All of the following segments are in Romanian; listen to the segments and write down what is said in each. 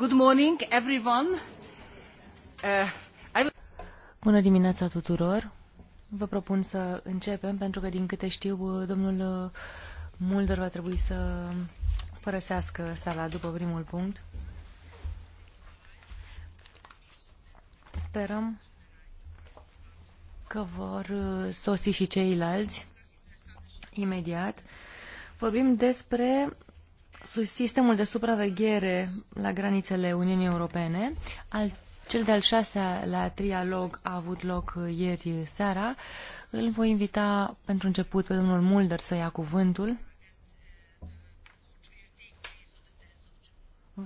Uh, Bună dimineața tuturor. Vă propun să începem, pentru că, din câte știu, domnul uh, Mulder va trebui să părăsească sala după primul punct. Sperăm că vor uh, sosi și ceilalți imediat. Vorbim despre sistemul de supraveghere la granițele Uniunii Europene. Al, cel de-al șasea la trialog a avut loc uh, ieri seara. Îl voi invita pentru început pe domnul Mulder să ia cuvântul.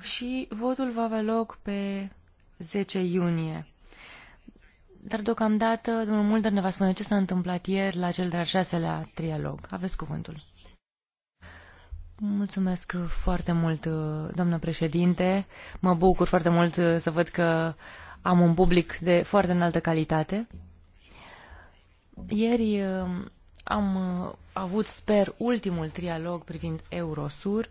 Și votul va avea loc pe 10 iunie. Dar deocamdată domnul Mulder ne va spune ce s-a întâmplat ieri la cel de-al șaselea trialog. Aveți cuvântul. Mulțumesc foarte mult, doamnă președinte. Mă bucur foarte mult uh, să văd că am un public de foarte înaltă calitate. Ieri uh, am uh, avut, sper, ultimul trialog privind Eurosur.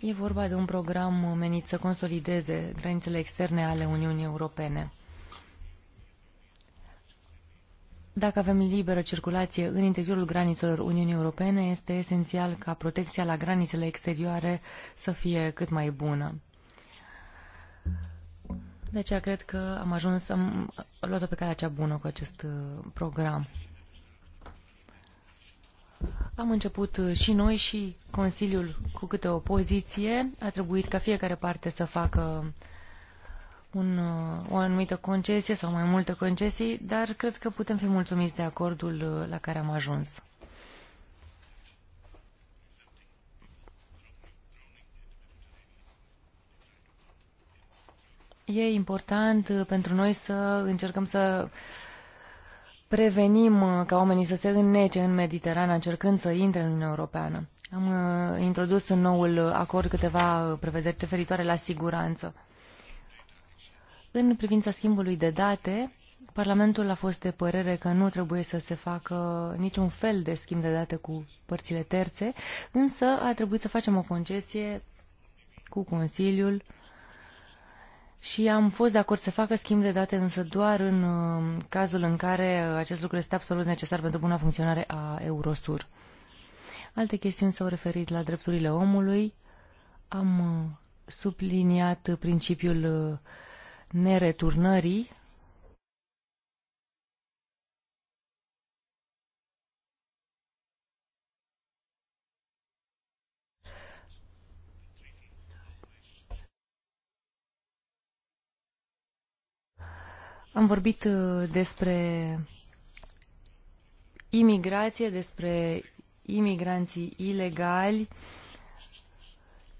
E vorba de un program menit să consolideze granițele externe ale Uniunii Europene. Dacă avem liberă circulație în interiorul granițelor Uniunii Europene, este esențial ca protecția la granițele exterioare să fie cât mai bună. De aceea cred că am ajuns, am luat-o pe calea cea bună cu acest uh, program. Am început uh, și noi și Consiliul cu câte o poziție. A trebuit ca fiecare parte să facă uh, un, uh, o anumită concesie sau mai multe concesii, dar cred că putem fi mulțumiți de acordul uh, la care am ajuns. E important uh, pentru noi să încercăm să prevenim ca oamenii să se înnece în Mediterana încercând să intre în Uniunea Europeană. Am introdus în noul acord câteva prevederi referitoare la siguranță. În privința schimbului de date, Parlamentul a fost de părere că nu trebuie să se facă niciun fel de schimb de date cu părțile terțe, însă a trebuit să facem o concesie cu Consiliul și am fost de acord să facă schimb de date, însă doar în uh, cazul în care acest lucru este absolut necesar pentru buna funcționare a Eurosur. Alte chestiuni s-au referit la drepturile omului. Am uh, subliniat principiul uh, nereturnării Am vorbit uh, despre imigrație, despre imigranții ilegali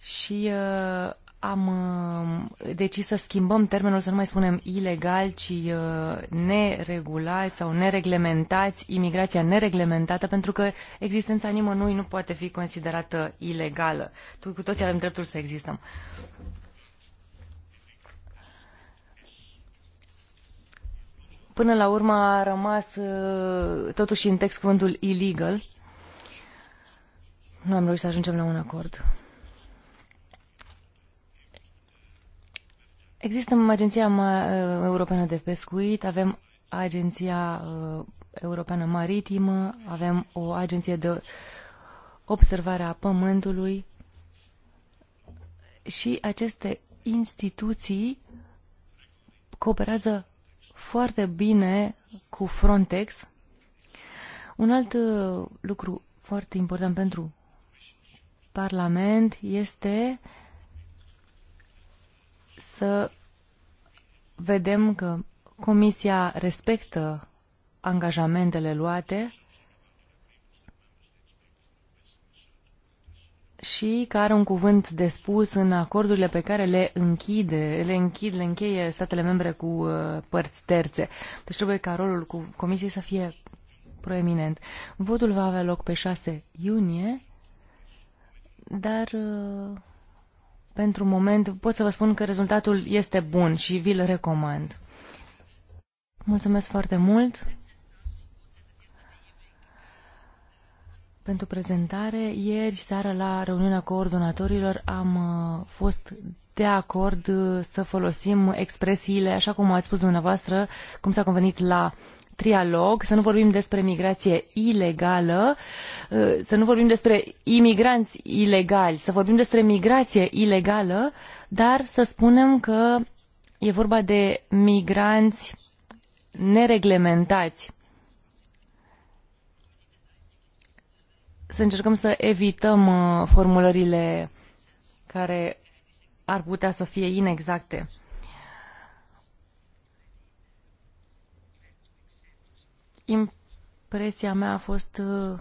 și uh, am uh, decis să schimbăm termenul, să nu mai spunem ilegal, ci uh, neregulați sau nereglementați, imigrația nereglementată, pentru că existența nimănui nu poate fi considerată ilegală. Tu, cu toții avem dreptul să existăm. Până la urmă a rămas uh, totuși în text cuvântul illegal. Nu am reușit să ajungem la un acord. Există Agenția uh, Europeană de Pescuit, avem Agenția uh, Europeană Maritimă, avem o agenție de observare a pământului și aceste instituții cooperează foarte bine cu Frontex. Un alt uh, lucru foarte important pentru Parlament este uh, să vedem că Comisia respectă angajamentele luate și că are un cuvânt de spus în acordurile pe care le închide, le închid, le încheie statele membre cu uh, părți terțe. Deci trebuie ca rolul cu Comisiei să fie proeminent. Votul va avea loc pe 6 iunie, dar uh, pentru moment pot să vă spun că rezultatul este bun și vi-l recomand. Mulțumesc foarte mult pentru prezentare. Ieri seara la reuniunea coordonatorilor am uh, fost de acord uh, să folosim expresiile, așa cum ați spus dumneavoastră, cum s-a convenit la trialog, să nu vorbim despre migrație ilegală, uh, să nu vorbim despre imigranți ilegali, să vorbim despre migrație ilegală, dar să spunem că e vorba de migranți nereglementați. Să încercăm să evităm uh, formulările care ar putea să fie inexacte. Impresia mea a fost uh,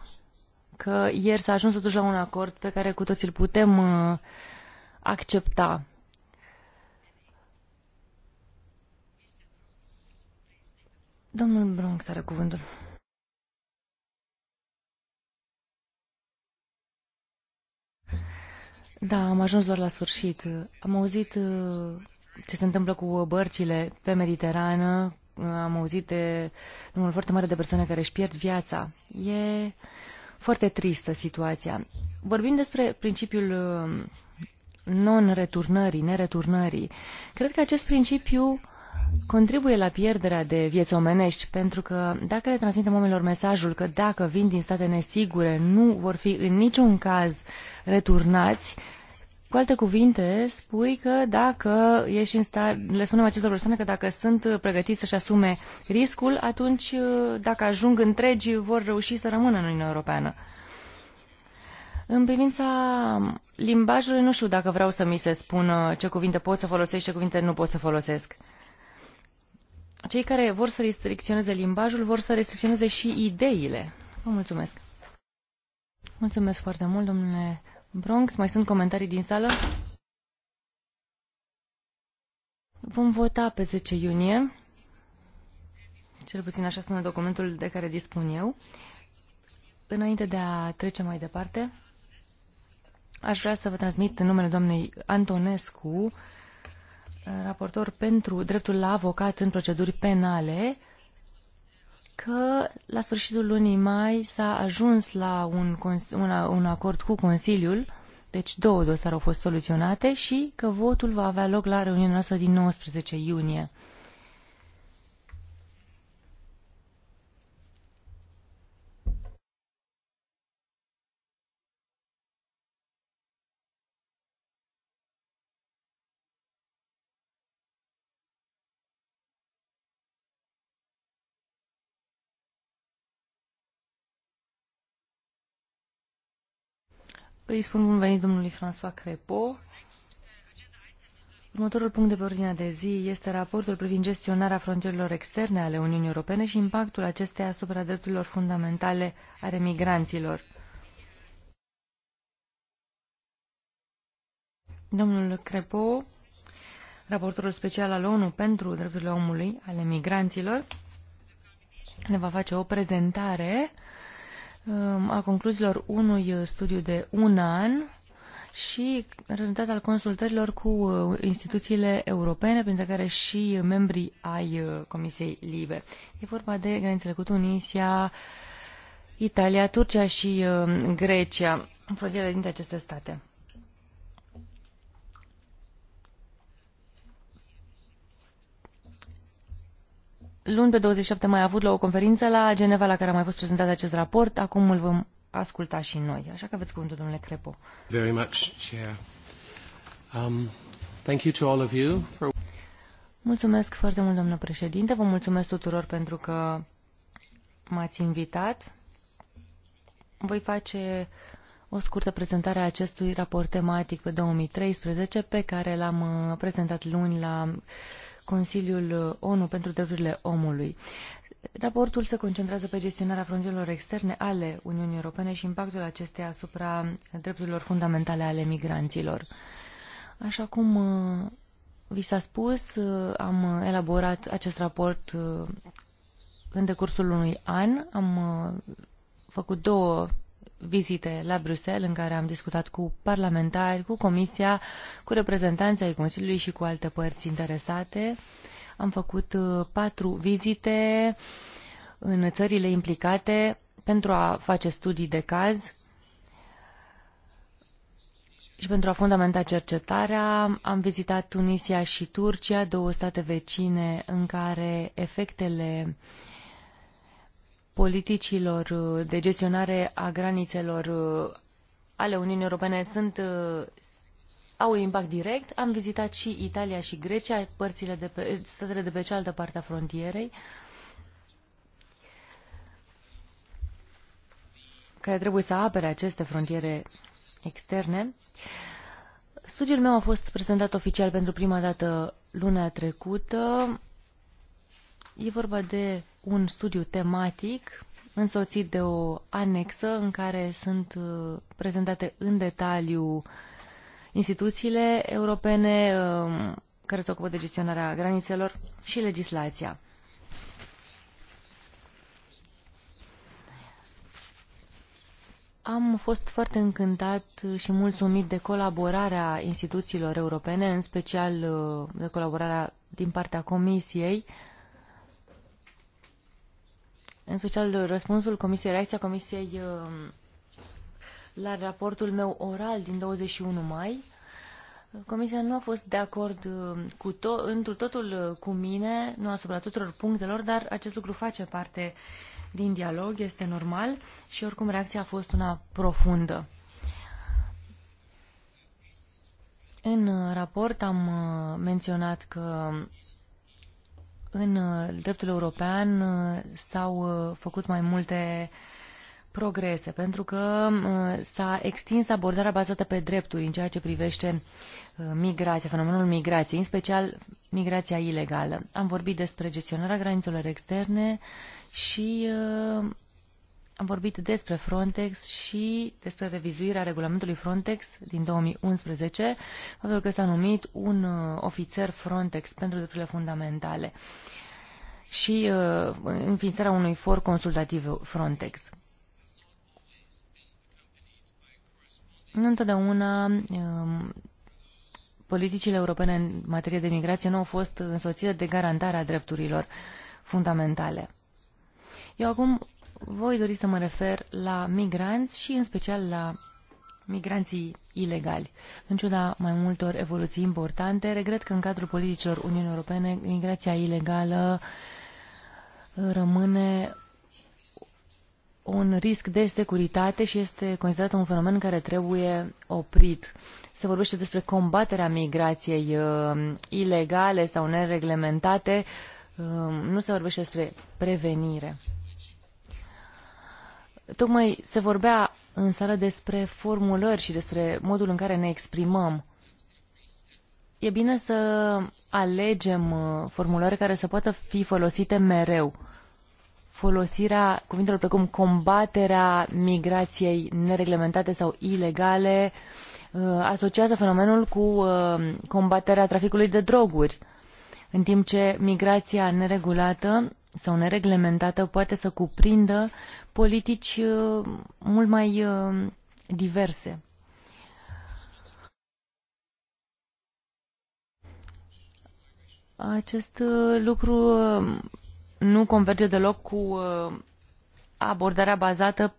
că ieri s-a ajuns totuși la un acord pe care cu toții îl putem uh, accepta. Domnul Bronx are cuvântul. Da, am ajuns doar la sfârșit. Am auzit uh, ce se întâmplă cu bărcile pe Mediterană, am auzit de numărul foarte mare de persoane care își pierd viața. E foarte tristă situația. Vorbim despre principiul uh, non-returnării, nereturnării. Cred că acest principiu contribuie la pierderea de vieți omenești, pentru că dacă le transmitem oamenilor mesajul că dacă vin din state nesigure, nu vor fi în niciun caz returnați, cu alte cuvinte, spui că dacă ești în stare, le spunem acestor persoane că dacă sunt pregătiți să-și asume riscul, atunci uh, dacă ajung întregi vor reuși să rămână în Uniunea Europeană. În privința limbajului, nu știu dacă vreau să mi se spună ce cuvinte pot să folosesc, ce cuvinte nu pot să folosesc. Cei care vor să restricționeze limbajul vor să restricționeze și ideile. Vă mulțumesc. Mulțumesc foarte mult, domnule Bronx. Mai sunt comentarii din sală? Vom vota pe 10 iunie. Cel puțin așa sună documentul de care dispun eu. Înainte de a trece mai departe, aș vrea să vă transmit în numele doamnei Antonescu, raportor pentru dreptul la avocat în proceduri penale, că la sfârșitul lunii mai s-a ajuns la un, un, un acord cu Consiliul, deci două dosare au fost soluționate și că votul va avea loc la reuniunea noastră din 19 iunie. Îi spun bun venit domnului François Crepo. Următorul punct de pe ordinea de zi este raportul privind gestionarea frontierelor externe ale Uniunii Europene și impactul acesteia asupra drepturilor fundamentale ale migranților. Domnul Crepo, raportorul special al ONU pentru drepturile omului ale migranților, ne va face o prezentare uh, Um, a concluziilor unui uh, studiu de un an și rezultat al consultărilor cu uh, instituțiile europene, printre care și membrii ai uh, Comisiei Libe. E vorba de granițele cu Tunisia, Italia, Turcia și Grecia, frontierele dintre aceste state. Luni pe 27 mai a avut la o conferință la Geneva la care a mai fost prezentat acest raport. Acum îl vom asculta și noi. Așa că aveți cuvântul, domnule Crepo. Very much, Chair. Um, thank you to all of you for... Mulțumesc foarte mult, domnule președinte. Vă mulțumesc tuturor pentru că m-ați invitat. Voi face o scurtă prezentare a acestui raport tematic pe 2013 pe care l-am uh, prezentat luni la Consiliul ONU pentru Drepturile Omului. Raportul se concentrează pe gestionarea frontierelor externe ale Uniunii Europene și impactul acesteia asupra drepturilor fundamentale ale migranților. Așa cum uh, vi s-a spus, uh, am elaborat acest raport uh, în decursul unui an. Am făcut două vizite la Bruxelles în care am discutat cu parlamentari, cu Comisia, cu reprezentanții ai Consiliului și cu alte părți interesate. Am făcut uh, patru vizite în țările implicate pentru a face studii de caz și pentru a fundamenta cercetarea. Am vizitat Tunisia și Turcia, două state vecine în care efectele uh, politicilor uh, de gestionare a granițelor uh, ale Uniunii Europene sunt, uh, au un impact direct. Am vizitat și Italia și Grecia, părțile de pe, statele de pe cealaltă parte a frontierei, care trebuie să apere aceste frontiere externe. Studiul meu a fost prezentat oficial pentru prima dată luna trecută E vorba de un studiu tematic însoțit de o anexă în care sunt uh, prezentate în detaliu instituțiile europene um, care se ocupă de gestionarea granițelor și legislația. Am fost foarte încântat și mulțumit de colaborarea instituțiilor europene, în special uh, de colaborarea din partea Comisiei, în special răspunsul Comisiei, reacția Comisiei uh, la raportul meu oral din 21 mai. Comisia nu a fost de acord uh, cu to- întru totul uh, cu mine, nu asupra tuturor punctelor, dar acest lucru face parte din dialog, este normal și oricum reacția a fost una profundă. În raport am menționat că în uh, dreptul european uh, s-au uh, făcut mai multe progrese, pentru că s-a extins abordarea bazată pe drepturi în ceea ce privește migrația, fenomenul migrației, în special migrația ilegală. Am vorbit despre gestionarea granițelor externe și am vorbit despre Frontex și despre revizuirea regulamentului Frontex din 2011, faptul că s-a numit un uh, ofițer Frontex pentru drepturile fundamentale și uh, înființarea unui for consultativ Frontex. Nu întotdeauna um, politicile europene în materie de migrație nu au fost însoțite de garantarea drepturilor fundamentale. Eu acum voi dori să mă refer la migranți și în special la migranții ilegali. În ciuda mai multor evoluții importante, regret că în cadrul politicilor Uniunii Europene migrația ilegală uh, rămâne un risc de securitate și este considerat un fenomen care trebuie oprit. Se vorbește despre combaterea migrației uh, ilegale sau nereglementate, uh, nu se vorbește despre prevenire. Tocmai se vorbea în sală despre formulări și despre modul în care ne exprimăm. E bine să alegem uh, formulări care să poată fi folosite mereu. Folosirea cuvintelor precum combaterea migrației nereglementate sau ilegale uh, asociază fenomenul cu uh, combaterea traficului de droguri în timp ce migrația neregulată sau nereglementată poate să cuprindă politici uh, mult mai uh, diverse. Acest uh, lucru nu converge deloc cu abordarea bazată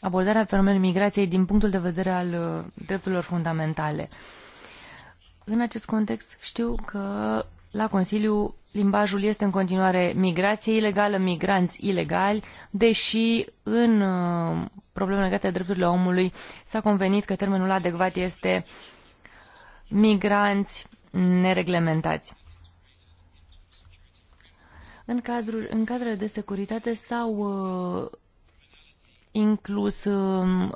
abordarea fenomenului migrației din punctul de vedere al drepturilor fundamentale. În acest context știu că la Consiliu, limbajul este în continuare migrație ilegală, migranți ilegali, deși în uh, probleme legate de drepturile omului s-a convenit că termenul adecvat este migranți nereglementați. În, cadrul, în cadrele de securitate s-au uh, inclus uh,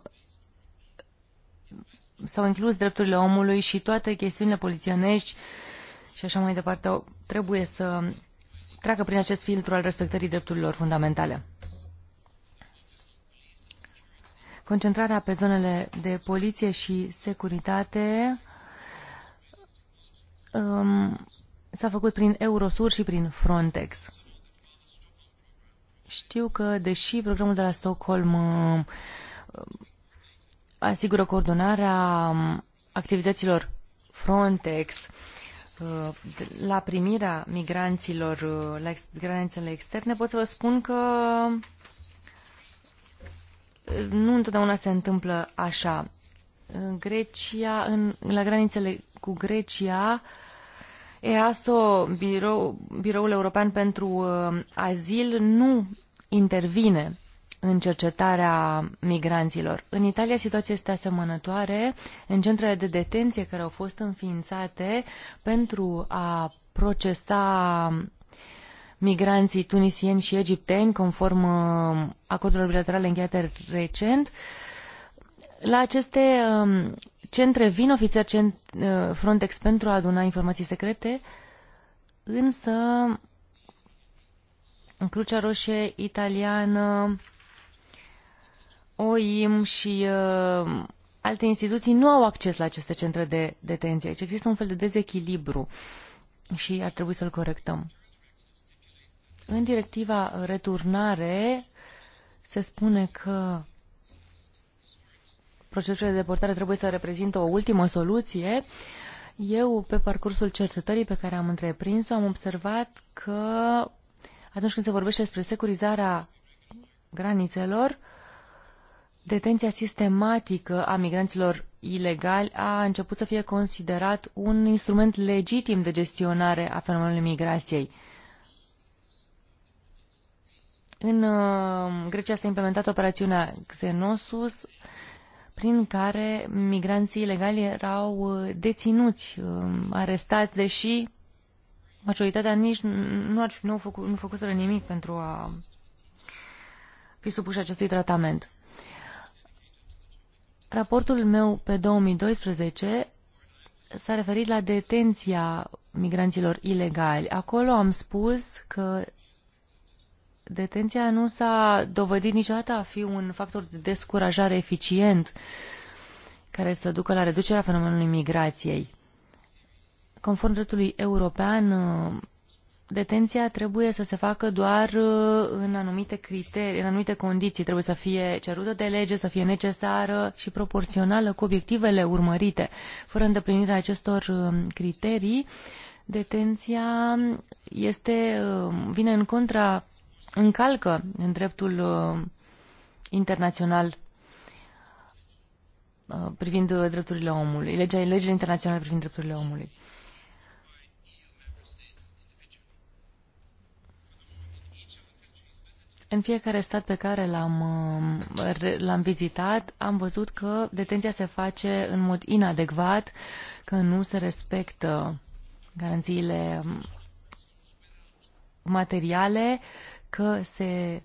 s-au inclus drepturile omului și toate chestiunile polițienești uh, și așa mai departe, trebuie să treacă prin acest filtru al respectării drepturilor fundamentale. Concentrarea pe zonele de poliție și securitate um, s-a făcut prin Eurosur și prin Frontex. Știu că, deși programul de la Stockholm um, asigură coordonarea um, activităților Frontex, Uh, la primirea migranților uh, la granițele externe, pot să vă spun că uh, nu întotdeauna se întâmplă așa. În Grecia, în, la granițele cu Grecia, EASO, birou, Biroul European pentru Azil, nu intervine în cercetarea migranților. În Italia situația este asemănătoare. În centrele de detenție care au fost înființate pentru a procesa migranții tunisieni și egipteni, conform uh, acordurilor bilaterale încheiate recent, la aceste um, centre vin ofițeri uh, Frontex pentru a aduna informații secrete, însă în Crucea Roșie italiană OIM și uh, alte instituții nu au acces la aceste centre de detenție. Deci există un fel de dezechilibru și ar trebui să-l corectăm. În directiva returnare se spune că procesul de deportare trebuie să reprezintă o ultimă soluție. Eu, pe parcursul cercetării pe care am întreprins-o, am observat că atunci când se vorbește despre securizarea granițelor, Detenția sistematică a migranților ilegali a început să fie considerat un instrument legitim de gestionare a fenomenului migrației. În uh, Grecia s-a implementat operațiunea Xenosus, prin care migranții ilegali erau uh, deținuți, uh, arestați, deși majoritatea nici nu, ar, nu, făcut nu făcuseră nimic pentru a fi supuși acestui tratament. Raportul meu pe 2012 s-a referit la detenția migranților ilegali. Acolo am spus că detenția nu s-a dovedit niciodată a fi un factor de descurajare eficient care să ducă la reducerea fenomenului migrației. Conform dreptului european, detenția trebuie să se facă doar uh, în anumite criterii, în anumite condiții. Trebuie să fie cerută de lege, să fie necesară și proporțională cu obiectivele urmărite. Fără îndeplinirea acestor uh, criterii, detenția este, uh, vine în contra, încalcă în dreptul internațional privind drepturile omului, legea, legile internaționale privind drepturile omului. În fiecare stat pe care l-am, uh, l-am vizitat, am văzut că detenția se face în mod inadecvat, că nu se respectă garanțiile um, materiale, că se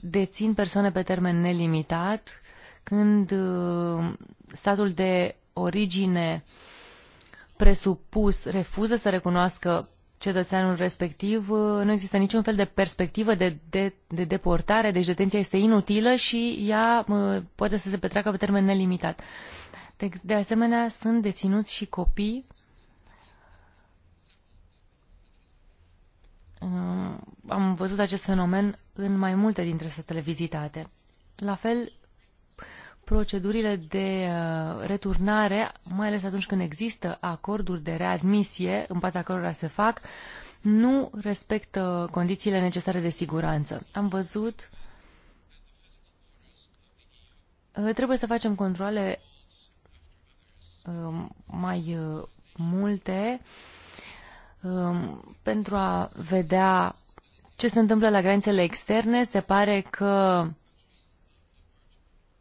dețin persoane pe termen nelimitat, când uh, statul de origine presupus refuză să recunoască cetățeanul respectiv, uh, nu există niciun fel de perspectivă de, de, de deportare, deci detenția este inutilă și ea uh, poate să se petreacă pe termen nelimitat. De, de asemenea, sunt deținuți și copii uh, Am văzut acest fenomen în mai multe dintre statele vizitate. La fel, procedurile de uh, returnare, mai ales atunci când există acorduri de readmisie în baza cărora se fac, nu respectă condițiile necesare de siguranță. Am văzut uh, trebuie să facem controle uh, mai multe um, pentru a vedea ce se întâmplă la granițele externe. Se pare că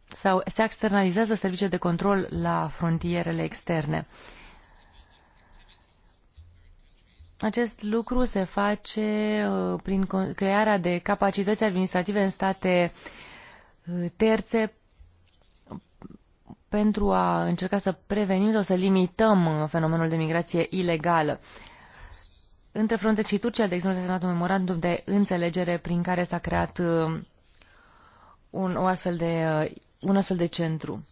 sau se externalizează servicii de control la frontierele externe. Acest lucru se face uh, prin crearea de capacități administrative în state uh, terțe pentru a încerca să prevenim sau să limităm uh, fenomenul de migrație ilegală. Între Frontex și Turcia, de exemplu, s-a semnat un memorandum de înțelegere prin care s-a creat un, o astfel de un astfel de centru.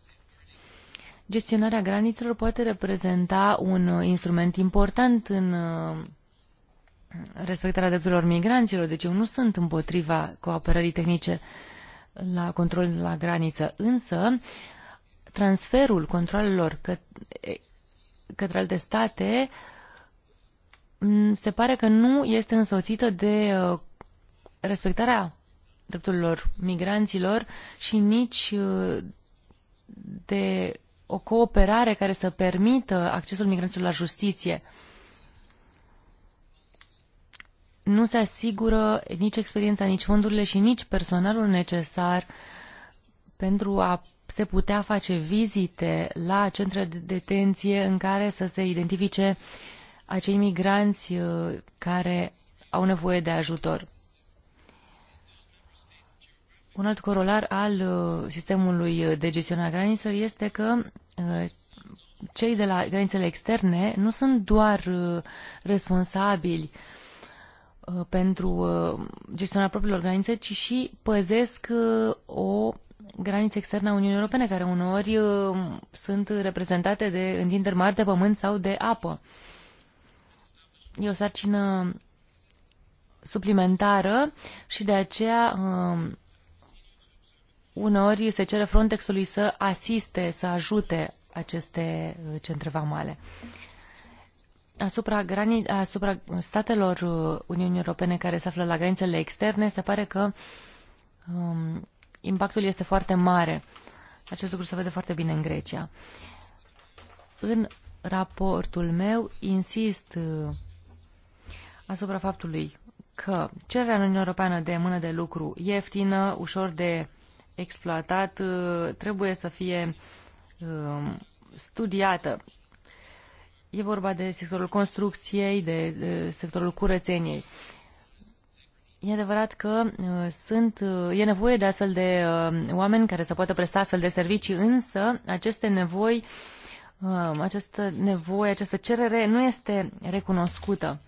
Gestionarea granițelor poate reprezenta un uh, instrument important în uh, respectarea drepturilor migranților, deci eu nu sunt împotriva cooperării tehnice la control la graniță, însă transferul controlelor către alte state se pare că nu este însoțită de uh, respectarea drepturilor migranților și nici uh, de o cooperare care să permită accesul migranților la justiție. Nu se asigură nici experiența, nici fondurile și nici personalul necesar pentru a se putea face vizite la centre de detenție în care să se identifice acei migranți uh, care au nevoie de ajutor. Un alt corolar al uh, sistemului de gestionare a granițelor este că uh, cei de la granițele externe nu sunt doar uh, responsabili pentru gestionarea propriilor granițe, ci și păzesc o graniță externă a Uniunii Europene, care uneori sunt reprezentate de întinderi mari de pământ sau de apă. E o sarcină suplimentară și de aceea uneori se cere Frontexului să asiste, să ajute aceste uh, centre vamale. Asupra, grani, asupra statelor uh, Uniunii Europene care se află la granițele externe, se pare că um, impactul este foarte mare. Acest lucru se vede foarte bine în Grecia. În raportul meu insist uh, asupra faptului că cererea în Uniunea Europeană de mână de lucru ieftină, ușor de exploatat uh, trebuie să fie um, studiată. E vorba de sectorul construcției, de sectorul curățeniei. E adevărat că uh, sunt, uh, e nevoie de astfel de oameni care să poată presta astfel de servicii, însă aceste nevoi, um, această nevoie, această cerere nu este recunoscută.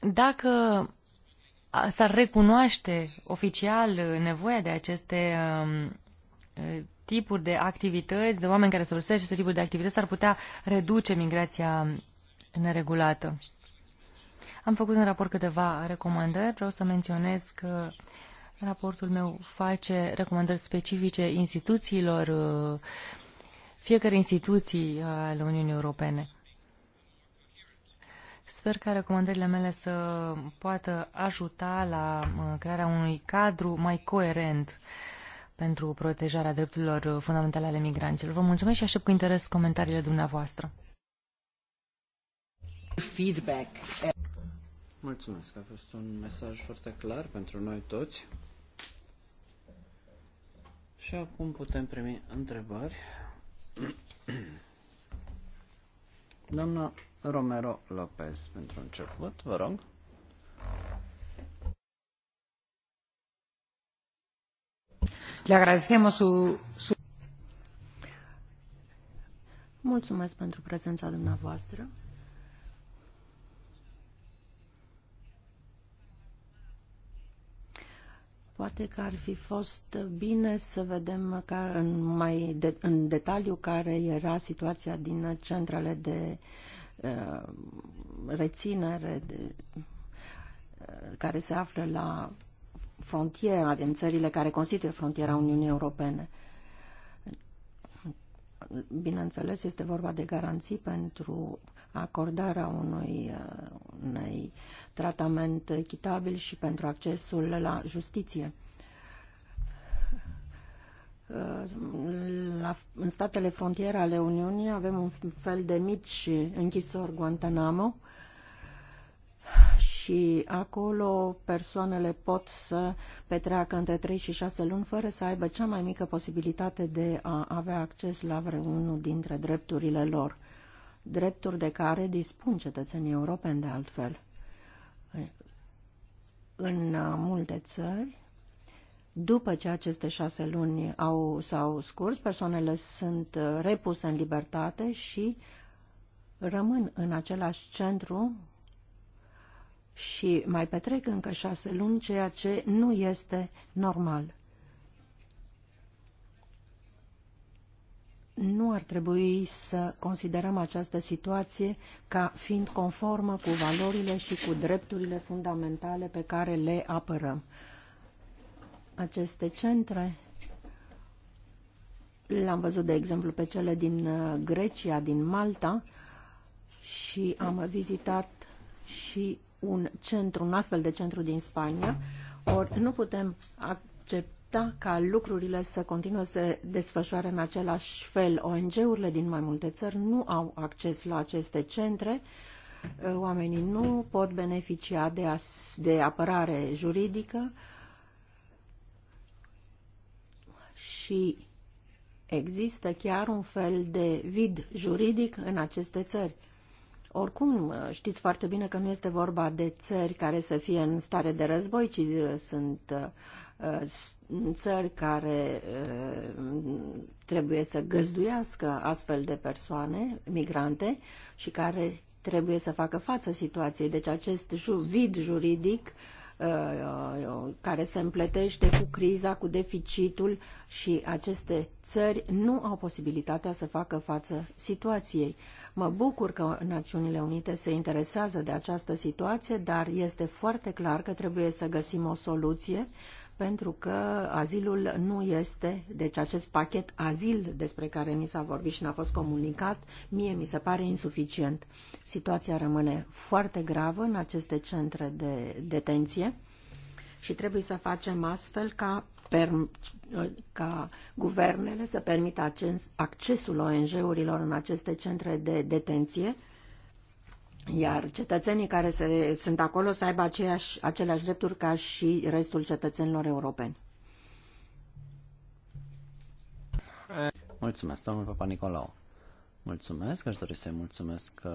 Dacă s-ar recunoaște oficial uh, nevoia de aceste um, uh, tipuri de activități, de oameni care să folosesc aceste tipuri de activități, ar putea reduce migrația neregulată. Am făcut în raport câteva recomandări. Vreau să menționez că raportul meu face recomandări specifice instituțiilor, uh, fiecare instituții ale Uniunii Europene. Sper ca recomandările mele să poată ajuta la uh, crearea unui cadru mai coerent pentru protejarea drepturilor fundamentale ale migranților. Vă mulțumesc și aștept cu interes comentariile dumneavoastră. Feedback. Mulțumesc, a fost un mesaj foarte clar pentru noi toți. Și acum putem primi întrebări. Doamna Romero Lopez pentru început, vă rog. Le agradecem su, su... Mulțumesc pentru prezența dumneavoastră. Poate că ar fi fost bine să vedem ca în mai de, în detaliu care era situația din centrele de uh, Uh, reținere de, uh, care se află la frontiera din țările care constituie frontiera Uniunii Europene. Bineînțeles, este vorba de garanții pentru acordarea unui, uh, unui tratament echitabil și pentru accesul la justiție la, în statele frontiere ale Uniunii avem un fel de mici închisori Guantanamo și acolo persoanele pot să petreacă între 3 și 6 luni fără să aibă cea mai mică posibilitate de a avea acces la vreunul dintre drepturile lor, drepturi de care dispun cetățenii europeni de altfel. În multe țări, după ce aceste șase luni au, s-au scurs, persoanele sunt uh, repuse în libertate și rămân în același centru și mai petrec încă șase luni, ceea ce nu este normal. Nu ar trebui să considerăm această situație ca fiind conformă cu valorile și cu drepturile fundamentale pe care le apărăm aceste centre. le am văzut, de exemplu, pe cele din uh, Grecia, din Malta și am vizitat și un centru, un astfel de centru din Spania. Ori nu putem accepta ca lucrurile să continue să desfășoare în același fel. ONG-urile din mai multe țări nu au acces la aceste centre uh, oamenii nu pot beneficia de, as, de apărare juridică și există chiar un fel de vid juridic în aceste țări. Oricum, știți foarte bine că nu este vorba de țări care să fie în stare de război, ci uh, sunt uh, uh, țări care trebuie să găzduiască astfel de persoane, migrante, și care trebuie să facă față situației. Deci acest vid juridic Uh, uh, care se împletește cu criza, cu deficitul și aceste țări nu au posibilitatea să facă față situației. Mă bucur că Națiunile Unite se interesează de această situație, dar este foarte clar că trebuie să găsim o soluție pentru că azilul nu este, deci acest pachet azil despre care ni s-a vorbit și n-a fost comunicat, mie mi se pare insuficient. Situația rămâne foarte gravă în aceste centre de detenție și trebuie să facem astfel ca, per, ca guvernele să permită acces, accesul ONG-urilor în aceste centre de detenție iar cetățenii care se, sunt acolo să aibă aceeași, aceleași drepturi ca și restul cetățenilor europeni. Mulțumesc, domnul Papa Nicolau. Mulțumesc, aș dori să-i mulțumesc uh,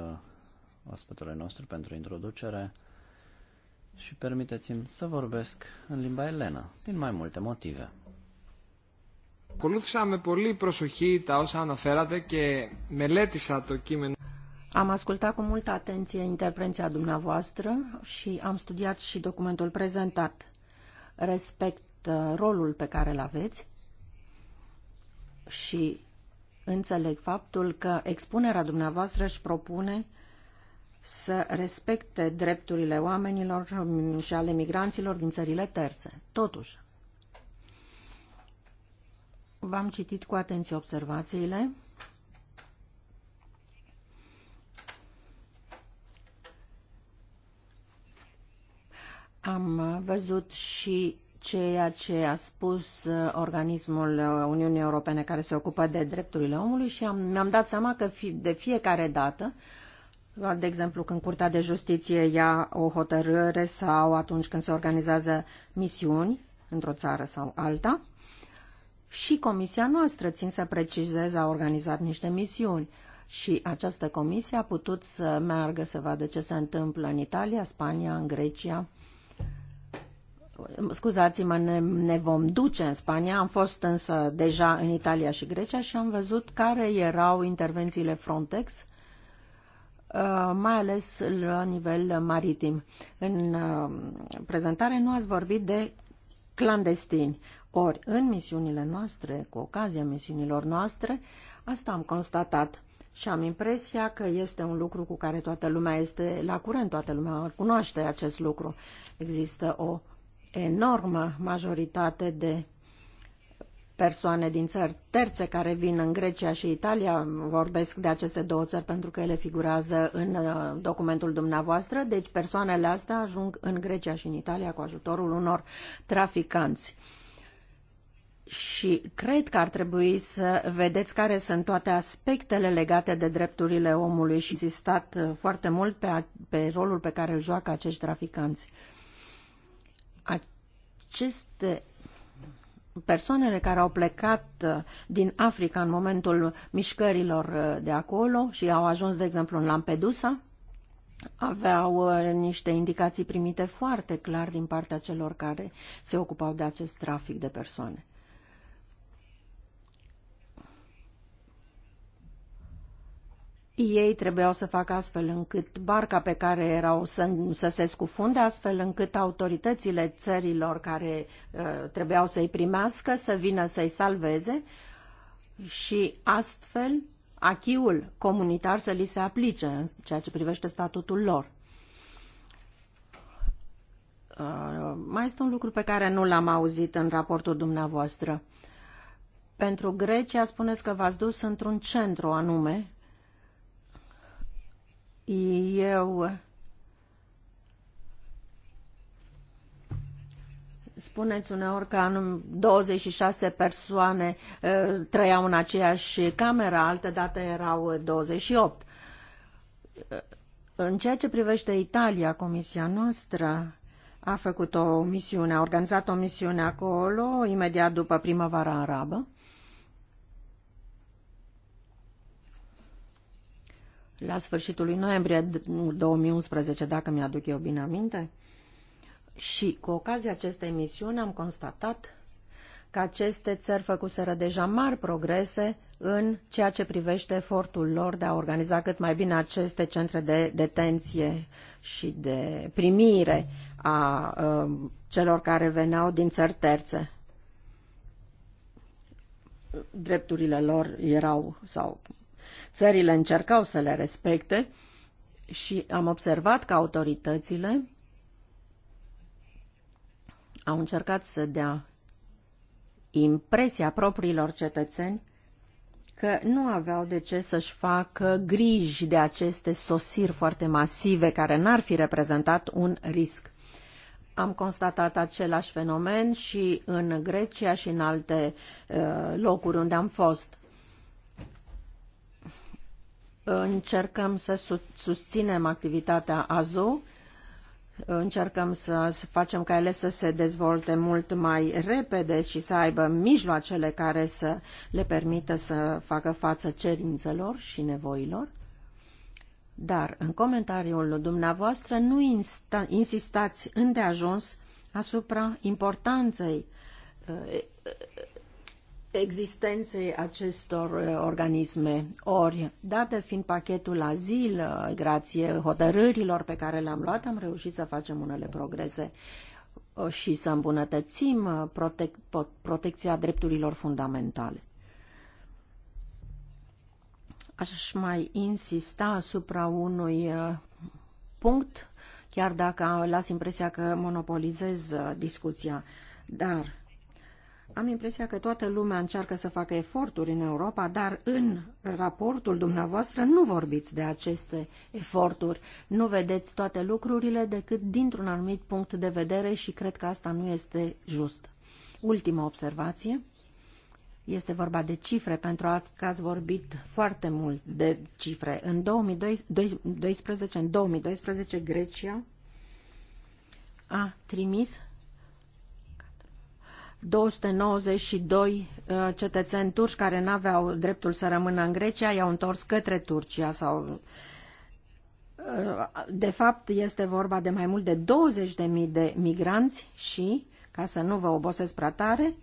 oaspetului nostru pentru introducere și permiteți-mi să vorbesc în limba elenă, din mai multe motive. Ακολούθησα με πολύ προσοχή τα όσα αναφέρατε και μελέτησα το κείμενο. Am ascultat cu multă atenție intervenția dumneavoastră și am studiat și documentul prezentat. Respect uh, rolul pe care îl aveți și înțeleg faptul că expunerea dumneavoastră își propune să respecte drepturile oamenilor și ale migranților din țările terțe. Totuși, v-am citit cu atenție observațiile Am văzut și ceea ce a spus uh, organismul uh, Uniunii Europene care se ocupă de drepturile omului și am, mi-am dat seama că fi, de fiecare dată, de exemplu când Curtea de Justiție ia o hotărâre sau atunci când se organizează misiuni într-o țară sau alta, și comisia noastră, țin să precizez, a organizat niște misiuni și această comisie a putut să meargă să vadă ce se întâmplă în Italia, Spania, în Grecia, scuzați-mă, ne, ne vom duce în Spania. Am fost însă deja în Italia și Grecia și am văzut care erau intervențiile Frontex, uh, mai ales la nivel maritim. În uh, prezentare nu ați vorbit de clandestini. Ori, în misiunile noastre, cu ocazia misiunilor noastre, asta am constatat. Și am impresia că este un lucru cu care toată lumea este la curent, toată lumea cunoaște acest lucru. Există o enormă majoritate de persoane din țări terțe care vin în Grecia și Italia, vorbesc de aceste două țări pentru că ele figurează în uh, documentul dumneavoastră, deci persoanele astea ajung în Grecia și în Italia cu ajutorul unor traficanți. Și cred că ar trebui să vedeți care sunt toate aspectele legate de drepturile omului și insistat uh, foarte mult pe, pe rolul pe care îl joacă acești traficanți aceste persoanele care au plecat uh, din Africa în momentul mișcărilor uh, de acolo și au ajuns, de exemplu, în Lampedusa, aveau uh, niște indicații primite foarte clar din partea celor care se ocupau de acest trafic de persoane. Ei trebuiau să facă astfel încât barca pe care erau să, să se scufunde, astfel încât autoritățile țărilor care uh, trebuiau să-i primească să vină să-i salveze și astfel achiul comunitar să li se aplice în ceea ce privește statutul lor. Uh, mai este un lucru pe care nu l-am auzit în raportul dumneavoastră. Pentru Grecia spuneți că v-ați dus într-un centru anume eu spuneți uneori că anum 26 persoane uh, trăiau în aceeași cameră, alte dată erau 28. În ceea ce privește Italia, comisia noastră a făcut o misiune, a organizat o misiune acolo imediat după primăvara arabă. la sfârșitul lui noiembrie 2011, dacă mi-aduc eu bine aminte. Și cu ocazia acestei misiuni am constatat că aceste țări făcuseră deja mari progrese în ceea ce privește efortul lor de a organiza cât mai bine aceste centre de detenție și de primire a, a um, celor care veneau din țări terțe. Drepturile lor erau sau Țările încercau să le respecte și am observat că autoritățile au încercat să dea impresia propriilor cetățeni că nu aveau de ce să-și facă griji de aceste sosiri foarte masive care n-ar fi reprezentat un risc. Am constatat același fenomen și în Grecia și în alte uh, locuri unde am fost încercăm să susținem activitatea AZO, încercăm să facem ca ele să se dezvolte mult mai repede și să aibă mijloacele care să le permită să facă față cerințelor și nevoilor. Dar în comentariul dumneavoastră nu insistați îndeajuns asupra importanței uh, existenței acestor uh, organisme. Ori, dată fiind pachetul azil, uh, grație hotărârilor pe care le-am luat, am reușit să facem unele progrese uh, și să îmbunătățim protec protecția drepturilor fundamentale. Aș mai insista asupra unui punct, chiar dacă las impresia că monopolizez discuția, dar am impresia că toată lumea încearcă să facă eforturi în Europa, dar în raportul dumneavoastră nu vorbiți de aceste eforturi. Nu vedeți toate lucrurile decât dintr-un anumit punct de vedere și cred că asta nu este just. Ultima observație. Este vorba de cifre, pentru că ați vorbit foarte mult de cifre. În 2012, în 2012 Grecia a trimis 292 uh, cetățeni turci care n-aveau dreptul să rămână în Grecia i-au întors către Turcia sau uh, de fapt este vorba de mai mult de 20.000 de migranți și, ca să nu vă obosesc prea tare,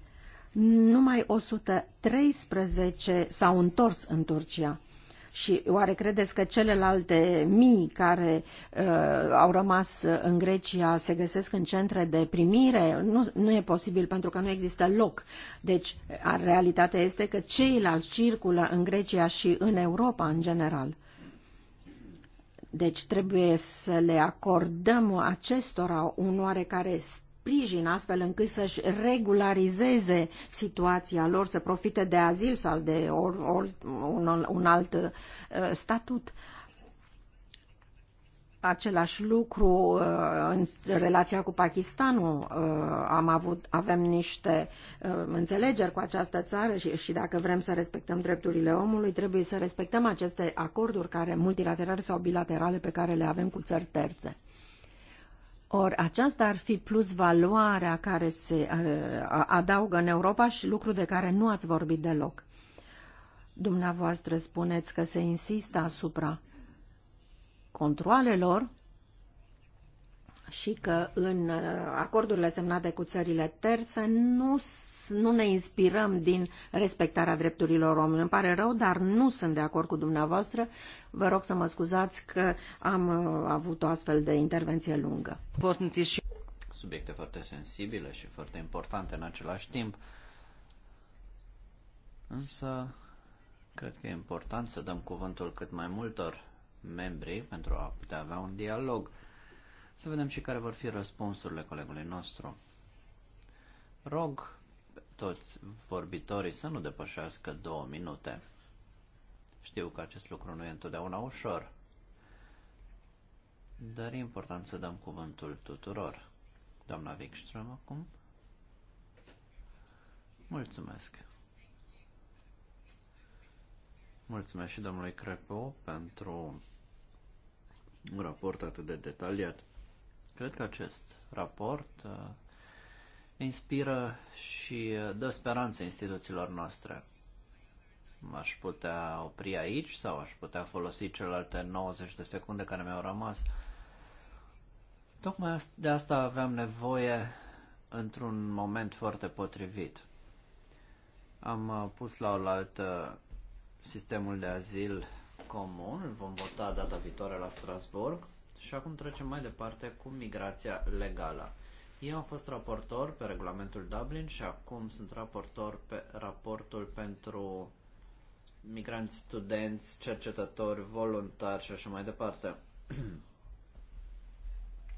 numai 113 s-au întors în Turcia. Și oare credeți că celelalte mii care uh, au rămas uh, în Grecia se găsesc în centre de primire? Nu, nu e posibil pentru că nu există loc. Deci, realitatea este că ceilalți circulă în Grecia și în Europa în general. Deci trebuie să le acordăm acestora un oarecare sprijin astfel încât să-și regularizeze situația lor, să profite de azil sau de or, or, un, un alt uh, statut. Același lucru uh, în relația cu Pakistanul. Uh, am avut, avem niște uh, înțelegeri cu această țară și, și dacă vrem să respectăm drepturile omului, trebuie să respectăm aceste acorduri care multilaterale sau bilaterale pe care le avem cu țări terțe. Or, aceasta ar fi plus valoarea care se uh, adaugă în Europa și lucru de care nu ați vorbit deloc. Dumneavoastră spuneți că se insistă asupra controalelor și că în uh, acordurile semnate cu țările terțe nu, nu ne inspirăm din respectarea drepturilor omului. Îmi pare rău, dar nu sunt de acord cu dumneavoastră. Vă rog să mă scuzați că am uh, avut o astfel de intervenție lungă. Subiecte foarte sensibile și foarte importante în același timp. Însă, cred că e important să dăm cuvântul cât mai multor membri pentru a putea avea un dialog să vedem și care vor fi răspunsurile colegului nostru. Rog toți vorbitorii să nu depășească două minute. Știu că acest lucru nu e întotdeauna ușor, dar e important să dăm cuvântul tuturor. Doamna Wikström acum. Mulțumesc. Mulțumesc și domnului Crepo pentru un raport atât de detaliat. Cred că acest raport uh, inspiră și uh, dă speranță instituțiilor noastre. Aș putea opri aici sau aș putea folosi celelalte 90 de secunde care mi-au rămas. Tocmai de asta aveam nevoie într-un moment foarte potrivit. Am uh, pus la oaltă sistemul de azil comun, vom vota data viitoare la Strasbourg. Și acum trecem mai departe cu migrația legală. Eu am fost raportor pe regulamentul Dublin și acum sunt raportor pe raportul pentru migranți, studenți, cercetători, voluntari și așa mai departe.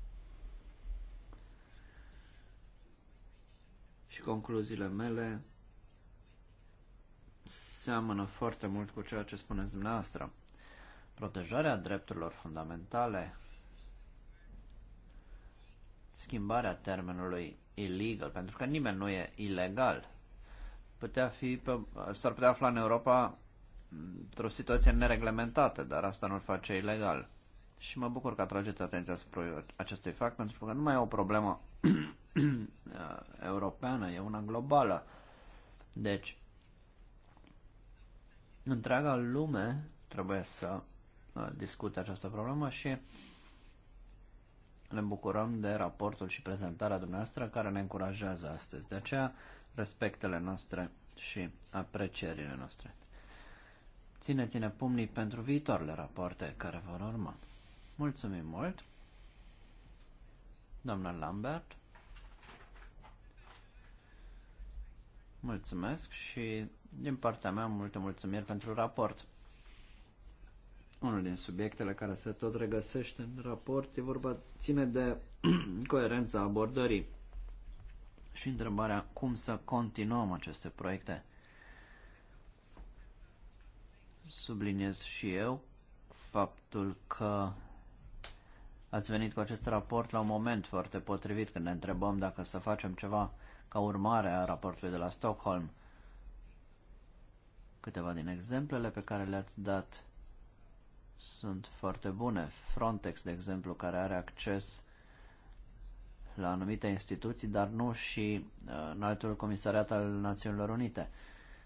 și concluziile mele seamănă foarte mult cu ceea ce spuneți dumneavoastră. Protejarea drepturilor fundamentale schimbarea termenului illegal, pentru că nimeni nu e ilegal. Putea fi pe, s-ar putea afla în Europa într-o situație nereglementată, dar asta nu-l face ilegal. Și mă bucur că atrageți atenția asupra acestui fapt, pentru că nu mai e o problemă uh, europeană, e una globală. Deci, întreaga lume trebuie să uh, discute această problemă și ne bucurăm de raportul și prezentarea dumneavoastră care ne încurajează astăzi. De aceea, respectele noastre și aprecierile noastre. Țineți-ne pumnii pentru viitoarele rapoarte care vor urma. Mulțumim mult! Doamna Lambert, mulțumesc și din partea mea multe mulțumiri pentru raport. Unul din subiectele care se tot regăsește în raport e vorba, ține de coerența abordării și întrebarea cum să continuăm aceste proiecte. Subliniez și eu faptul că ați venit cu acest raport la un moment foarte potrivit când ne întrebăm dacă să facem ceva ca urmare a raportului de la Stockholm. Câteva din exemplele pe care le-ați dat sunt foarte bune. Frontex, de exemplu, care are acces la anumite instituții, dar nu și uh, în altul comisariat al Națiunilor Unite.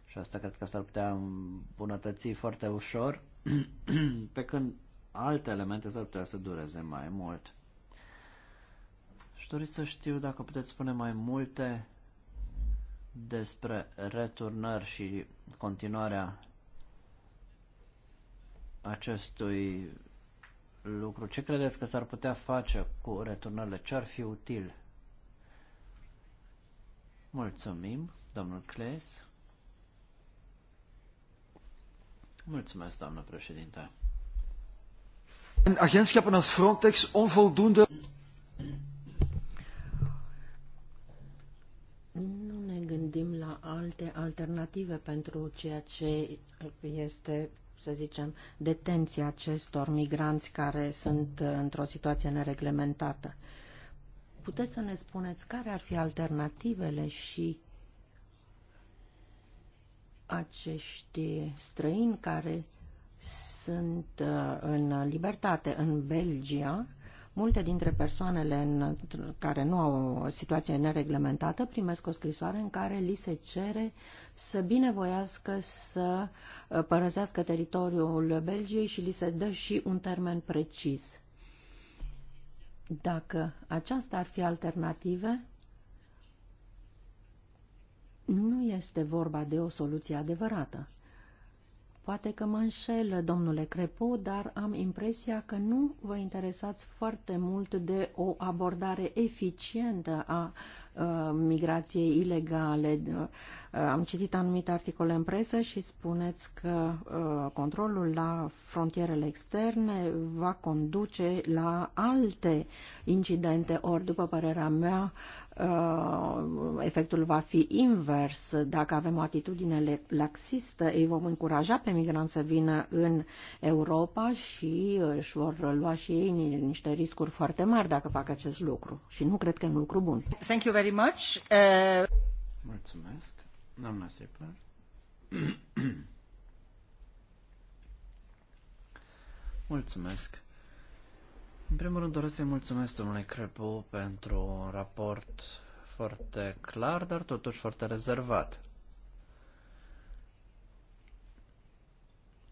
Și asta cred că s-ar putea îmbunătăți foarte ușor, pe când alte elemente s-ar putea să dureze mai mult. Și doriți să știu dacă puteți spune mai multe despre returnări și continuarea acestui lucru. Ce credeți că s-ar putea face cu returnările? Ce ar fi util? Mulțumim, domnul Cles. Mulțumesc, doamnă președinte. În până Frontex onvoldoende... Nu ne gândim la alte alternative pentru ceea ce este să zicem, detenția acestor migranți care sunt uh, într-o situație nereglementată. Puteți să ne spuneți care ar fi alternativele și acești străini care sunt uh, în libertate în Belgia Multe dintre persoanele în, care nu au o situație nereglementată primesc o scrisoare în care li se cere să binevoiască să uh, părăsească teritoriul Belgiei și li se dă și un termen precis. Dacă aceasta ar fi alternative, nu este vorba de o soluție adevărată. Poate că mă înșel, domnule Crepo, dar am impresia că nu vă interesați foarte mult de o abordare eficientă a uh, migrației ilegale. Uh, am citit anumite articole în presă și spuneți că uh, controlul la frontierele externe va conduce la alte incidente, ori, după părerea mea, Uh, efectul va fi invers. Dacă avem o atitudine laxistă, ei vom încuraja pe migranți să vină în Europa și își vor lua și ei niște riscuri foarte mari dacă fac acest lucru. Și nu cred că e un lucru bun. Thank you very much. Uh... Mulțumesc. Doamna Separ. Mulțumesc. În primul rând doresc să-i mulțumesc domnului Crepu pentru un raport foarte clar, dar totuși foarte rezervat.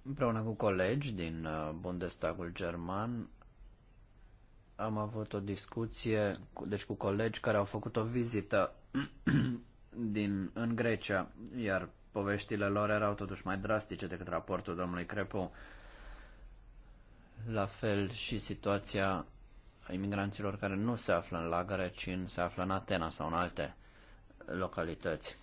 Împreună cu colegi din uh, Bundestagul German am avut o discuție, cu, deci cu colegi care au făcut o vizită din, în Grecia, iar poveștile lor erau totuși mai drastice decât raportul domnului Crepu la fel și situația imigranților care nu se află în lagăre, ci în, se află în Atena sau în alte localități.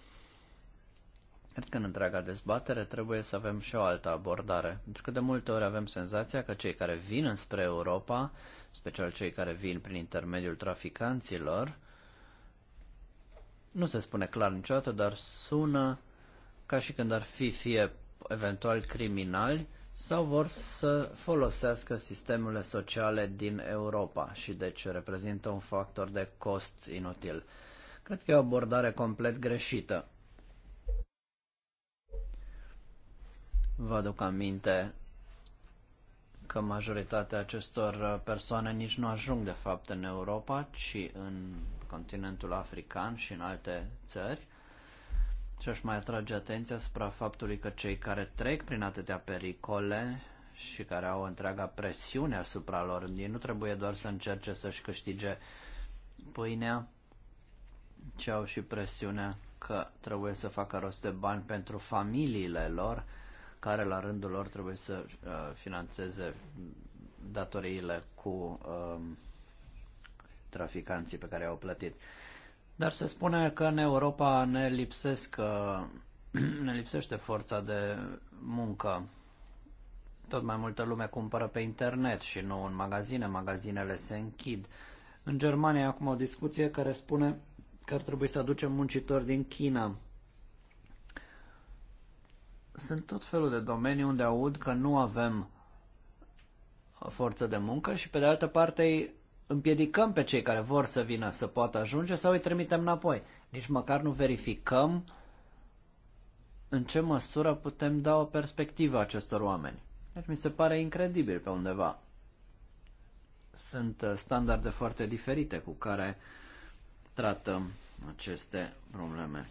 Cred că în întreaga dezbatere trebuie să avem și o altă abordare, pentru că de multe ori avem senzația că cei care vin înspre Europa, special cei care vin prin intermediul traficanților, nu se spune clar niciodată, dar sună ca și când ar fi fie eventual criminali, sau vor să folosească sistemele sociale din Europa și deci reprezintă un factor de cost inutil. Cred că e o abordare complet greșită. Vă aduc aminte că majoritatea acestor persoane nici nu ajung de fapt în Europa, ci în continentul african și în alte țări. Și aș mai atrage atenția asupra faptului că cei care trec prin atâtea pericole și care au întreaga presiune asupra lor, ei nu trebuie doar să încerce să-și câștige pâinea, ci au și presiunea că trebuie să facă rost de bani pentru familiile lor, care la rândul lor trebuie să uh, financeze datoriile cu uh, traficanții pe care i-au plătit. Dar se spune că în Europa ne, lipsesc, uh, ne lipsește forța de muncă. Tot mai multă lume cumpără pe internet și nu în magazine. Magazinele se închid. În Germania acum o discuție care spune că ar trebui să aducem muncitori din China. Sunt tot felul de domenii unde aud că nu avem forță de muncă și pe de altă parte împiedicăm pe cei care vor să vină să poată ajunge sau îi trimitem înapoi. Nici măcar nu verificăm în ce măsură putem da o perspectivă acestor oameni. Deci mi se pare incredibil pe undeva. Sunt uh, standarde foarte diferite cu care tratăm aceste probleme.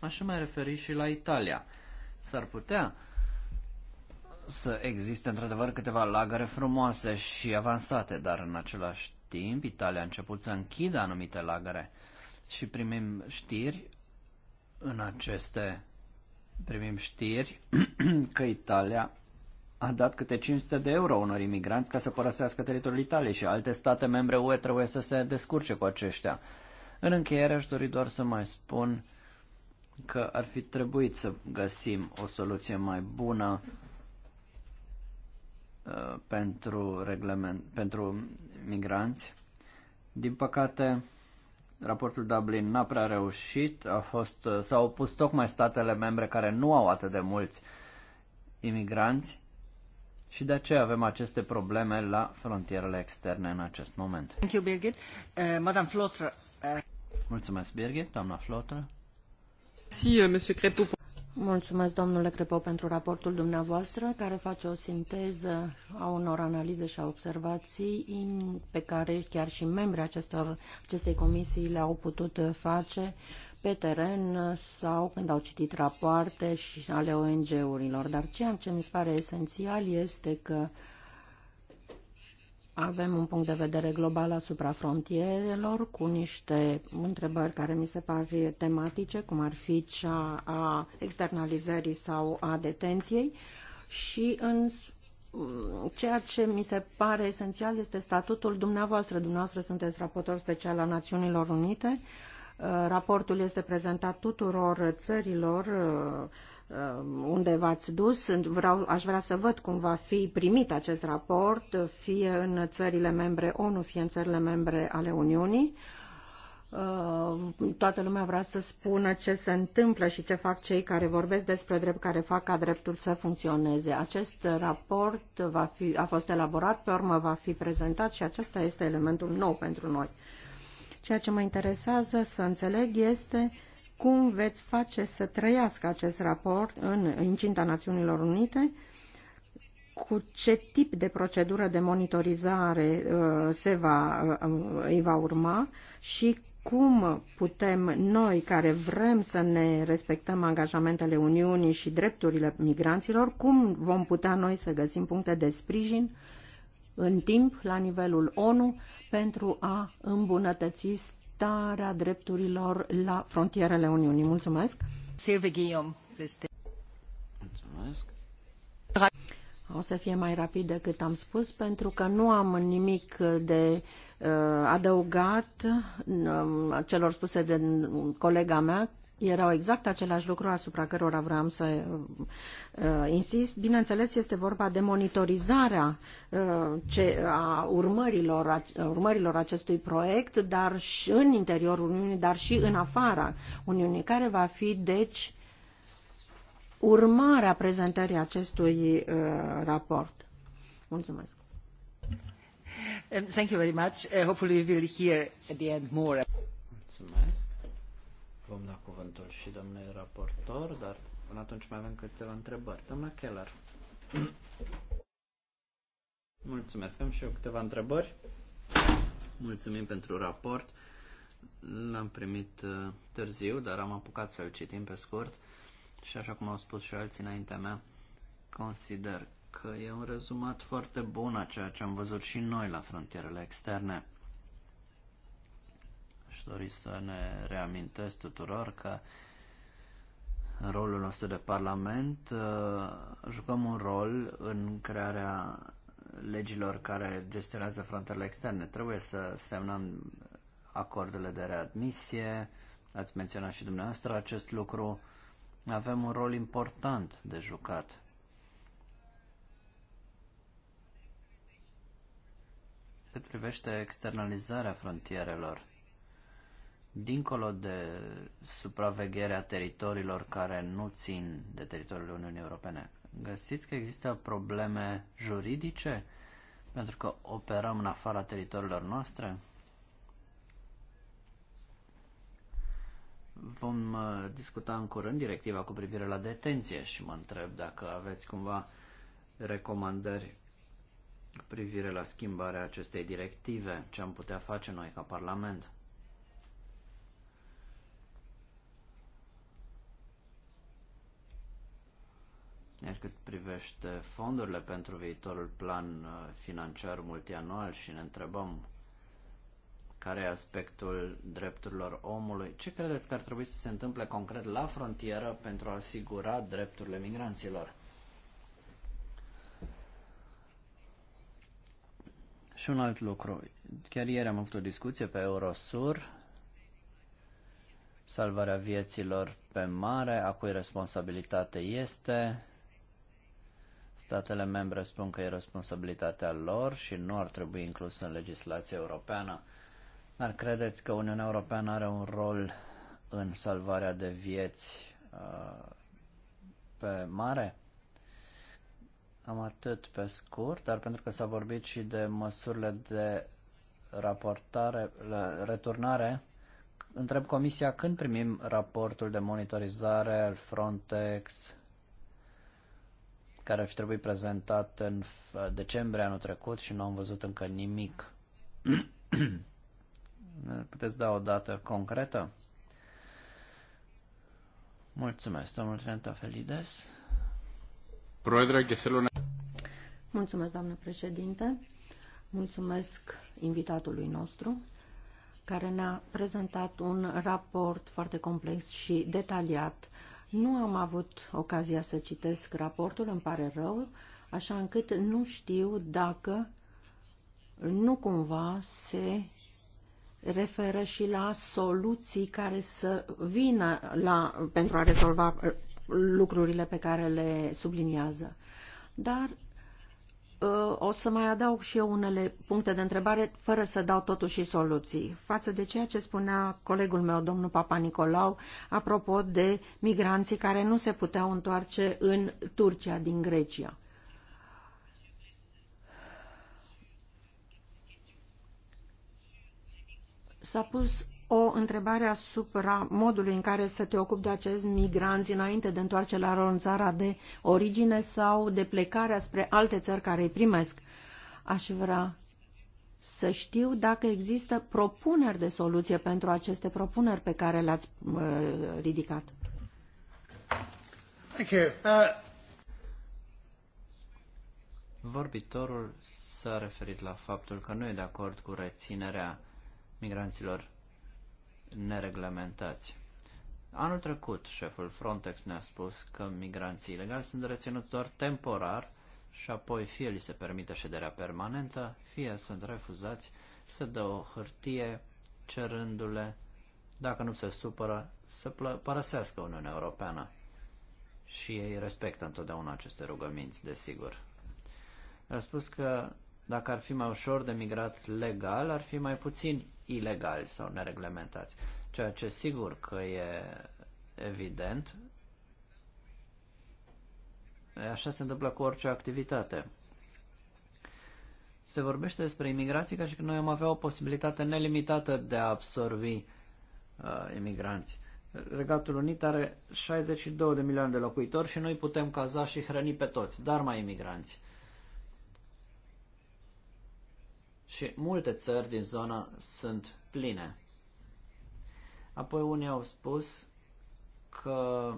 M-aș mai referi și la Italia. S-ar putea să existe într-adevăr câteva lagăre frumoase și avansate, dar în același timp Italia a început să închidă anumite lagăre și primim știri în aceste primim știri că Italia a dat câte 500 de euro unor imigranți ca să părăsească teritoriul Italiei și alte state membre UE trebuie să se descurce cu aceștia. În încheiere aș dori doar să mai spun că ar fi trebuit să găsim o soluție mai bună Uh, pentru, reglement, pentru migranți. Din păcate, raportul Dublin n-a prea reușit, a fost, uh, s-au opus tocmai statele membre care nu au atât de mulți imigranți și de aceea avem aceste probleme la frontierele externe în acest moment. Thank you, Birgit. Uh, Madame Flotre. Uh... Mulțumesc, Birgit, doamna Flotre. Si, uh, monsieur Cretu. Mulțumesc, domnule Crepo, pentru raportul dumneavoastră, care face o sinteză a unor analize și a observații in, pe care chiar și membrii acestor, acestei comisii le-au putut face pe teren sau când au citit rapoarte și ale ONG-urilor. Dar ceea ce mi se pare esențial este că avem un punct de vedere global asupra frontierelor cu niște întrebări care mi se par tematice, cum ar fi cea a externalizării sau a detenției și în ceea ce mi se pare esențial este statutul dumneavoastră. Dumneavoastră sunteți raportor special al Națiunilor Unite. Uh, raportul este prezentat tuturor țărilor uh, Uh, unde v-ați dus. Vreau, aș vrea să văd cum va fi primit acest raport, fie în țările membre ONU, fie în țările membre ale Uniunii. Uh, toată lumea vrea să spună ce se întâmplă și ce fac cei care vorbesc despre drept, care fac ca dreptul să funcționeze. Acest raport va fi, a fost elaborat, pe urmă va fi prezentat și acesta este elementul nou pentru noi. Ceea ce mă interesează să înțeleg este uh, cum veți face să trăiască acest raport în incinta Națiunilor Unite, cu ce tip de procedură de monitorizare uh, se va, uh, îi va urma și cum putem noi care vrem să ne respectăm angajamentele Uniunii și drepturile migranților, cum vom putea noi să găsim puncte de sprijin în timp la nivelul ONU pentru a îmbunătăți respectarea drepturilor la frontierele Uniunii. Mulțumesc! Silvie Guillaume. Mulțumesc! O să fie mai rapid decât am spus, pentru că nu am nimic de uh, adăugat um, celor spuse de colega mea, erau exact același lucru asupra cărora vreau să uh, insist. Bineînțeles, este vorba de monitorizarea uh, ce, a urmărilor, a urmărilor acestui proiect, dar și în interiorul Uniunii, dar și în afara Uniunii, care va fi, deci, urmarea prezentării acestui uh, raport. Mulțumesc. Um, thank you very much. Uh, hopefully we will hear at the end more. Mulțumesc vom da cuvântul și domnului raportor, dar până atunci mai avem câteva întrebări. Doamna Keller. Mulțumesc, am și eu câteva întrebări. Mulțumim pentru raport. L-am primit uh, târziu, dar am apucat să-l citim pe scurt și așa cum au spus și alții înaintea mea, consider că e un rezumat foarte bun a ceea ce am văzut și noi la frontierele externe și dori să ne reamintesc tuturor că în rolul nostru de Parlament uh, jucăm un rol în crearea legilor care gestionează frontierele externe. Trebuie să semnăm acordurile de readmisie, ați menționat și dumneavoastră acest lucru. Avem un rol important de jucat. Cât privește externalizarea frontierelor, dincolo de supravegherea teritoriilor care nu țin de teritoriul Uniunii Europene, găsiți că există probleme juridice pentru că operăm în afara teritoriilor noastre? Vom uh, discuta în curând directiva cu privire la detenție și mă întreb dacă aveți cumva recomandări cu privire la schimbarea acestei directive, ce am putea face noi ca Parlament. Iar cât privește fondurile pentru viitorul plan uh, financiar multianual și ne întrebăm care e aspectul drepturilor omului, ce credeți că ar trebui să se întâmple concret la frontieră pentru a asigura drepturile migranților? Și un alt lucru. Chiar ieri am avut o discuție pe Eurosur, salvarea vieților pe mare, a cui responsabilitate este, Statele membre spun că e responsabilitatea lor și nu ar trebui inclus în legislația europeană. Dar credeți că Uniunea Europeană are un rol în salvarea de vieți uh, pe mare? Am atât pe scurt, dar pentru că s-a vorbit și de măsurile de raportare, returnare, întreb Comisia când primim raportul de monitorizare al Frontex, care ar fi trebuit prezentat în decembrie anul trecut și nu am văzut încă nimic. Puteți da o dată concretă? Mulțumesc, domnul Trenta Felides. Mulțumesc, doamnă președinte. Mulțumesc invitatului nostru care ne-a prezentat un raport foarte complex și detaliat nu am avut ocazia să citesc raportul, îmi pare rău, așa încât nu știu dacă nu cumva se referă și la soluții care să vină la, pentru a rezolva uh, lucrurile pe care le subliniază. Dar Uh, o să mai adaug și eu unele puncte de întrebare, fără să dau totuși soluții. Față de ceea ce spunea colegul meu, domnul Papa Nicolau, apropo de migranții care nu se puteau întoarce în Turcia din Grecia. S-a pus o întrebare asupra modului în care să te ocupi de acești migranți înainte de întoarcerea la în țara de origine sau de plecarea spre alte țări care îi primesc. Aș vrea să știu dacă există propuneri de soluție pentru aceste propuneri pe care le-ați uh, ridicat. Thank you. Uh... Vorbitorul s-a referit la faptul că nu e de acord cu reținerea migranților nereglementați. Anul trecut, șeful Frontex ne-a spus că migranții ilegali sunt reținuți doar temporar și apoi fie li se permite șederea permanentă, fie sunt refuzați, să dă o hârtie cerându-le, dacă nu se supără, să părăsească Uniunea Europeană. Și ei respectă întotdeauna aceste rugăminți, desigur. A spus că dacă ar fi mai ușor de migrat legal, ar fi mai puțin ilegal sau nereglementați. Ceea ce sigur că e evident. Așa se întâmplă cu orice activitate. Se vorbește despre imigrații ca și că noi am avea o posibilitate nelimitată de a absorbi uh, imigranți. Regatul Unit are 62 de milioane de locuitori și noi putem caza și hrăni pe toți, dar mai imigranți. și multe țări din zonă sunt pline. Apoi unii au spus că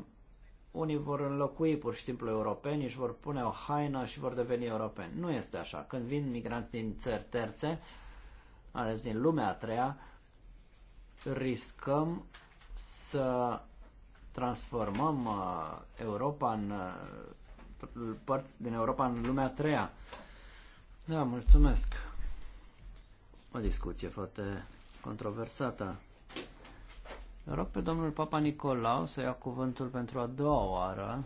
unii vor înlocui pur și simplu europeni, își vor pune o haină și vor deveni europeni. Nu este așa. Când vin migranți din țări terțe, ales din lumea a treia, riscăm să transformăm uh, Europa în uh, părți din Europa în lumea a treia. Da, mulțumesc. O discuție foarte controversată. Rog pe domnul Papa Nicolau să ia cuvântul pentru a doua oară,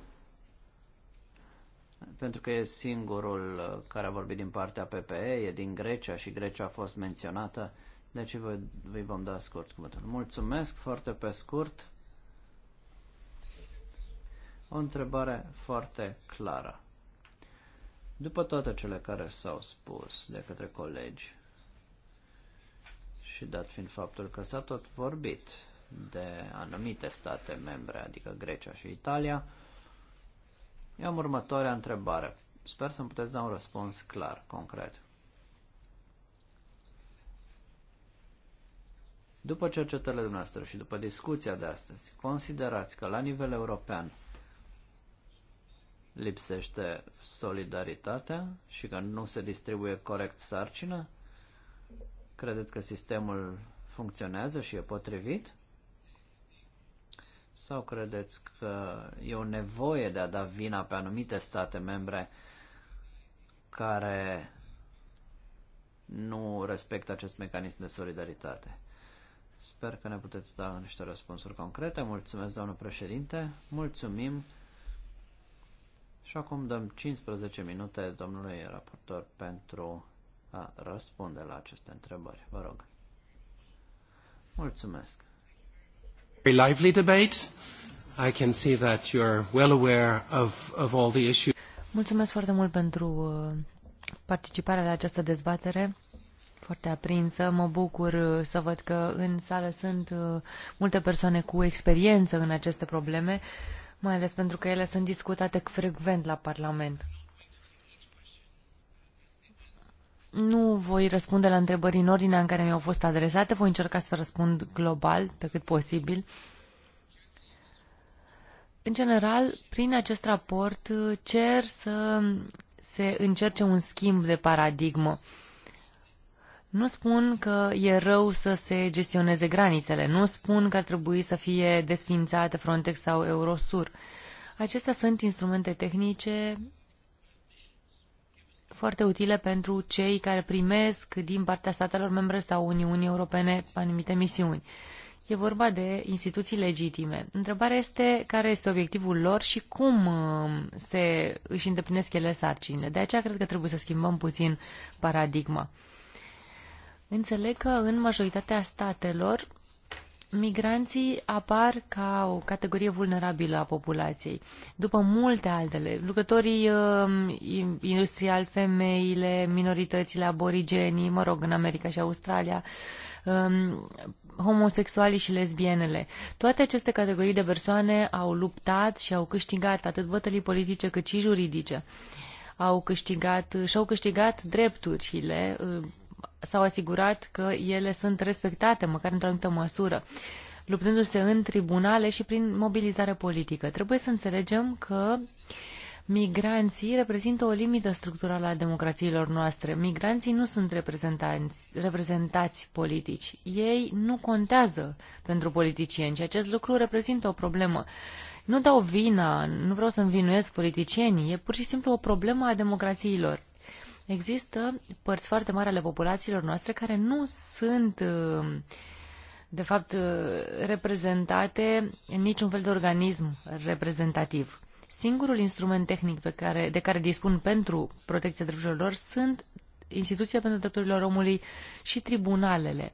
pentru că e singurul uh, care a vorbit din partea PPE, e din Grecia și Grecia a fost menționată, deci vă vom da scurt cuvântul. Mulțumesc, foarte pe scurt. O întrebare foarte clară. După toate cele care s-au spus de către colegi, și dat fiind faptul că s-a tot vorbit de anumite state membre, adică Grecia și Italia, eu am următoarea întrebare. Sper să-mi puteți da un răspuns clar, concret. După cercetările dumneavoastră și după discuția de astăzi, considerați că la nivel european lipsește solidaritatea și că nu se distribuie corect sarcina? Credeți că sistemul funcționează și e potrivit? Sau credeți că e o nevoie de a da vina pe anumite state membre care nu respectă acest mecanism de solidaritate? Sper că ne puteți da niște răspunsuri concrete. Mulțumesc, domnul președinte. Mulțumim. Și acum dăm 15 minute domnului raportor pentru a răspunde la aceste întrebări. Vă rog. Mulțumesc. Very lively debate. I can see that you're well aware of, of all the issues. Mulțumesc foarte mult pentru uh, participarea la această dezbatere foarte aprinsă. Mă bucur uh, să văd că în sală sunt uh, multe persoane cu experiență în aceste probleme, mai ales pentru că ele sunt discutate frecvent la Parlament. Nu voi răspunde la întrebări în ordinea în care mi-au fost adresate, voi încerca să răspund global, pe cât posibil. În general, prin acest raport uh, cer să se încerce un schimb de paradigmă. Nu spun că e rău să se gestioneze granițele, nu spun că ar trebui să fie desfințate Frontex sau Eurosur. Acestea sunt instrumente tehnice foarte utile pentru cei care primesc din partea statelor membre sau Uniunii Europene anumite misiuni. E vorba de instituții legitime. Întrebarea este care este obiectivul lor și cum um, se, își îndeplinesc ele sarcinile. De aceea cred că trebuie să schimbăm puțin paradigma. Înțeleg că în majoritatea statelor migranții apar ca o categorie vulnerabilă a populației, după multe altele. Lucrătorii uh, um, industriali, femeile, minoritățile, aborigenii, mă rog, în America și Australia, um, homosexualii și lesbienele. Toate aceste categorii de persoane au luptat și au câștigat atât bătălii politice cât și juridice. Au câștigat, și-au câștigat drepturile uh, s-au asigurat că ele sunt respectate, măcar într-o anumită măsură, luptându-se în tribunale și prin mobilizare politică. Trebuie să înțelegem că migranții reprezintă o limită structurală a democrațiilor noastre. Migranții nu sunt reprezentanți, reprezentați politici. Ei nu contează pentru politicieni și acest lucru reprezintă o problemă. Nu dau vina, nu vreau să învinuiesc politicienii, e pur și simplu o problemă a democrațiilor. Există părți foarte mari ale populațiilor noastre care nu sunt uh, de fapt uh, reprezentate în niciun fel de organism reprezentativ. Singurul instrument tehnic pe care, de care dispun pentru protecția drepturilor lor sunt instituția pentru drepturile omului și tribunalele.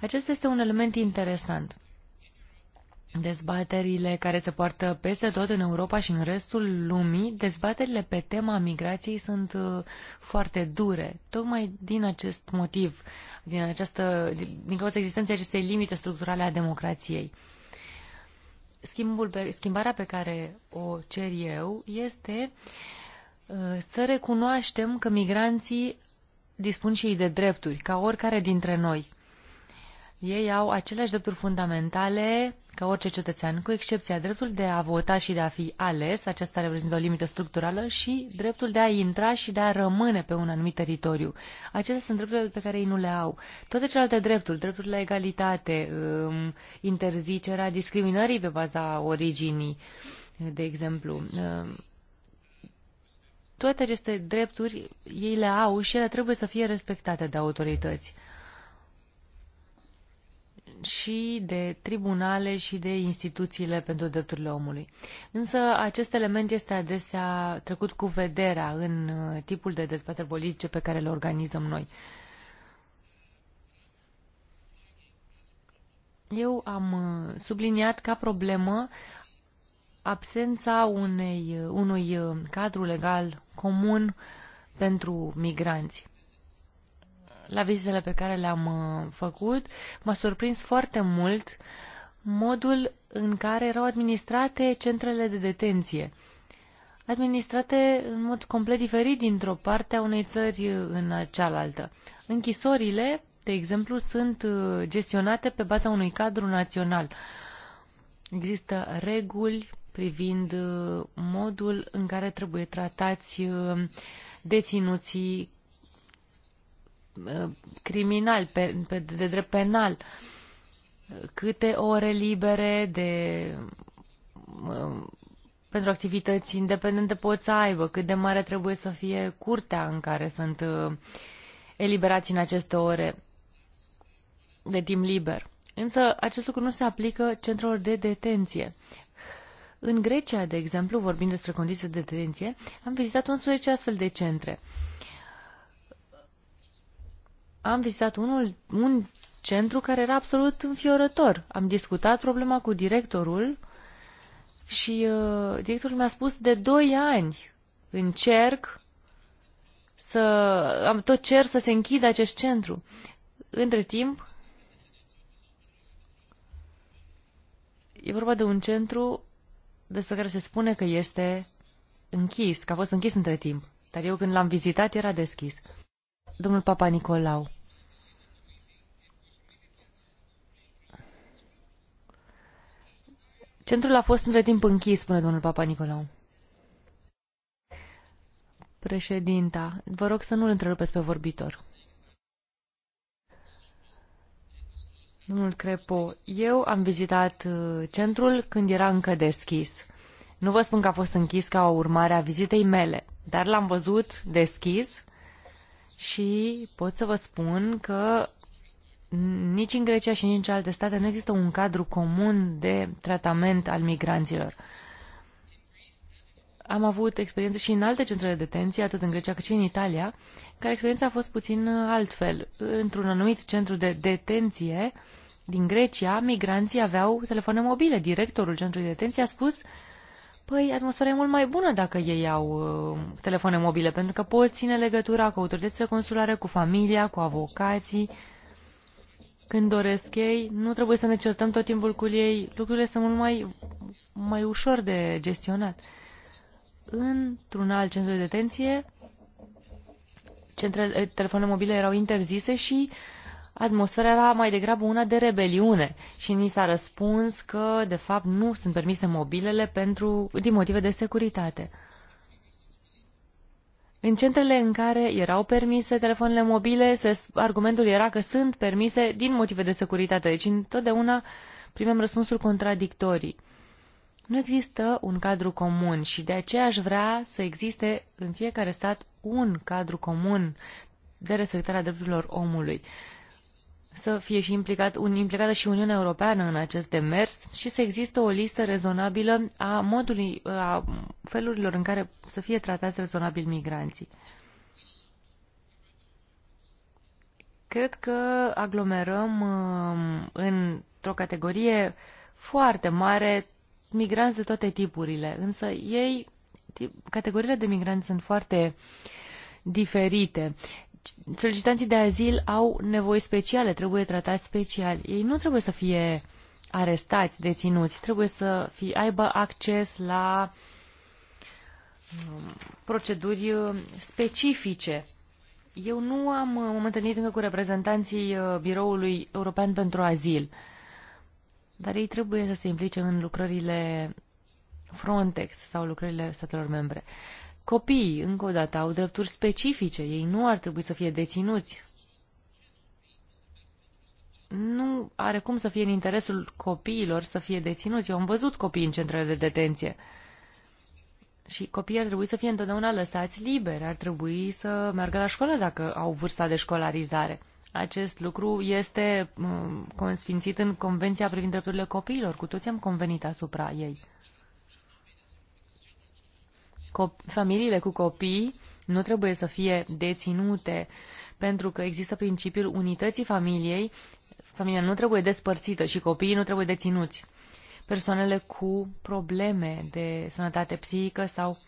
Acesta este un element interesant dezbaterile care se poartă peste tot în Europa și în restul lumii, dezbaterile pe tema migrației sunt uh, foarte dure. Tocmai din acest motiv, din, această, din cauza existenței acestei limite structurale a democrației. Schimbul pe, schimbarea pe care o cer eu este uh, să recunoaștem că migranții dispun și ei de drepturi, ca oricare dintre noi ei au aceleași drepturi fundamentale ca orice cetățean, cu excepția dreptul de a vota și de a fi ales, aceasta reprezintă o limită structurală, și dreptul de a intra și de a rămâne pe un anumit teritoriu. Acestea sunt drepturile pe care ei nu le au. Toate celelalte drepturi, dreptul la egalitate, um, interzicerea discriminării pe baza originii, de exemplu, um, toate aceste drepturi ei le au și ele trebuie să fie respectate de autorități și de tribunale și de instituțiile pentru drepturile omului. Însă acest element este adesea trecut cu vederea în uh, tipul de dezbateri politice pe care le organizăm noi. Eu am uh, subliniat ca problemă absența unei, uh, unui cadru legal comun pentru migranți la vizitele pe care le-am uh, făcut, m-a surprins foarte mult modul în care erau administrate centrele de detenție. Administrate în mod complet diferit dintr-o parte a unei țări în cealaltă. Închisorile, de exemplu, sunt uh, gestionate pe baza unui cadru național. Există reguli privind uh, modul în care trebuie tratați deținuții Uh, criminal, pe, pe, de drept penal, câte ore libere de uh, pentru activități independente pot să aibă, cât de mare trebuie să fie curtea în care sunt uh, eliberați în aceste ore de timp liber. Însă acest lucru nu se aplică centrelor de detenție. În Grecia, de exemplu, vorbind despre condiții de detenție, am vizitat 11 astfel de centre am vizitat unul, un centru care era absolut înfiorător. Am discutat problema cu directorul și uh, directorul mi-a spus de 2 ani încerc să am tot cer să se închidă acest centru. Între timp e vorba de un centru despre care se spune că este închis, că a fost închis între timp. Dar eu când l-am vizitat era deschis. Domnul Papa Nicolau. Centrul a fost între timp închis, spune domnul Papa Nicolau. Președinta, vă rog să nu-l întrerupeți pe vorbitor. Domnul Crepo, eu am vizitat uh, centrul când era încă deschis. Nu vă spun că a fost închis ca o urmare a vizitei mele, dar l-am văzut deschis și pot să vă spun că nici în Grecia și nici în alte state nu există un cadru comun de tratament al migranților. Am avut experiență și în alte centre de detenție, atât în Grecia cât și în Italia, care experiența a fost puțin altfel. Într-un anumit centru de detenție din Grecia, migranții aveau telefoane mobile. Directorul centrului de detenție a spus Păi, atmosfera e mult mai bună dacă ei au uh, telefoane mobile, pentru că pot ține legătura cu autoritățile consulare, cu familia, cu avocații, uh, când doresc ei, nu trebuie să ne certăm tot timpul cu ei, lucrurile sunt mult mai, mai ușor de gestionat. Într-un alt centru de detenție, centrele, eh, telefoanele mobile erau interzise și atmosfera era mai degrabă una de rebeliune și ni s-a răspuns că, de fapt, nu sunt permise mobilele pentru, din motive de securitate. În centrele în care erau permise telefoanele mobile, se, argumentul era că sunt permise din motive de securitate. Deci întotdeauna primim răspunsuri contradictorii. Nu există un cadru comun și de aceea aș vrea să existe în fiecare stat un cadru comun de respectarea drepturilor omului să fie și implicat, un, implicată și Uniunea Europeană în acest demers și să există o listă rezonabilă a modului, a felurilor în care să fie tratați rezonabil migranții. Cred că aglomerăm um, într-o categorie foarte mare migranți de toate tipurile, însă ei, categoriile de migranți sunt foarte diferite solicitanții de azil au nevoi speciale, trebuie tratați special. Ei nu trebuie să fie arestați, deținuți, trebuie să fie, aibă acces la um, proceduri uh, specifice. Eu nu am, uh, m-am întâlnit încă cu reprezentanții uh, Biroului European pentru Azil, dar ei trebuie să se implice în lucrările Frontex sau lucrările statelor membre. Copiii, încă o dată, au drepturi specifice, ei nu ar trebui să fie deținuți. Nu are cum să fie în interesul copiilor să fie deținuți. Eu am văzut copii în centrele de detenție. Și copiii ar trebui să fie întotdeauna lăsați liberi, ar trebui să meargă la școală dacă au vârsta de școlarizare. Acest lucru este mm, consfințit în Convenția privind drepturile copiilor. Cu toți am convenit asupra ei familiile cu copii nu trebuie să fie deținute, pentru că există principiul unității familiei. Familia nu trebuie despărțită și copiii nu trebuie deținuți. Persoanele cu probleme de sănătate psihică sau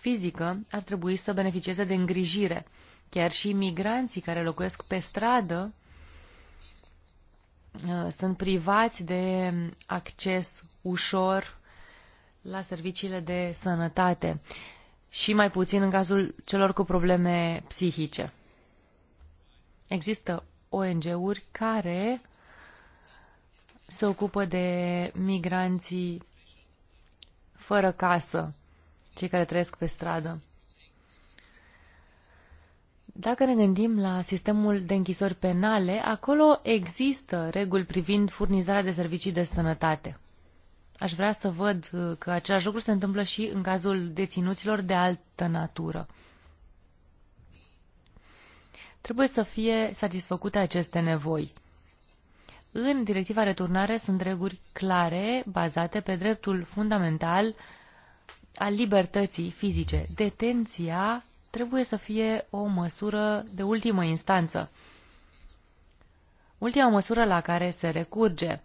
fizică ar trebui să beneficieze de îngrijire. Chiar și migranții care locuiesc pe stradă uh, sunt privați de acces ușor la serviciile de sănătate și mai puțin în cazul celor cu probleme psihice. Există ONG-uri care se ocupă de migranții fără casă, cei care trăiesc pe stradă. Dacă ne gândim la sistemul de închisori penale, acolo există reguli privind furnizarea de servicii de sănătate. Aș vrea să văd uh, că același lucru se întâmplă și în cazul deținuților de altă natură. Trebuie să fie satisfăcute aceste nevoi. În directiva returnare sunt reguli clare, bazate pe dreptul fundamental al libertății fizice. Detenția trebuie să fie o măsură de ultimă instanță. Ultima măsură la care se recurge.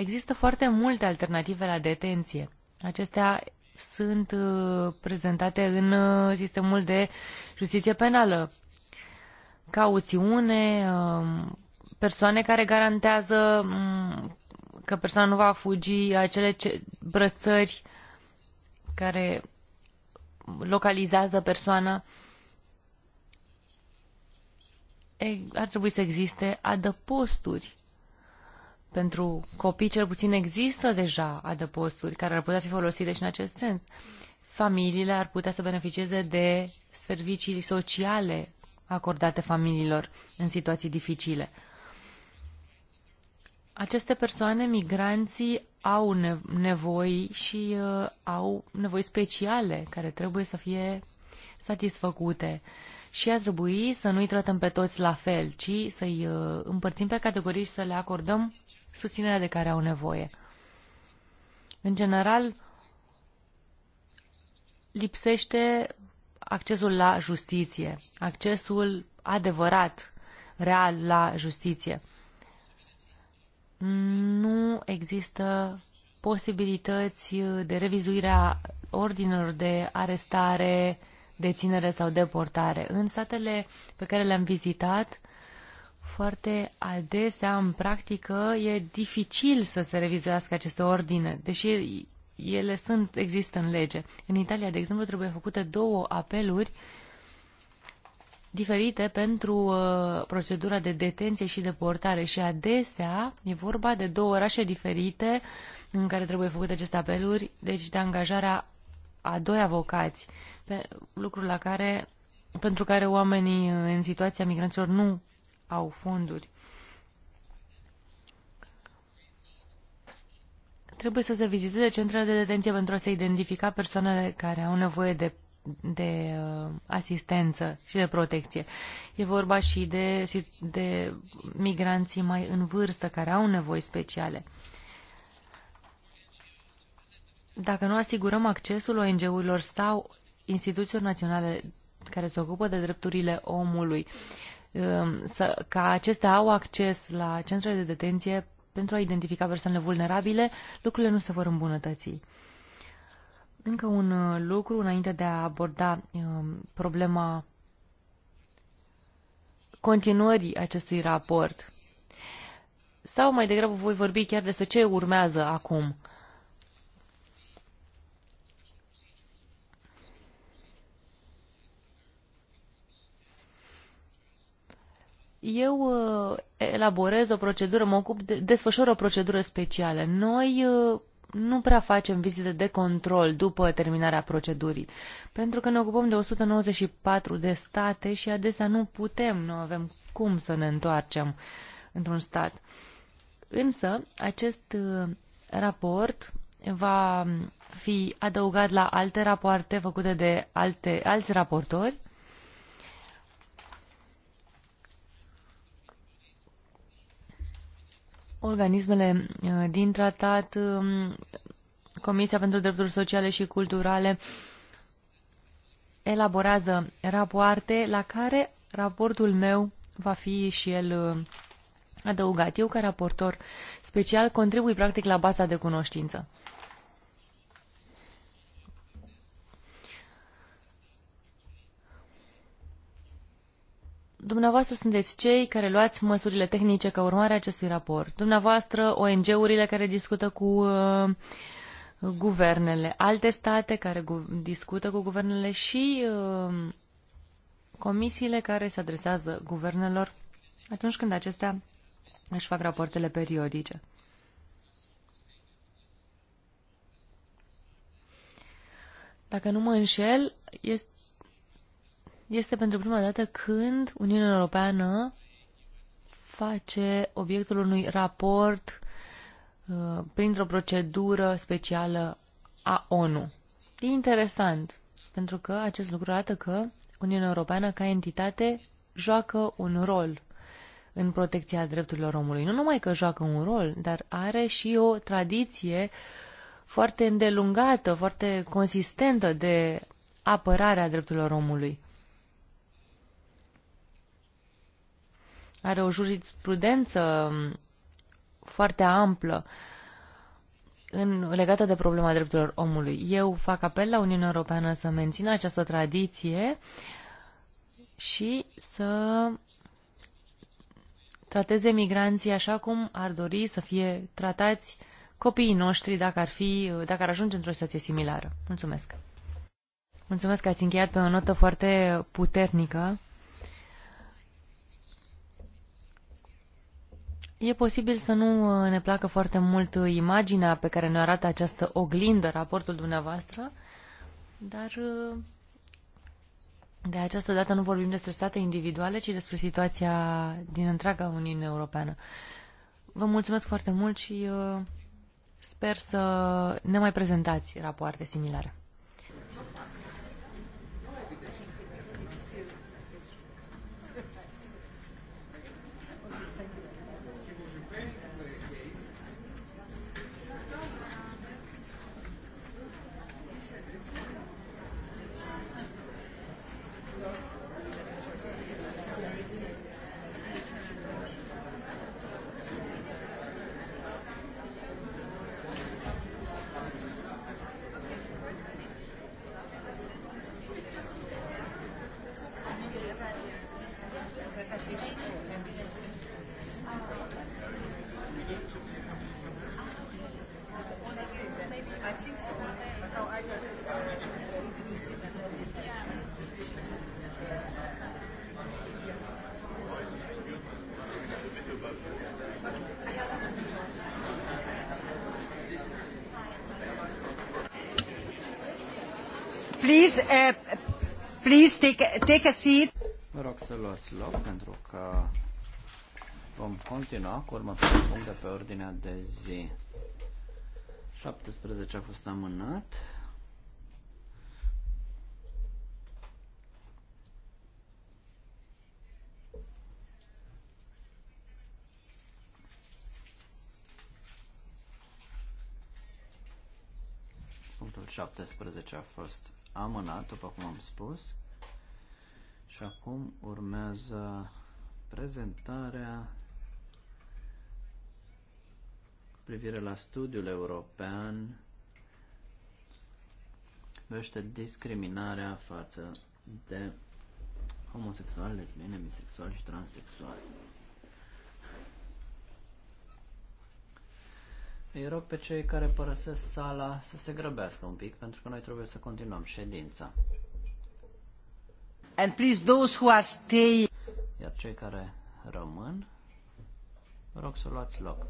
Există foarte multe alternative la detenție. Acestea sunt uh, prezentate în uh, sistemul de justiție penală. Cauțiune, um, persoane care garantează mm, că persoana nu va fugi, acele ce, brățări care localizează persoana. Ar trebui să existe adăposturi pentru copii, cel puțin, există deja adăposturi care ar putea fi folosite și în acest sens. Familiile ar putea să beneficieze de servicii sociale acordate familiilor în situații dificile. Aceste persoane, migranții, au nevoi și uh, au nevoi speciale care trebuie să fie satisfăcute. Și ar trebui să nu-i tratăm pe toți la fel, ci să-i uh, împărțim pe categorii și să le acordăm susținerea de care au nevoie. În general, lipsește accesul la justiție, accesul adevărat, real la justiție. Nu există posibilități de revizuire a ordinelor de arestare, deținere sau deportare. În satele pe care le-am vizitat, foarte adesea, în practică, e dificil să se revizuiască aceste ordine, deși ele sunt, există în lege. În Italia, de exemplu, trebuie făcute două apeluri diferite pentru uh, procedura de detenție și deportare și adesea e vorba de două orașe diferite în care trebuie făcute aceste apeluri, deci de angajarea a doi avocați, pe, lucrul la care, pentru care oamenii uh, în situația migranților nu au fonduri. Trebuie să se viziteze centrele de detenție pentru a se identifica persoanele care au nevoie de de uh, asistență și de protecție. E vorba și de, de migranții mai în vârstă care au nevoi speciale. Dacă nu asigurăm accesul ONG-urilor sau instituțiilor naționale care se ocupă de drepturile omului, Um, să, ca acestea au acces la centrele de detenție pentru a identifica persoanele vulnerabile, lucrurile nu se vor îmbunătăți. Încă un uh, lucru înainte de a aborda um, problema continuării acestui raport. Sau mai degrabă voi vorbi chiar despre ce urmează acum. eu uh, elaborez o procedură, mă ocup, de, desfășor o procedură specială. Noi uh, nu prea facem vizite de control după terminarea procedurii, pentru că ne ocupăm de 194 de state și adesea nu putem, nu avem cum să ne întoarcem într-un stat. Însă, acest uh, raport va fi adăugat la alte rapoarte făcute de alte, alți raportori organismele uh, din tratat, um, Comisia pentru Drepturi Sociale și Culturale elaborează rapoarte la care raportul meu va fi și el uh, adăugat. Eu, ca raportor special, contribui practic la baza de cunoștință. Dumneavoastră sunteți cei care luați măsurile tehnice ca urmare a acestui raport. Dumneavoastră ONG-urile care discută cu uh, guvernele, alte state care gu- discută cu guvernele și uh, comisiile care se adresează guvernelor atunci când acestea își fac rapoartele periodice. Dacă nu mă înșel, este este pentru prima dată când Uniunea Europeană face obiectul unui raport uh, printr-o procedură specială a ONU. E interesant, pentru că acest lucru arată că Uniunea Europeană, ca entitate, joacă un rol în protecția drepturilor omului. Nu numai că joacă un rol, dar are și o tradiție foarte îndelungată, foarte consistentă de apărare a drepturilor omului. are o jurisprudență um, foarte amplă în, legată de problema drepturilor omului. Eu fac apel la Uniunea Europeană să mențină această tradiție și să trateze migranții așa cum ar dori să fie tratați copiii noștri dacă ar, fi, dacă ar ajunge într-o situație similară. Mulțumesc! Mulțumesc că ați încheiat pe o notă foarte puternică. E posibil să nu uh, ne placă foarte mult uh, imaginea pe care ne arată această oglindă, raportul dumneavoastră, dar uh, de această dată nu vorbim despre state individuale, ci despre situația din întreaga Uniune Europeană. Vă mulțumesc foarte mult și sper să ne mai prezentați rapoarte similare. Please take, take a seat. Vă rog să luați loc pentru că vom continua cu următorul punct de pe ordinea de zi. 17 a fost amânat. 2014 a fost amânat, după cum am spus. Și acum urmează prezentarea cu privire la studiul european vește discriminarea față de homosexuali, lesbiene, bisexuali și transexuali. Îi rog pe cei care părăsesc sala să se grăbească un pic, pentru că noi trebuie să continuăm ședința. And please those who are stay... Iar cei care rămân, rog să luați loc.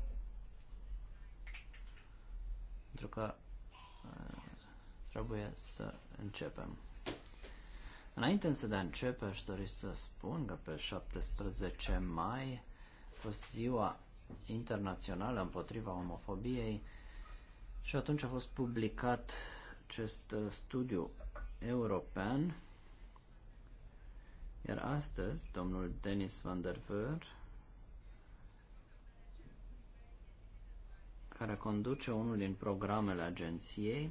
Pentru că uh, trebuie să începem. Înainte însă de a începe, aș dori să spun că pe 17 mai a fost ziua internațională împotriva homofobiei și atunci a fost publicat acest uh, studiu european iar astăzi domnul Denis van der Ver care conduce unul din programele agenției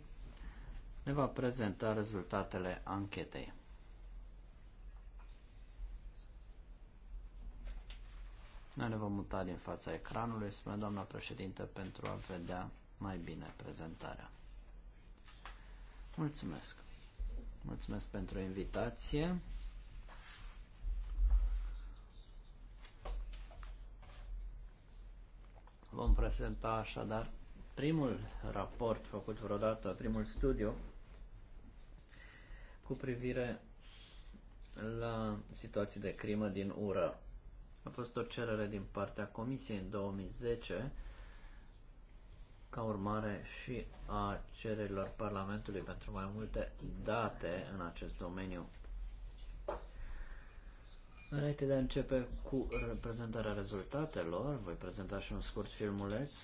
ne va prezenta rezultatele anchetei. Noi ne vom muta din fața ecranului, spune doamna președintă, pentru a vedea mai bine prezentarea. Mulțumesc! Mulțumesc pentru invitație. Vom prezenta așadar primul raport făcut vreodată, primul studiu cu privire la situații de crimă din ură. A fost o cerere din partea Comisiei în 2010 ca urmare și a cererilor Parlamentului pentru mai multe date în acest domeniu. Înainte de a începe cu prezentarea rezultatelor, voi prezenta și un scurt filmuleț.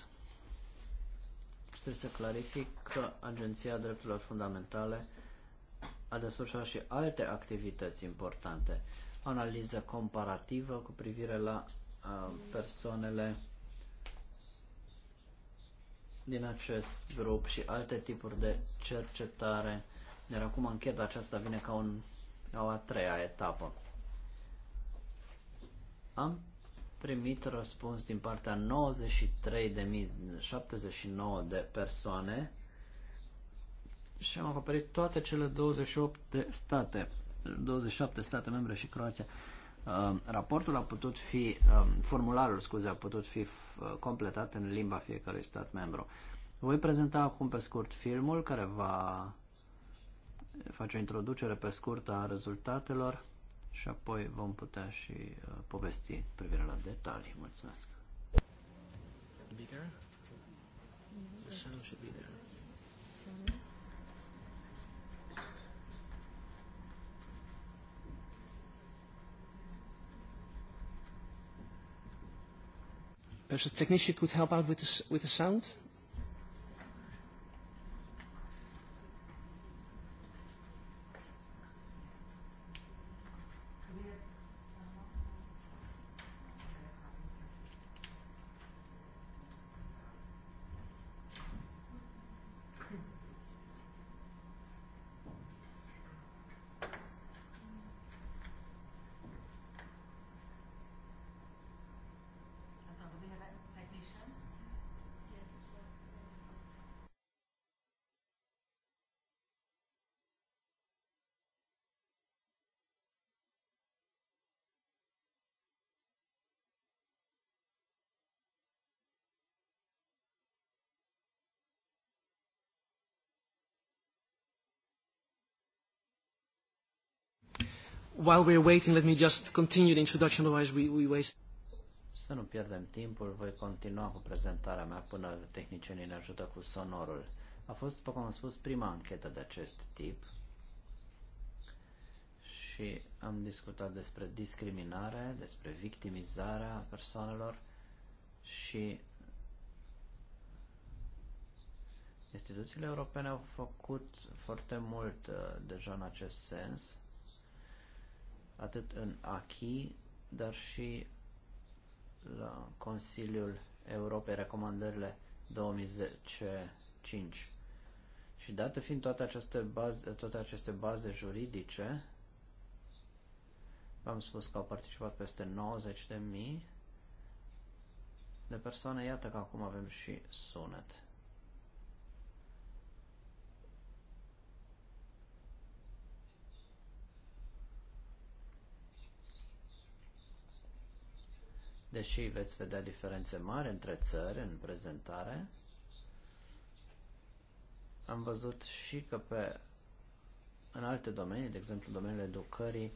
Și trebuie să clarific că Agenția Drepturilor Fundamentale a desfășurat și alte activități importante analiză comparativă cu privire la persoanele din acest grup și alte tipuri de cercetare. Iar acum încheta aceasta vine ca, un, ca o a treia etapă. Am primit răspuns din partea 93.079 de persoane și am acoperit toate cele 28 de state. 27 state membre și Croația. Uh, raportul a putut fi, um, formularul, scuze, a putut fi uh, completat în limba fiecărui stat membru. Voi prezenta acum pe scurt filmul care va face o introducere pe scurt a rezultatelor și apoi vom putea și uh, povesti privire la detalii. Mulțumesc! Be there? The sound should be there. Perhaps the technician could help out with the, with the sound. while are waiting, let me just continue the introduction, otherwise we, we waste. Să nu pierdem timpul, voi continua cu prezentarea mea până tehnicienii ne ajută cu sonorul. A fost, după cum am spus, prima anchetă de acest tip și am discutat despre discriminare, despre victimizarea persoanelor și instituțiile europene au făcut foarte mult uh, deja în acest sens atât în ACHI, dar și la Consiliul Europei recomandările 2015. Și dată fiind toate aceste baze, toate aceste baze juridice, v-am spus că au participat peste 90 de mii de persoane, iată că acum avem și sunet. Deși veți vedea diferențe mari între țări în prezentare, am văzut și că pe, în alte domenii, de exemplu domeniul educării,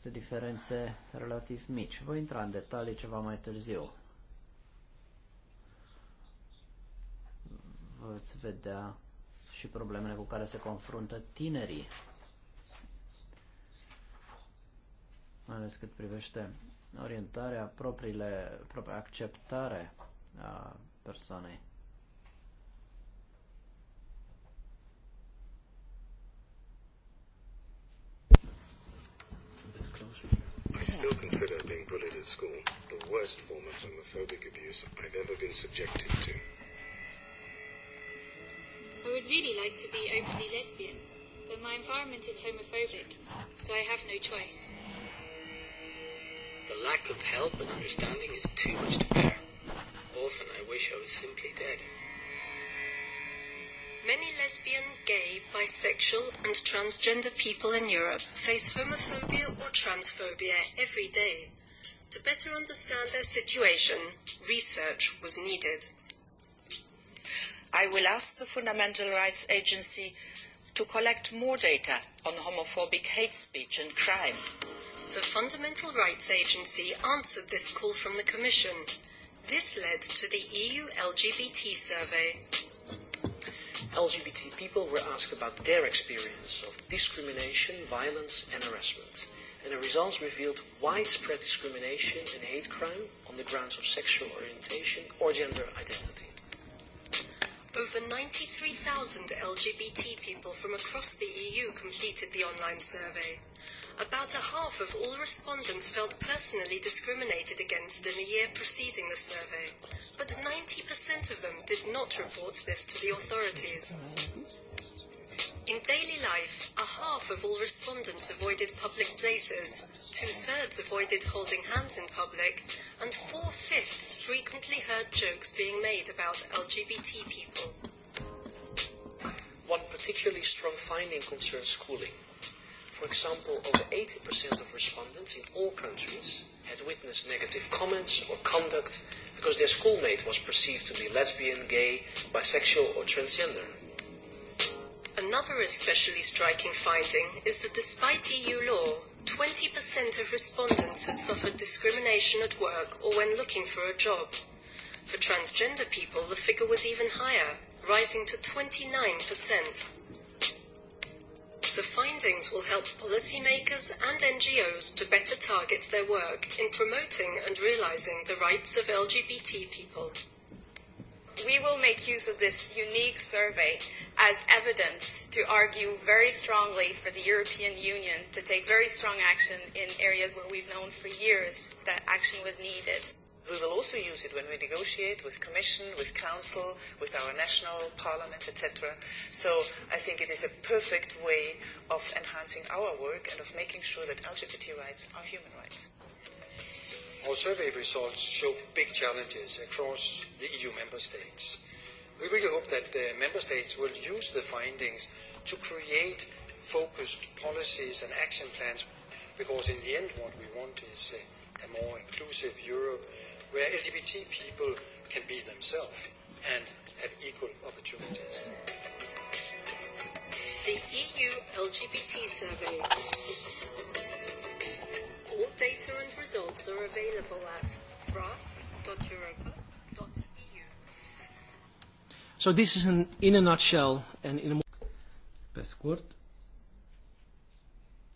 sunt diferențe relativ mici. Voi intra în detalii ceva mai târziu. Veți vedea și problemele cu care se confruntă tinerii, mai ales cât privește orientarea, propriile, propria acceptare a persoanei. I still consider being bullied at school the worst form of homophobic abuse I've ever been subjected to. I would really like to be openly lesbian, but my environment is homophobic, so I have no choice. The lack of help and understanding is too much to bear. Often I wish I was simply dead. Many lesbian, gay, bisexual, and transgender people in Europe face homophobia or transphobia every day. To better understand their situation, research was needed. I will ask the Fundamental Rights Agency to collect more data on homophobic hate speech and crime the Fundamental Rights Agency answered this call from the Commission. This led to the EU LGBT survey. LGBT people were asked about their experience of discrimination, violence and harassment. And the results revealed widespread discrimination and hate crime on the grounds of sexual orientation or gender identity. Over 93,000 LGBT people from across the EU completed the online survey. About a half of all respondents felt personally discriminated against in the year preceding the survey, but 90% of them did not report this to the authorities. In daily life, a half of all respondents avoided public places, two-thirds avoided holding hands in public, and four-fifths frequently heard jokes being made about LGBT people. One particularly strong finding concerns schooling. For example, over 80% of respondents in all countries had witnessed negative comments or conduct because their schoolmate was perceived to be lesbian, gay, bisexual, or transgender. Another especially striking finding is that despite EU law, 20% of respondents had suffered discrimination at work or when looking for a job. For transgender people, the figure was even higher, rising to 29%. The findings will help policymakers and NGOs to better target their work in promoting and realizing the rights of LGBT people. We will make use of this unique survey as evidence to argue very strongly for the European Union to take very strong action in areas where we've known for years that action was needed. We will also use it when we negotiate with Commission, with Council, with our national parliaments, etc. So I think it is a perfect way of enhancing our work and of making sure that LGBT rights are human rights. Our survey results show big challenges across the EU member states. We really hope that the member states will use the findings to create focused policies and action plans because in the end what we want is uh, a more inclusive Europe where LGBT people can be themselves and have equal opportunities. The EU LGBT survey. All data and results are available at graph.europa.eu. So this is an, in a nutshell and in a Pe scurt,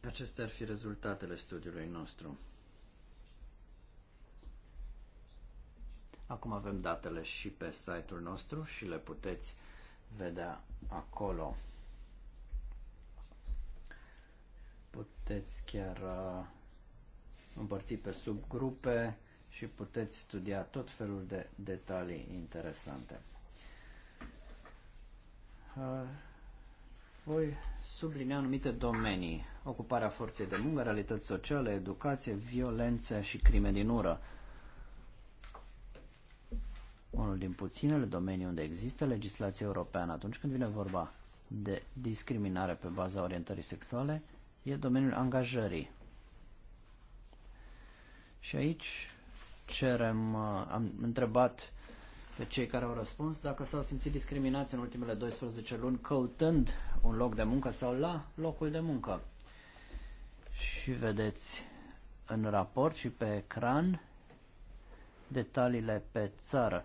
acestea ar fi rezultatele studiului nostru. Acum avem datele și pe site-ul nostru și le puteți vedea acolo. Puteți chiar uh, împărți pe subgrupe și puteți studia tot felul de detalii interesante. Uh, voi sublinea anumite domenii. Ocuparea forței de muncă, realități sociale, educație, violențe și crime din ură unul din puținele domenii unde există legislație europeană atunci când vine vorba de discriminare pe baza orientării sexuale e domeniul angajării. Și aici cerem, uh, am întrebat pe cei care au răspuns dacă s-au simțit discriminați în ultimele 12 luni căutând un loc de muncă sau la locul de muncă. Și vedeți în raport și pe ecran detaliile pe țară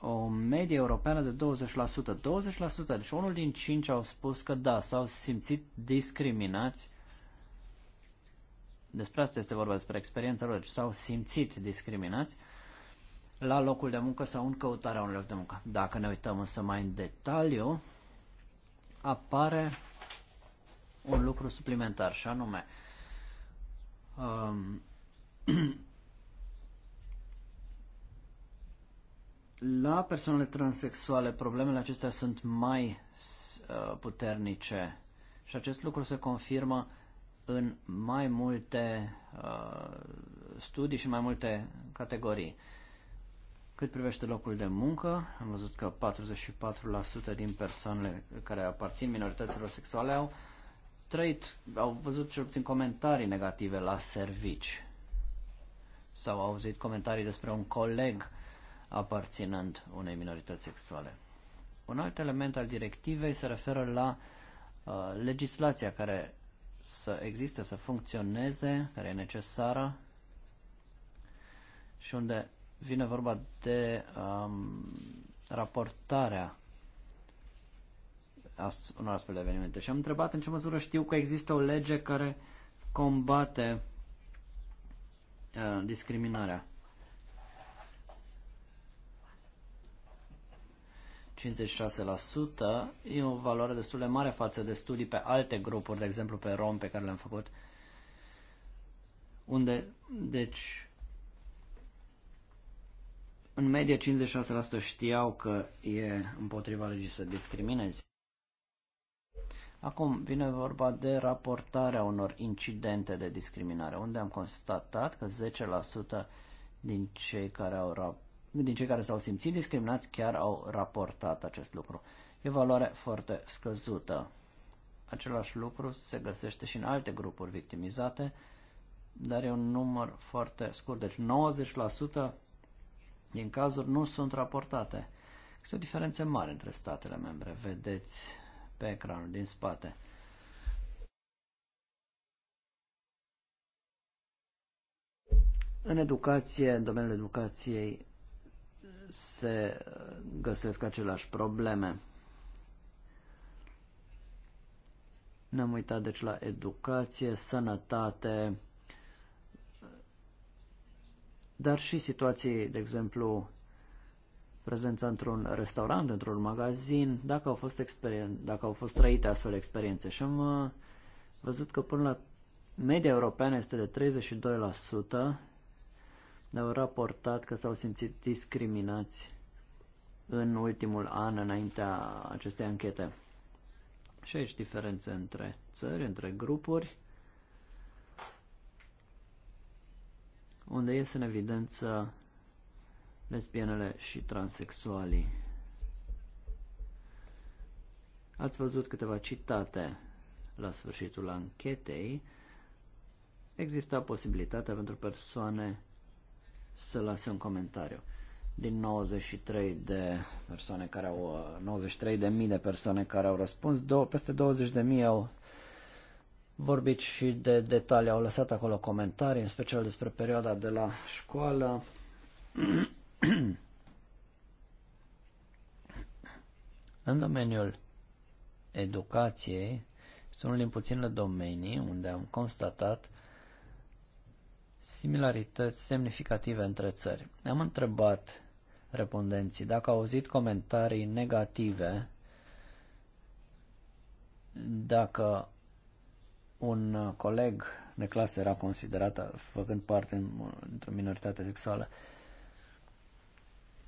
o medie europeană de 20%. 20%, deci unul din cinci au spus că da, s-au simțit discriminați. Despre asta este vorba, despre experiența lor. Deci s-au simțit discriminați la locul de muncă sau în căutarea unui loc de muncă. Dacă ne uităm însă mai în detaliu, apare un lucru suplimentar și anume um, La persoanele transexuale, problemele acestea sunt mai uh, puternice și acest lucru se confirmă în mai multe uh, studii și mai multe categorii. Cât privește locul de muncă, am văzut că 44% din persoanele care aparțin minorităților sexuale au trăit, au văzut cel puțin comentarii negative la servici sau au auzit comentarii despre un coleg aparținând unei minorități sexuale. Un alt element al directivei se referă la uh, legislația care să existe, să funcționeze, care e necesară și unde vine vorba de um, raportarea ast- unor astfel de evenimente. Și am întrebat în ce măsură știu că există o lege care combate uh, discriminarea. 56% e o valoare destul de mare față de studii pe alte grupuri, de exemplu pe rom pe care le-am făcut, unde, deci, în medie 56% știau că e împotriva legii să discriminezi. Acum vine vorba de raportarea unor incidente de discriminare, unde am constatat că 10% din cei care au raportat din cei care s-au simțit discriminați chiar au raportat acest lucru. E valoare foarte scăzută. Același lucru se găsește și în alte grupuri victimizate, dar e un număr foarte scurt. Deci 90% din cazuri nu sunt raportate. Este o diferență mare între statele membre. Vedeți pe ecranul din spate. În educație, în domeniul educației, se găsesc aceleași probleme. Ne-am uitat deci la educație, sănătate, dar și situații, de exemplu, prezența într-un restaurant, într-un magazin, dacă au fost, experien- dacă au fost trăite astfel experiențe. Și am uh, văzut că până la media europeană este de 32%, ne-au raportat că s-au simțit discriminați în ultimul an înaintea acestei anchete. Și aici diferențe între țări, între grupuri, unde iese în evidență lesbienele și transexualii. Ați văzut câteva citate la sfârșitul anchetei. Exista posibilitatea pentru persoane să lase un comentariu. Din 93 de persoane care au 93 uh, de mii de persoane care au răspuns, do- peste 20 de mii au vorbit și de detalii, au lăsat acolo comentarii, în special despre perioada de la școală. în domeniul educației, sunt unul din puținele domenii unde am constatat similarități semnificative între țări. Am întrebat respondenții dacă au auzit comentarii negative dacă un coleg de clasă era considerat făcând parte într-o minoritate sexuală.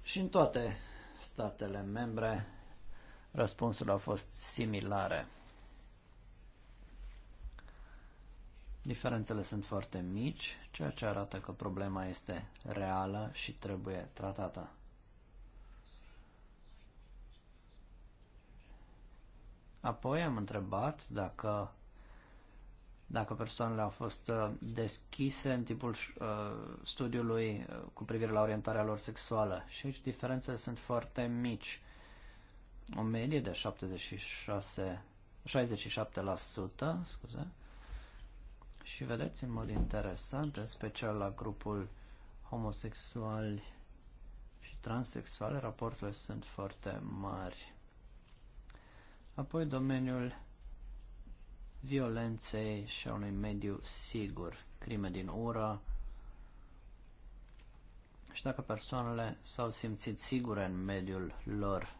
Și în toate statele membre răspunsurile au fost similare. Diferențele sunt foarte mici, ceea ce arată că problema este reală și trebuie tratată. Apoi am întrebat dacă, dacă persoanele au fost uh, deschise în timpul uh, studiului uh, cu privire la orientarea lor sexuală. Și aici diferențele sunt foarte mici. O medie de 76, 67%, scuze, și vedeți în mod interesant, în special la grupul homosexuali și transexual, raporturile sunt foarte mari. Apoi domeniul violenței și a unui mediu sigur, crime din ură, și dacă persoanele s-au simțit sigure în mediul lor.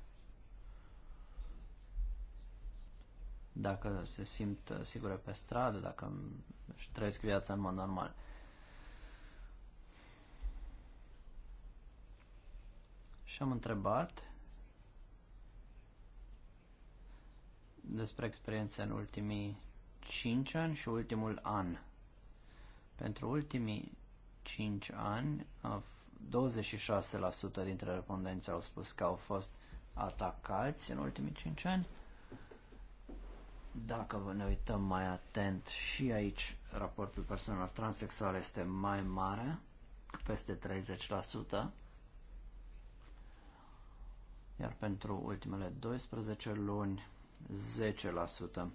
dacă se simt uh, sigure pe stradă, dacă își trăiesc viața în mod normal. Și am întrebat despre experiențe în ultimii 5 ani și ultimul an. Pentru ultimii 5 ani, 26% dintre respondenți au spus că au fost atacați în ultimii 5 ani dacă ne uităm mai atent și aici, raportul persoanelor transexuale este mai mare, peste 30%, iar pentru ultimele 12 luni 10%.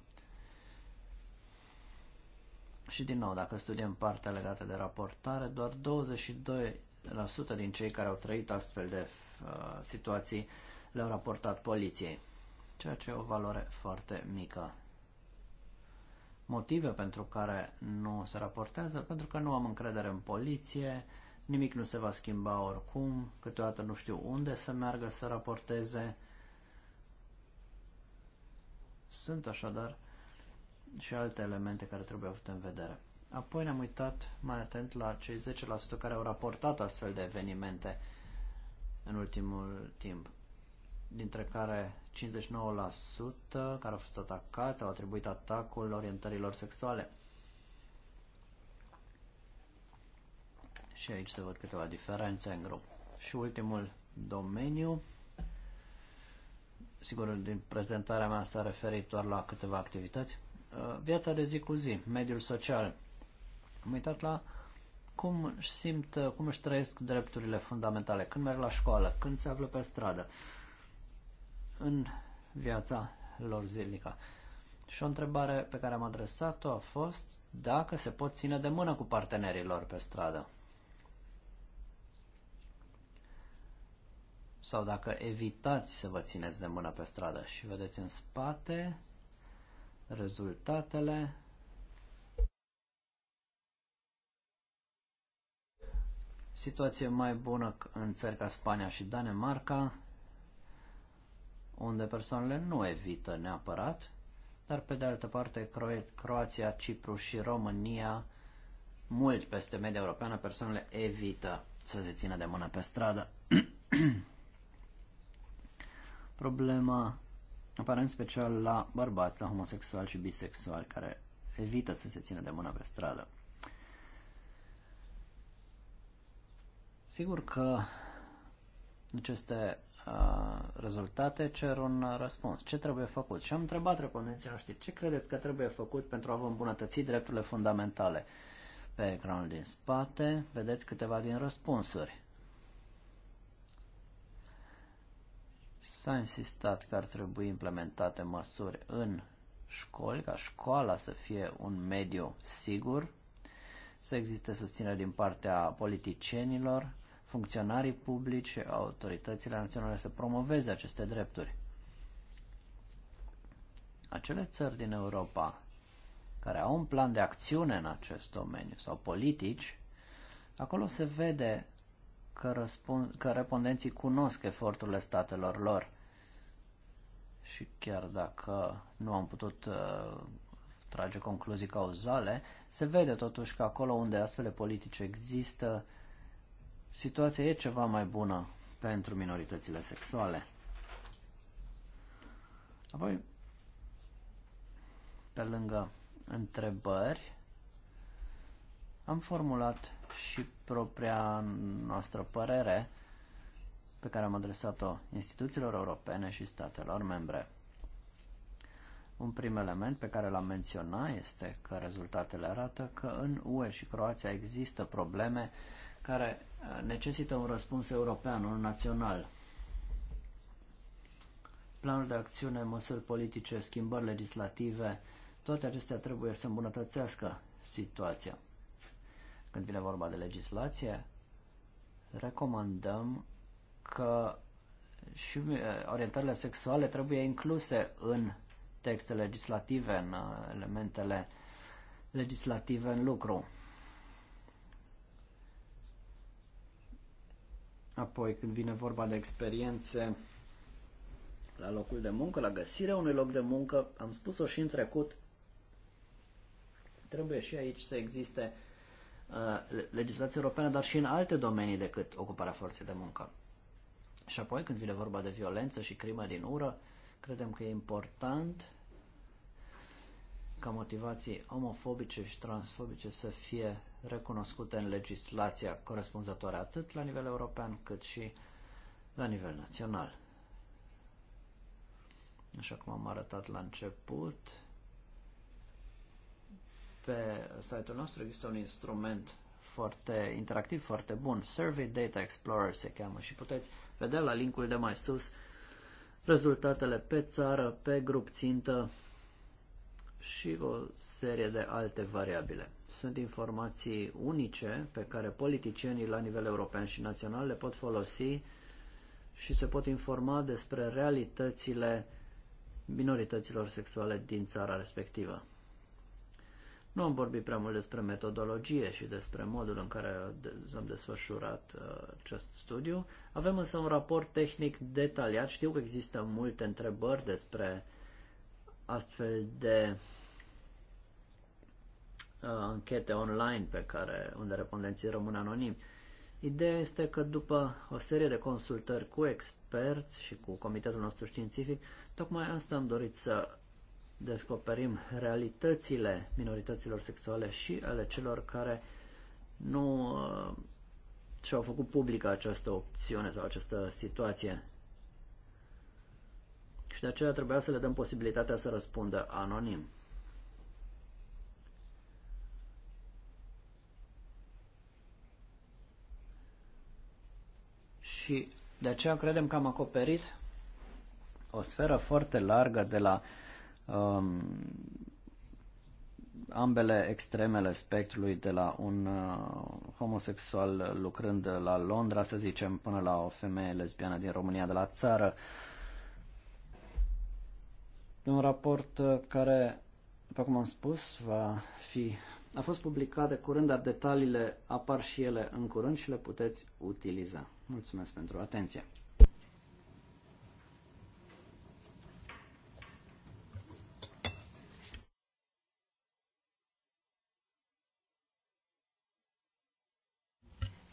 Și din nou, dacă studiem partea legată de raportare, doar 22% din cei care au trăit astfel de uh, situații le-au raportat poliției, ceea ce e o valoare foarte mică motive pentru care nu se raportează, pentru că nu am încredere în poliție, nimic nu se va schimba oricum, câteodată nu știu unde să meargă să raporteze. Sunt așadar și alte elemente care trebuie avute în vedere. Apoi ne-am uitat mai atent la cei 10% care au raportat astfel de evenimente în ultimul timp dintre care 59% care au fost atacați au atribuit atacul orientărilor sexuale. Și aici se văd câteva diferențe în grup. Și ultimul domeniu, sigur, din prezentarea mea s-a referit doar la câteva activități, uh, viața de zi cu zi, mediul social. Am uitat la cum își simt, uh, cum își trăiesc drepturile fundamentale, când merg la școală, când se află pe stradă, în viața lor zilnică. Și o întrebare pe care am adresat-o a fost dacă se pot ține de mână cu partenerii lor pe stradă. Sau dacă evitați să vă țineți de mână pe stradă și vedeți în spate rezultatele situație mai bună în țări ca Spania și Danemarca, unde persoanele nu evită neapărat, dar pe de altă parte Croația, Cipru și România, mult peste media europeană, persoanele evită să se țină de mână pe stradă. Problema apare în special la bărbați, la homosexuali și bisexuali, care evită să se țină de mână pe stradă. Sigur că aceste Uh, rezultate cer un uh, răspuns. Ce trebuie făcut? Și am întrebat respondenții noștri, ce credeți că trebuie făcut pentru a vă îmbunătăți drepturile fundamentale? Pe ecranul din spate vedeți câteva din răspunsuri. S-a insistat că ar trebui implementate măsuri în școli, ca școala să fie un mediu sigur, să existe susținere din partea politicienilor, funcționarii publici și autoritățile naționale să promoveze aceste drepturi. Acele țări din Europa care au un plan de acțiune în acest domeniu sau politici, acolo se vede că, răspund, că repondenții cunosc eforturile statelor lor. Și chiar dacă nu am putut uh, trage concluzii cauzale, se vede totuși că acolo unde astfel de politici există, situația e ceva mai bună pentru minoritățile sexuale. Apoi, pe lângă întrebări, am formulat și propria noastră părere pe care am adresat-o instituțiilor europene și statelor membre. Un prim element pe care l-am menționat este că rezultatele arată că în UE și Croația există probleme care necesită un răspuns european, unul național. Planul de acțiune, măsuri politice, schimbări legislative, toate acestea trebuie să îmbunătățească situația. Când vine vorba de legislație, recomandăm că și uh, orientările sexuale trebuie incluse în texte legislative, în uh, elementele legislative în lucru. Apoi, când vine vorba de experiențe la locul de muncă, la găsirea unui loc de muncă, am spus-o și în trecut, trebuie și aici să existe uh, legislație europeană, dar și în alte domenii decât ocuparea forței de muncă. Și apoi, când vine vorba de violență și crimă din ură, credem că e important ca motivații omofobice și transfobice să fie recunoscute în legislația corespunzătoare atât la nivel european cât și la nivel național. Așa cum am arătat la început, pe site-ul nostru există un instrument foarte interactiv, foarte bun. Survey Data Explorer se cheamă și puteți vedea la linkul de mai sus rezultatele pe țară, pe grup țintă și o serie de alte variabile. Sunt informații unice pe care politicienii la nivel european și național le pot folosi și se pot informa despre realitățile minorităților sexuale din țara respectivă. Nu am vorbit prea mult despre metodologie și despre modul în care am desfășurat uh, acest studiu. Avem însă un raport tehnic detaliat. Știu că există multe întrebări despre astfel de uh, anchete online pe care, unde respondenții rămân anonimi. Ideea este că după o serie de consultări cu experți și cu comitetul nostru științific, tocmai asta am dorit să descoperim realitățile minorităților sexuale și ale celor care nu uh, și-au făcut publică această opțiune sau această situație și de aceea trebuia să le dăm posibilitatea să răspundă anonim. Și de aceea credem că am acoperit o sferă foarte largă de la um, ambele extremele spectrului, de la un uh, homosexual lucrând la Londra, să zicem, până la o femeie lesbiană din România, de la țară. Uh, E un raport uh, care, după cum am spus, va fi, a fost publicat de curând, dar detaliile apar și ele în curând și le puteți utiliza. Mulțumesc pentru atenție!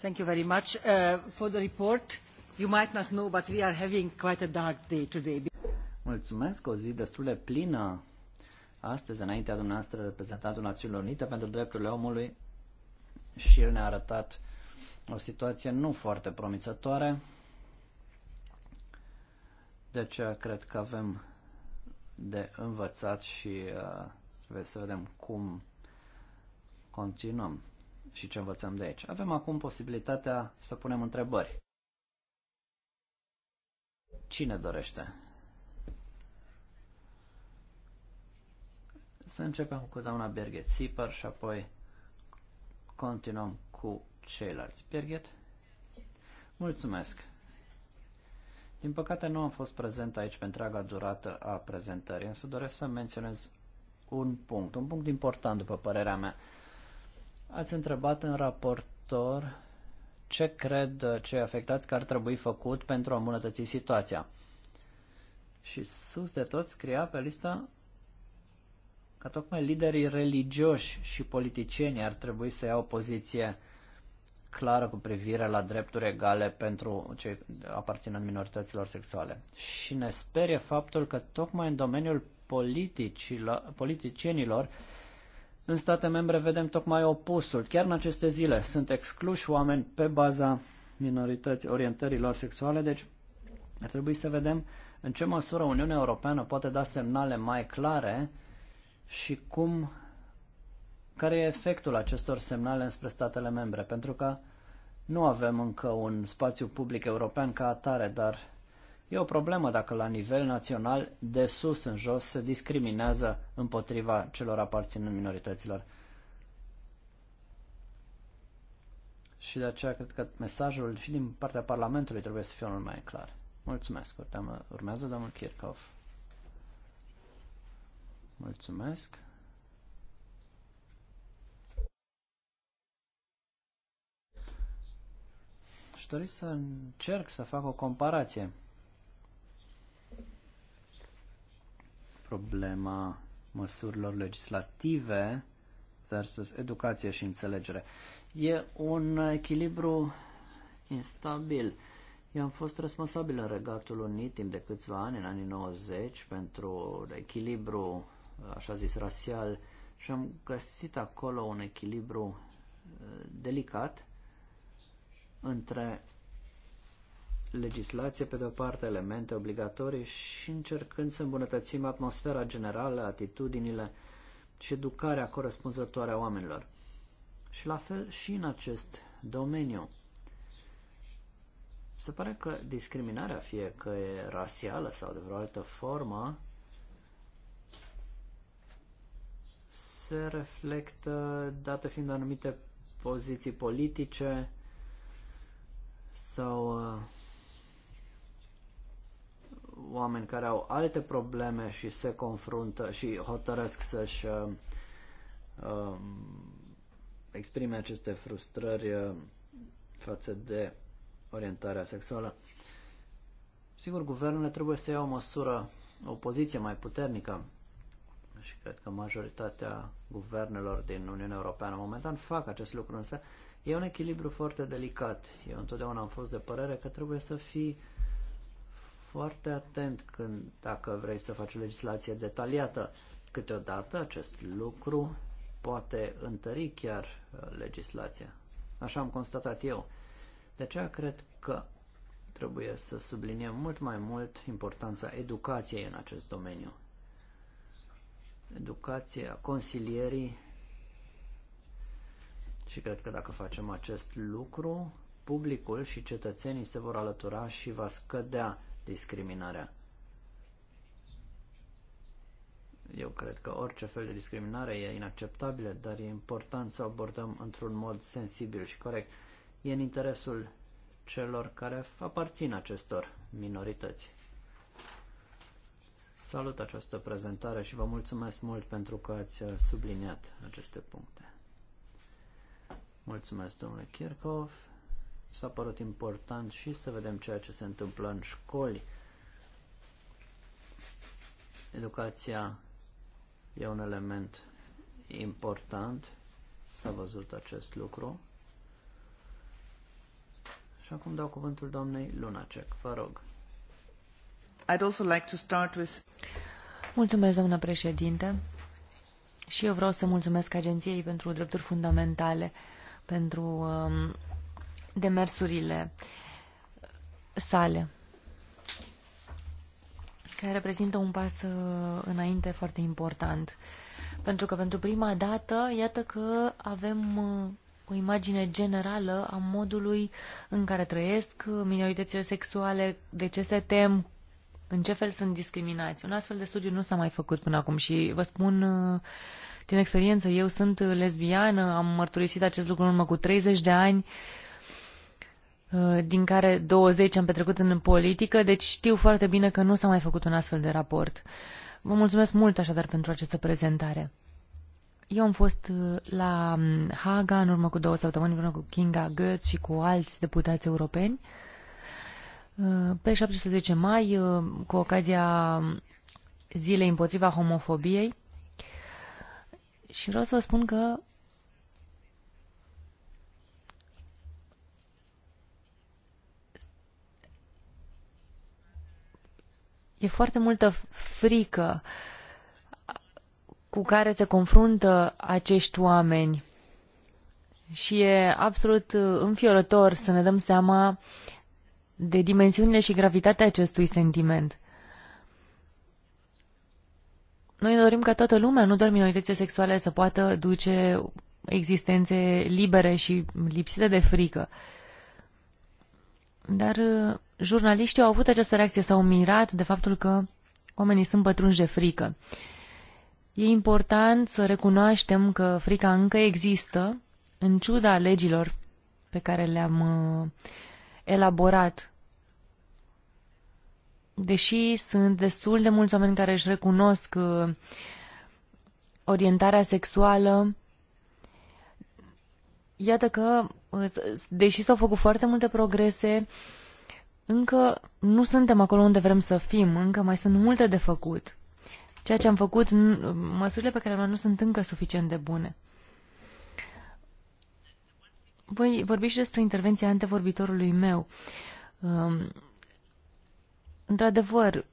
Thank you very much uh, for the report. You might not know, but we are having quite a dark day today. Mulțumesc, o zi destul de plină astăzi, înaintea dumneavoastră, reprezentantul Națiunilor Unite pentru drepturile omului și el ne-a arătat o situație nu foarte promițătoare. De deci, aceea uh, cred că avem de învățat și uh, trebuie să vedem cum continuăm și ce învățăm de aici. Avem acum posibilitatea să punem întrebări. Cine dorește? Să începem cu doamna Birgit Sipăr și apoi continuăm cu ceilalți. Birgit? Mulțumesc! Din păcate nu am fost prezent aici pe întreaga durată a prezentării, însă doresc să menționez un punct, un punct important după părerea mea. Ați întrebat în raportor ce cred cei afectați că ar trebui făcut pentru a îmbunătăți situația. Și sus de tot scria pe lista că tocmai liderii religioși și politicieni ar trebui să iau o poziție clară cu privire la drepturi egale pentru cei aparținând minorităților sexuale. Și ne sperie faptul că tocmai în domeniul politicilor, politicienilor în state membre vedem tocmai opusul. Chiar în aceste zile sunt excluși oameni pe baza minorității orientărilor sexuale, deci ar trebui să vedem în ce măsură Uniunea Europeană poate da semnale mai clare și cum, care e efectul acestor semnale înspre statele membre, pentru că nu avem încă un spațiu public european ca atare, dar e o problemă dacă la nivel național, de sus în jos, se discriminează împotriva celor aparținând minorităților. Și de aceea cred că mesajul și din partea Parlamentului trebuie să fie unul mai clar. Mulțumesc. Urmează domnul Kirchhoff. Mulțumesc. Și dori să încerc să fac o comparație. Problema măsurilor legislative versus educație și înțelegere. E un echilibru instabil. Eu am fost responsabil în Regatul Unit timp de câțiva ani, în anii 90, pentru echilibru așa zis, rasial și am găsit acolo un echilibru uh, delicat între legislație, pe de-o parte, elemente obligatorii și încercând să îmbunătățim atmosfera generală, atitudinile și educarea corespunzătoare a oamenilor. Și la fel și în acest domeniu. Se pare că discriminarea, fie că e rasială sau de vreo altă formă, se reflectă date fiind anumite poziții politice sau uh, oameni care au alte probleme și se confruntă și hotărăsc să-și uh, uh, exprime aceste frustrări uh, față de orientarea sexuală. Sigur, guvernele trebuie să ia o măsură, o poziție mai puternică și cred că majoritatea guvernelor din Uniunea Europeană momentan fac acest lucru, însă e un echilibru foarte delicat. Eu întotdeauna am fost de părere că trebuie să fii foarte atent când, dacă vrei să faci legislație detaliată. Câteodată acest lucru poate întări chiar uh, legislația. Așa am constatat eu. De aceea cred că trebuie să subliniem mult mai mult importanța educației în acest domeniu educația consilierii și cred că dacă facem acest lucru, publicul și cetățenii se vor alătura și va scădea discriminarea. Eu cred că orice fel de discriminare e inacceptabilă, dar e important să abordăm într-un mod sensibil și corect. E în interesul celor care aparțin acestor minorități. Salut această prezentare și vă mulțumesc mult pentru că ați uh, subliniat aceste puncte. Mulțumesc, domnule Kirchhoff. S-a părut important și să vedem ceea ce se întâmplă în școli. Educația e un element important. S-a văzut acest lucru. Și acum dau cuvântul doamnei Lunacek. Vă rog. I'd președinte. Și eu vreau să mulțumesc Agenției pentru Drepturi Fundamentale, pentru um, demersurile sale, care reprezintă un pas uh, înainte foarte important. Pentru că pentru prima dată, iată că avem uh, o imagine generală a modului în care trăiesc minoritățile sexuale, de ce se tem, în ce fel sunt discriminați. Un astfel de studiu nu s-a mai făcut până acum și vă spun uh, din experiență, eu sunt lesbiană, am mărturisit acest lucru în urmă cu 30 de ani, uh, din care 20 am petrecut în politică, deci știu foarte bine că nu s-a mai făcut un astfel de raport. Vă mulțumesc mult așadar pentru această prezentare. Eu am fost uh, la um, Haga în urmă cu două săptămâni, urmă cu Kinga Goetz și cu alți deputați europeni. Pe 17 mai, uh, cu ocazia zilei împotriva homofobiei, și vreau să vă spun că e foarte multă frică cu care se confruntă acești oameni și e absolut înfiorător să ne dăm seama de dimensiunile și gravitatea acestui sentiment. Noi dorim ca toată lumea, nu doar minoritățile sexuale, să poată duce existențe libere și lipsite de frică. Dar uh, jurnaliștii au avut această reacție, s-au mirat de faptul că oamenii sunt pătrunși de frică. E important să recunoaștem că frica încă există, în ciuda legilor pe care le-am uh, elaborat deși sunt destul de mulți oameni care își recunosc uh, orientarea sexuală, iată că, uh, deși s-au făcut foarte multe progrese, încă nu suntem acolo unde vrem să fim, încă mai sunt multe de făcut. Ceea ce am făcut, măsurile pe care le-am nu sunt încă suficient de bune. Voi vorbi și despre intervenția antevorbitorului meu. Um, Într-adevăr,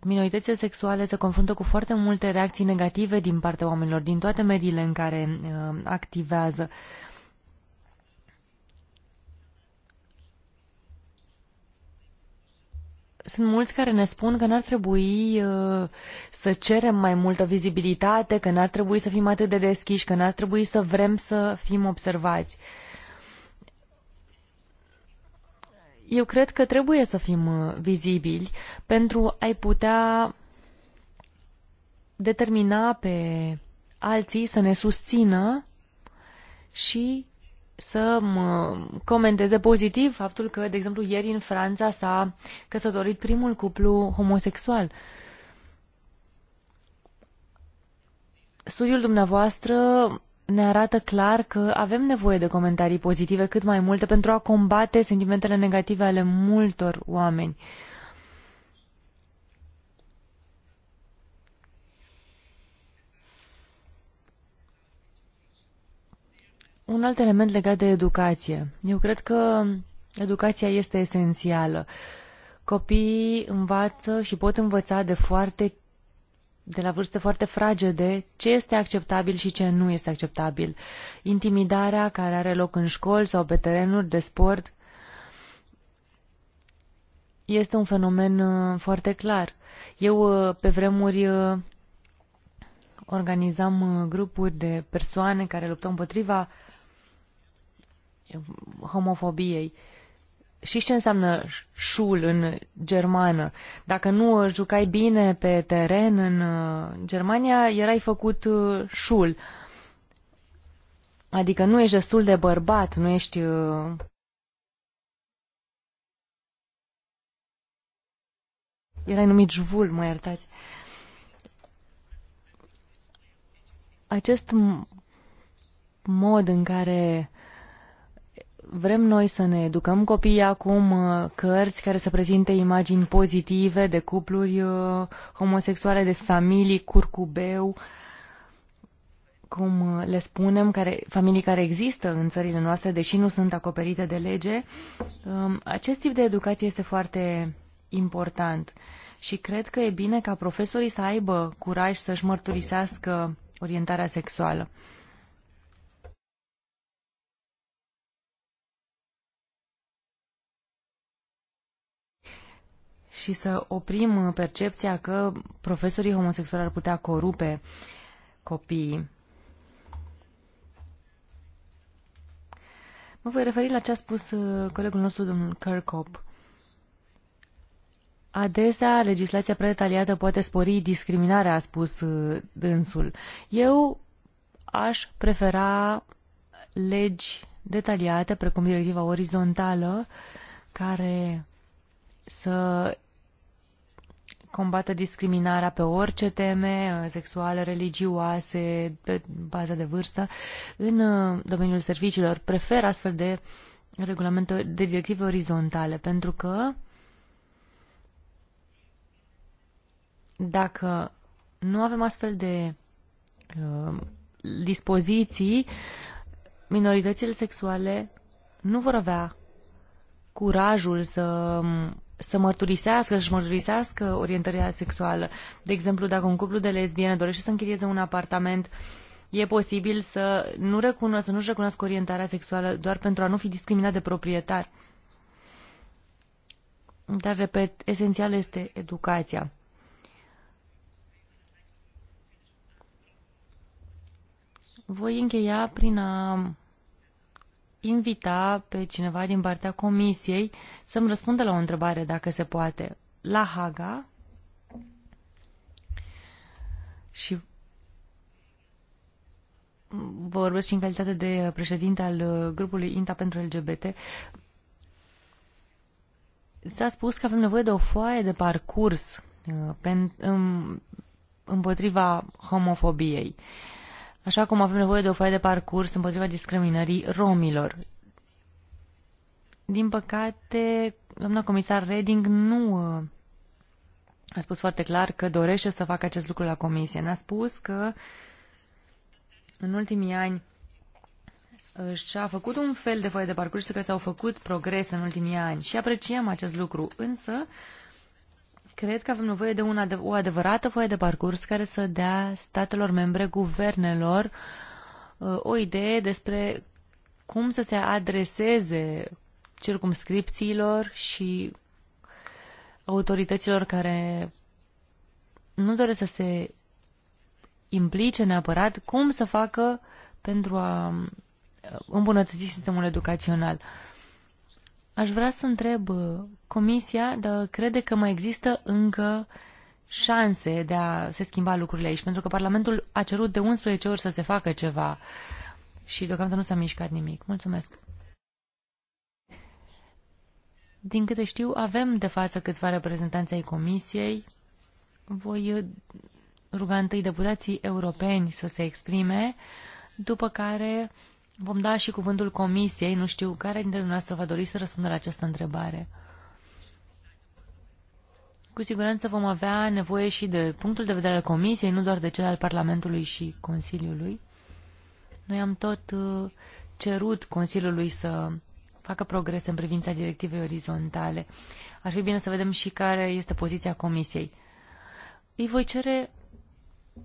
minoritățile sexuale se confruntă cu foarte multe reacții negative din partea oamenilor, din toate mediile în care uh, activează. Sunt mulți care ne spun că n-ar trebui uh, să cerem mai multă vizibilitate, că n-ar trebui să fim atât de deschiși, că n-ar trebui să vrem să fim observați. Uh, eu cred că trebuie să fim uh, vizibili pentru a-i putea determina pe alții să ne susțină și să mă comenteze pozitiv faptul că, de exemplu, ieri în Franța s-a căsătorit primul cuplu homosexual. Studiul dumneavoastră ne arată clar că avem nevoie de comentarii pozitive cât mai multe pentru a combate sentimentele negative ale multor oameni. Un alt element legat de educație. Eu cred că educația este esențială. Copiii învață și pot învăța de foarte de la vârste foarte fragede ce este acceptabil și ce nu este acceptabil. Intimidarea care are loc în școli sau pe terenuri de sport este un fenomen uh, foarte clar. Eu uh, pe vremuri uh, organizam grupuri de persoane care luptau împotriva homofobiei. Uh, și ce înseamnă șul în germană. Dacă nu jucai bine pe teren în uh, Germania, erai făcut uh, șul. Adică nu ești destul de bărbat, nu ești... Uh, erai numit jvul, mă iertați. Acest mod în care vrem noi să ne educăm copiii acum uh, cărți care să prezinte imagini pozitive de cupluri uh, homosexuale, de familii curcubeu, cum uh, le spunem, care, familii care există în țările noastre, deși nu sunt acoperite de lege. Um, acest tip de educație este foarte important și cred că e bine ca profesorii să aibă curaj să-și mărturisească orientarea sexuală. și să oprim uh, percepția că profesorii homosexuali ar putea corupe copiii. Mă voi referi la ce a spus uh, colegul nostru, domnul Kirkhope. Adesea, legislația prea detaliată poate spori discriminarea, a spus uh, dânsul. Eu aș prefera legi detaliate, precum directiva orizontală, care să combată discriminarea pe orice teme uh, sexuale, religioase, pe bază de vârstă. În uh, domeniul serviciilor prefer astfel de regulamente, de directive orizontale, pentru că dacă nu avem astfel de uh, dispoziții, minoritățile sexuale nu vor avea curajul să um, să mărturisească, să-și mărturisească orientarea sexuală. De exemplu, dacă un cuplu de lesbiene dorește să închirieze un apartament, e posibil să nu recunosc, să nu-și recunoască orientarea sexuală doar pentru a nu fi discriminat de proprietar. Dar, repet, esențial este educația. Voi încheia prin a invita pe cineva din partea comisiei să-mi răspundă la o întrebare, dacă se poate, la Haga și vorbesc și în calitate de președinte al uh, grupului INTA pentru LGBT. S-a spus că avem nevoie de o foaie de parcurs uh, um, împotriva homofobiei. Uh, Așa cum avem nevoie de o foaie de parcurs împotriva discriminării romilor. Din păcate, doamna comisar Reding nu uh, a spus foarte clar că dorește să facă acest lucru la comisie. Ne-a spus că în ultimii ani și-a făcut un fel de foaie de parcurs și că s-au făcut progrese în ultimii ani și apreciem acest lucru, însă Cred că avem nevoie de un adev- o adevărată foaie de parcurs care să dea statelor membre, guvernelor, uh, o idee despre cum să se adreseze circumscripțiilor și autorităților care nu doresc să se implice neapărat, cum să facă pentru a îmbunătăți sistemul educațional. Uh, Aș vrea să întreb uh, Comisia dacă crede că mai există încă șanse de a se schimba lucrurile aici, pentru că Parlamentul a cerut de 11 ori să se facă ceva și deocamdată nu s-a mișcat nimic. Mulțumesc! Din câte știu, avem de față câțiva reprezentanți ai Comisiei. Voi uh, ruga întâi deputații europeni să se exprime, după care Vom da și cuvântul comisiei, nu știu care dintre dumneavoastră va dori să răspundă la această întrebare. Cu siguranță vom avea nevoie și de punctul de vedere al comisiei, nu doar de cel al Parlamentului și Consiliului. Noi am tot uh, cerut Consiliului să facă progrese în privința directivei orizontale. Ar fi bine să vedem și care este poziția comisiei. Îi voi cere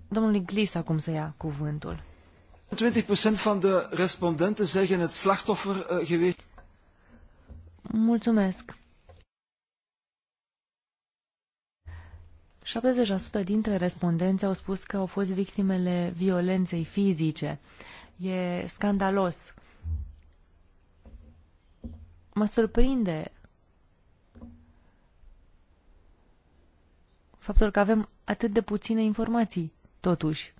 domnului Glis acum să ia cuvântul. 20% van de respondenten zeggen het slachtoffer uh, geweest. Mulțumesc. 70% dintre respondenți au spus că au fost victimele violenței fizice. E scandalos. Mă surprinde faptul că avem atât de puține informații, totuși.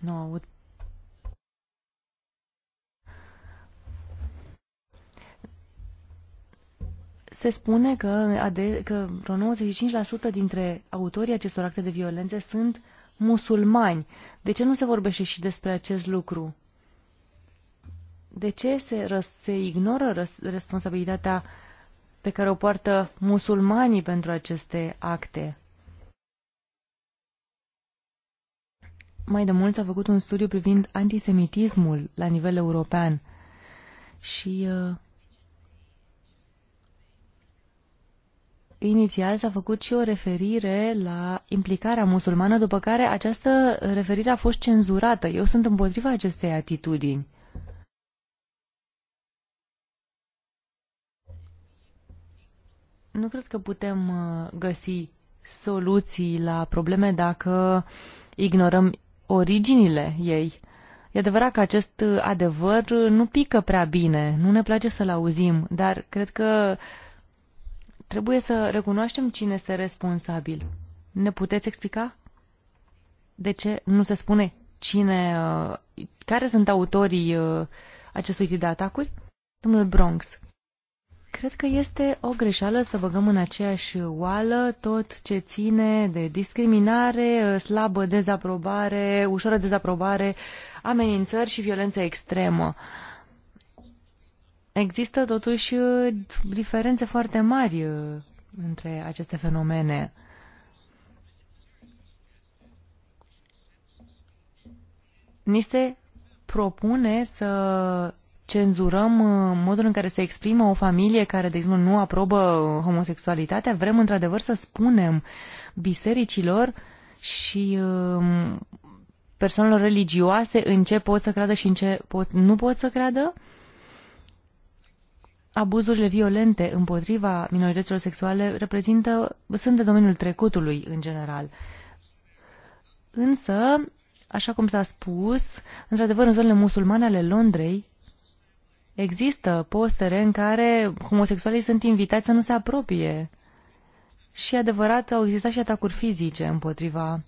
Nu aud. Se spune că, că vreo 95% dintre autorii acestor acte de violență sunt musulmani. De ce nu se vorbește și despre acest lucru? De ce se, se ignoră răs- responsabilitatea pe care o poartă musulmanii pentru aceste acte? mai de mult s-a făcut un studiu privind antisemitismul la nivel european și uh, inițial s-a făcut și o referire la implicarea musulmană, după care această referire a fost cenzurată. Eu sunt împotriva acestei atitudini. Nu cred că putem uh, găsi soluții la probleme dacă ignorăm originile ei. E adevărat că acest adevăr nu pică prea bine, nu ne place să-l auzim, dar cred că trebuie să recunoaștem cine este responsabil. Ne puteți explica? De ce nu se spune cine, uh, care sunt autorii uh, acestui tip de atacuri? Domnul Bronx. Cred că este o greșeală să băgăm în aceeași oală tot ce ține de discriminare, slabă dezaprobare, ușoară dezaprobare, amenințări și violență extremă. Există totuși uh, diferențe foarte mari uh, între aceste fenomene. Ni se propune să cenzurăm uh, modul în care se exprimă o familie care, de exemplu, nu aprobă uh, homosexualitatea? Vrem, într-adevăr, să spunem bisericilor și um, persoanelor religioase în ce pot să creadă și în ce pot, nu pot să creadă? Abuzurile violente împotriva minorităților sexuale reprezintă, sunt de domeniul trecutului în general. Însă, așa cum s-a spus, într-adevăr în zonele musulmane ale Londrei Există postere în care homosexualii sunt invitați să nu se apropie. Și adevărat, au existat și atacuri fizice împotriva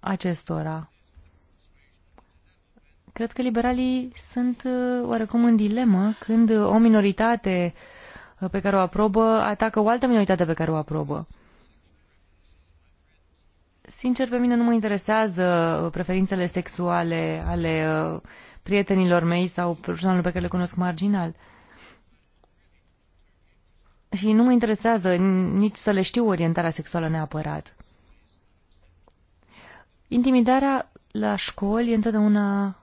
acestora. Cred că liberalii sunt uh, oarecum în dilemă când o minoritate uh, pe care o aprobă atacă o altă minoritate pe care o aprobă. Sincer, pe mine nu mă interesează uh, preferințele sexuale ale uh, prietenilor mei sau persoanelor pe care le cunosc marginal. Și nu mă interesează nici să le știu orientarea sexuală neapărat. Intimidarea la școli e întotdeauna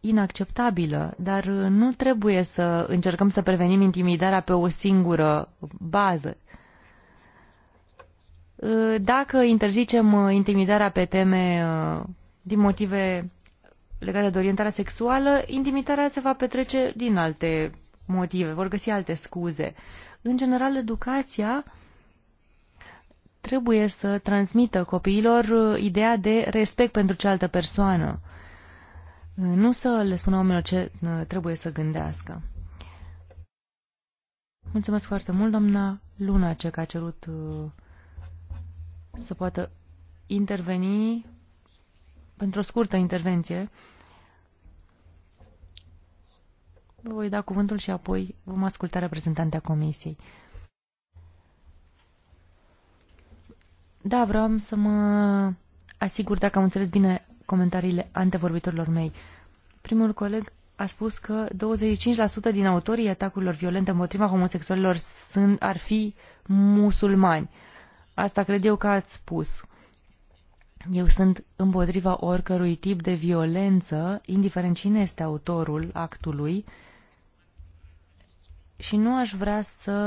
inacceptabilă, dar uh, nu trebuie să încercăm să prevenim intimidarea pe o singură bază. Dacă interzicem uh, intimidarea pe teme uh, din motive legate de orientarea sexuală, intimidarea se va petrece din alte motive, vor găsi alte scuze. În general, educația trebuie să transmită copiilor uh, ideea de respect pentru cealaltă persoană. Nu să le spună oamenilor ce trebuie să gândească. Mulțumesc foarte mult, doamna Luna, ce a cerut uh, să poată interveni pentru o scurtă intervenție. Vă voi da cuvântul și apoi vom asculta reprezentantea comisiei. Da, vreau să mă asigur dacă am înțeles bine comentariile antevorbitorilor mei. Primul coleg a spus că 25% din autorii atacurilor violente împotriva homosexualilor sunt, ar fi musulmani. Uh, Asta cred eu că ați spus. Eu sunt împotriva oricărui tip de violență, indiferent cine este autorul actului, și nu aș vrea să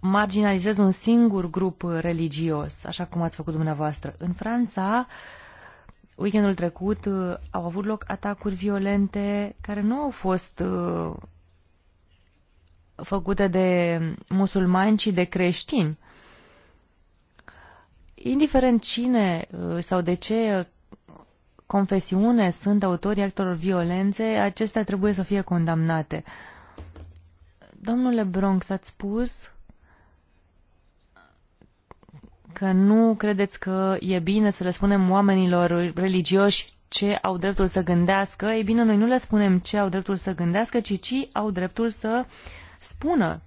marginalizez un singur grup religios, așa cum ați făcut dumneavoastră. În Franța, weekendul trecut, au avut loc atacuri violente care nu au fost uh, făcute de musulmani și de creștini. Indiferent cine uh, sau de ce uh, confesiune sunt autorii actelor violențe, acestea trebuie să fie condamnate. Domnule Bronx, ați spus că nu credeți că e bine să le spunem oamenilor religioși ce au dreptul să gândească. Ei bine, noi nu le spunem ce au dreptul să gândească, ci ci au dreptul să uh, spună.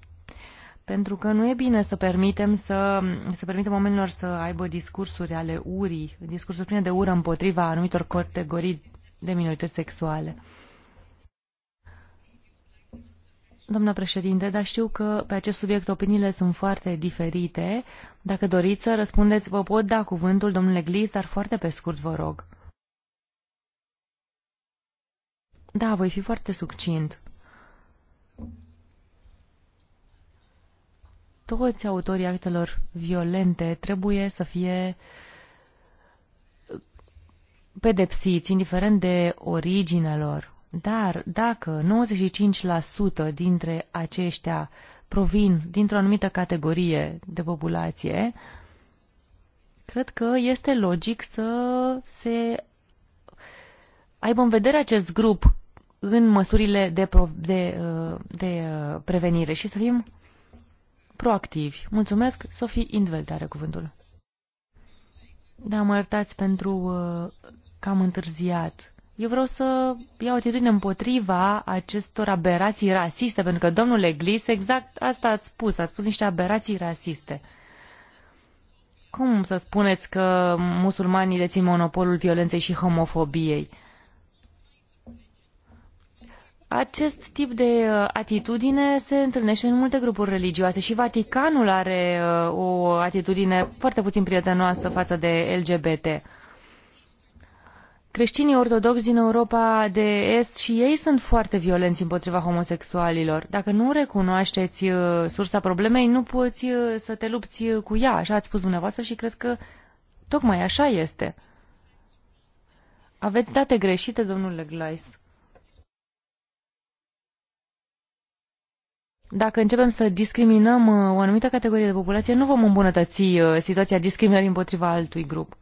Pentru că nu e bine să permitem să, să permitem oamenilor să aibă discursuri ale urii, discursuri pline de ură împotriva anumitor categorii de minorități sexuale. Doamna președinte, dar știu că pe acest subiect opiniile sunt foarte diferite. Dacă doriți să răspundeți, vă pot da cuvântul, domnule Glis, dar foarte pe scurt, vă rog. Da, voi fi foarte succint. toți autorii actelor violente trebuie să fie pedepsiți, indiferent de originea lor. Dar dacă 95% dintre aceștia provin dintr-o anumită categorie de populație, cred că este logic să se aibă în vedere acest grup în măsurile de, pro, de, uh, de uh, prevenire și să fim proactivi. Mulțumesc, Sofie Indveld are cuvântul. Da, mă iertați pentru uh, că am întârziat. Eu vreau să iau o atitudine împotriva acestor aberații rasiste, pentru că, domnul Eglis exact asta ați spus, ați spus niște aberații rasiste. Cum să spuneți că musulmanii dețin monopolul violenței și homofobiei? Acest tip de uh, atitudine se întâlnește în multe grupuri religioase și Vaticanul are uh, o atitudine foarte puțin prietenoasă față de LGBT. Creștinii ortodoxi din Europa de Est și ei sunt foarte violenți împotriva homosexualilor. Dacă nu recunoașteți uh, sursa problemei, nu poți să te lupți cu ea, așa ați spus dumneavoastră și cred că tocmai așa este. Aveți date greșite, domnule Gleis. dacă începem să discriminăm uh, o anumită categorie de populație, nu vom îmbunătăți uh, situația discriminării împotriva altui grup.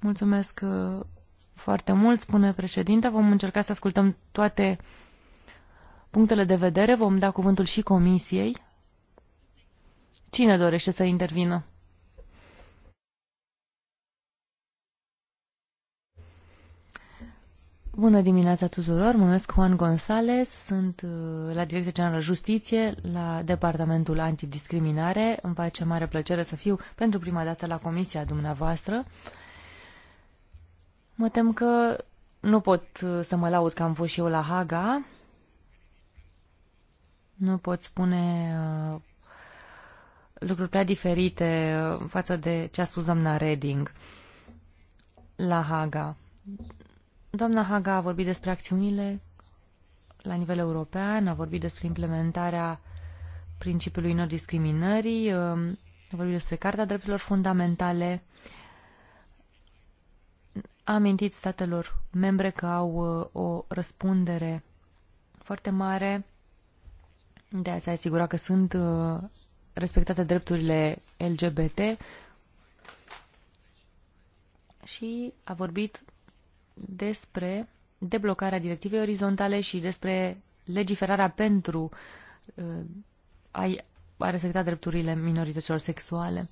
Mulțumesc uh, foarte mult, spune președinte. Vom încerca să ascultăm toate punctele de vedere. Vom da cuvântul și comisiei. Cine dorește să intervină? Bună dimineața tuturor, mă numesc Juan González, sunt uh, la Direcția Generală Justiție, la Departamentul Antidiscriminare. Îmi face mare plăcere să fiu pentru prima dată la comisia dumneavoastră. Mă tem că nu pot uh, să mă laud că am fost și eu la Haga. Nu pot spune uh, lucruri prea diferite față de ce a spus doamna Reding la Haga. Doamna Haga a vorbit despre acțiunile la nivel european, a vorbit despre implementarea principiului nediscriminării, a vorbit despre Carta Drepturilor Fundamentale, a amintit statelor membre că au uh, o răspundere foarte mare de a se asigura că sunt uh, respectate drepturile LGBT și a vorbit despre deblocarea directivei orizontale și despre legiferarea pentru uh, a respecta drepturile minorităților sexuale.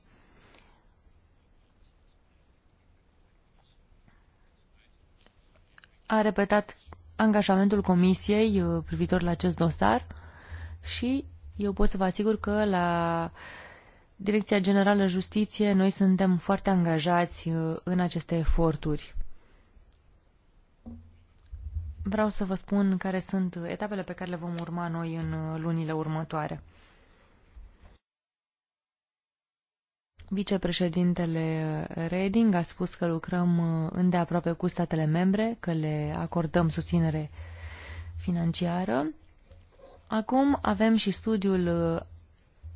A repetat angajamentul Comisiei uh, privitor la acest dosar și eu pot să vă asigur că la Direcția Generală Justiție noi suntem foarte angajați uh, în aceste eforturi vreau să vă spun care sunt etapele pe care le vom urma noi în uh, lunile următoare. Vicepreședintele Reding a spus că lucrăm uh, îndeaproape cu statele membre, că le acordăm susținere financiară. Acum avem și studiul uh,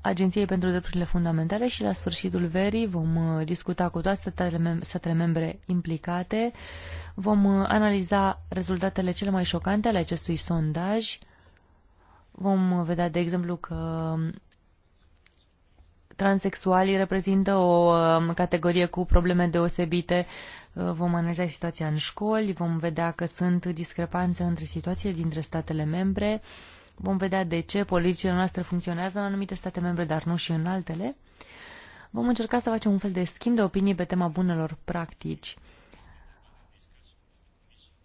Agenției pentru Drepturile Fundamentale și la sfârșitul verii vom uh, discuta cu toate statele membre implicate, vom uh, analiza rezultatele cele mai șocante ale acestui sondaj, vom uh, vedea, de exemplu, că um, transexualii reprezintă o um, categorie cu probleme deosebite. Vom analiza situația în școli, vom vedea că sunt discrepanțe între situațiile dintre statele membre, vom vedea de ce politicile noastre funcționează în anumite state membre, dar nu și în altele. Vom încerca să facem un fel de schimb de opinii pe tema bunelor practici.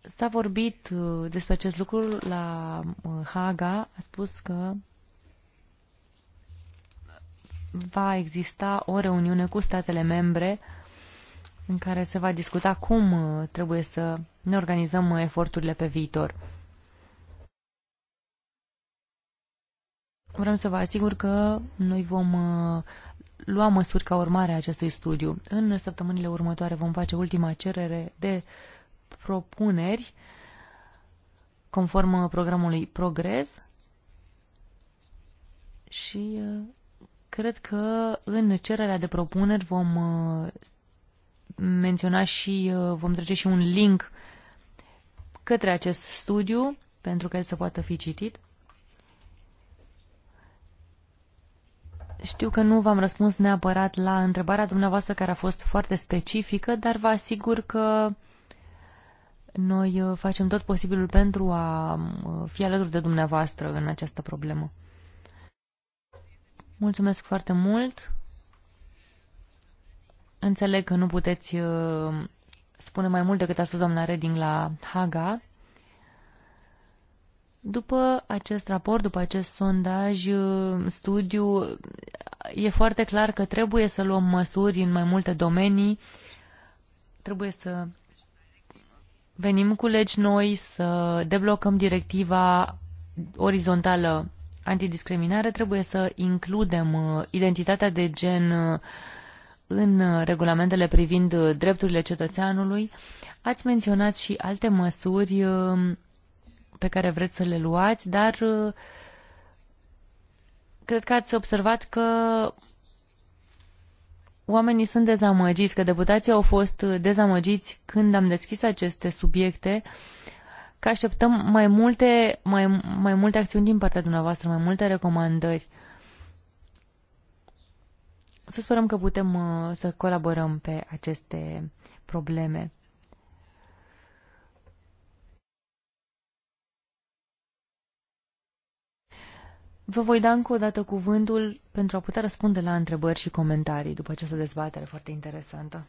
S-a vorbit uh, despre acest lucru la uh, Haga, a spus că va exista o reuniune cu statele membre în care se va discuta cum uh, trebuie să ne organizăm eforturile pe viitor. Vreau să vă asigur că noi vom uh, lua măsuri ca urmare a acestui studiu. În săptămânile următoare vom face ultima cerere de propuneri conform uh, programului Progres și uh, cred că în cererea de propuneri vom menționa și vom trece și un link către acest studiu pentru că el să poată fi citit. Știu că nu v-am răspuns neapărat la întrebarea dumneavoastră care a fost foarte specifică, dar vă asigur că noi uh, facem tot posibilul pentru a uh, fi alături de dumneavoastră în această problemă. Mulțumesc foarte mult. Înțeleg că nu puteți uh, spune mai mult decât a spus doamna Reding la Haga, după acest raport, după acest sondaj, studiu, e foarte clar că trebuie să luăm măsuri în mai multe domenii, trebuie să venim cu legi noi, să deblocăm directiva orizontală antidiscriminare, trebuie să includem uh, identitatea de gen uh, în regulamentele privind drepturile cetățeanului. Ați menționat și alte măsuri uh, pe care vreți să le luați, dar uh, cred că ați observat că oamenii sunt dezamăgiți, că deputații au fost uh, dezamăgiți când am deschis aceste subiecte, că așteptăm mai multe, mai, mai multe acțiuni din partea dumneavoastră, mai multe recomandări. Să sperăm că putem uh, să colaborăm pe aceste probleme. Vă voi da încă o dată cuvântul pentru a putea răspunde la întrebări și comentarii după această dezbatere foarte interesantă.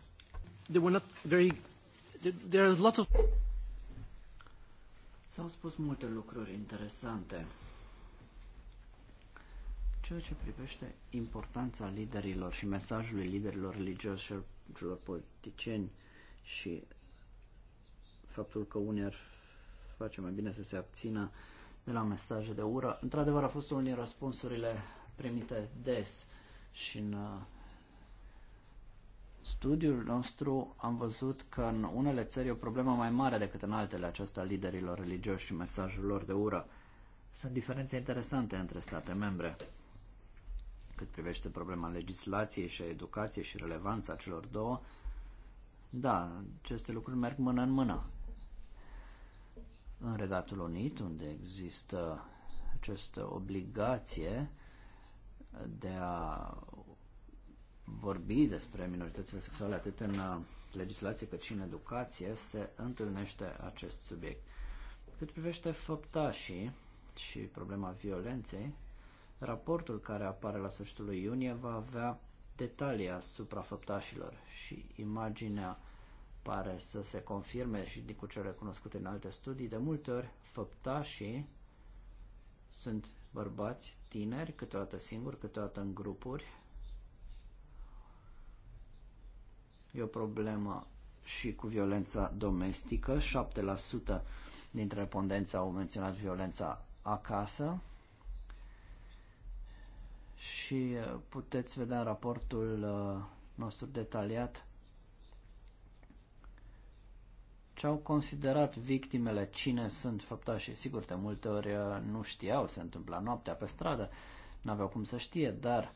S-au spus multe lucruri interesante. Ceea ce privește importanța liderilor și mesajului liderilor religioși și celor politicieni și faptul că unii ar face mai bine să se abțină de la mesaje de ură. Într-adevăr, a fost unul din răspunsurile primite des și în uh, studiul nostru am văzut că în unele țări e o problemă mai mare decât în altele aceasta liderilor religioși și mesajul lor de ură. Sunt diferențe interesante între state membre cât privește problema legislației și a educației și relevanța celor două. Da, aceste lucruri merg mână în mână. În Regatul Unit, unde există această obligație de a vorbi despre minoritățile sexuale atât în uh, legislație cât și în educație, se întâlnește acest subiect. Cât privește făptașii și problema violenței, raportul care apare la sfârșitul lui iunie va avea detalii asupra făptașilor și imaginea pare să se confirme și din cu cele cunoscute în alte studii, de multe ori făptașii sunt bărbați tineri, câteodată singuri, câteodată în grupuri. E o problemă și cu violența domestică. 7% dintre respondenți au menționat violența acasă. Și uh, puteți vedea în raportul uh, nostru detaliat ce au considerat victimele, cine sunt făptașii. Sigur, de multe ori uh, nu știau, se întâmpla noaptea pe stradă, nu aveau cum să știe, dar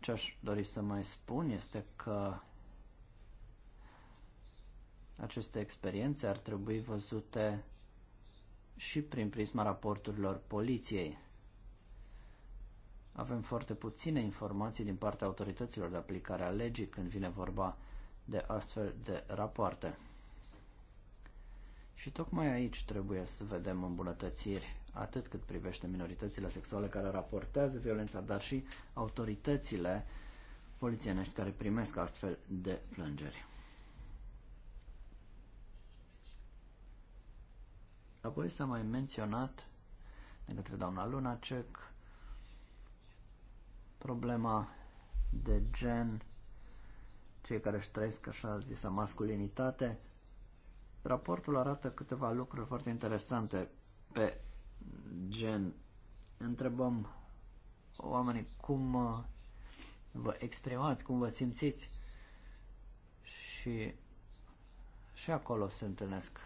ce aș dori să mai spun este că aceste experiențe ar trebui văzute și prin prisma raporturilor poliției. Avem foarte puține informații din partea autorităților de aplicare a legii când vine vorba de astfel de rapoarte. Și tocmai aici trebuie să vedem îmbunătățiri, atât cât privește minoritățile sexuale care raportează violența, dar și autoritățile polițienești care primesc astfel de plângeri. Apoi s-a mai menționat de către doamna Lunacek problema de gen, cei care își trăiesc așa zisă masculinitate, Raportul arată câteva lucruri foarte interesante pe gen. Întrebăm oamenii cum uh, vă exprimați, cum vă simțiți și și acolo se întâlnesc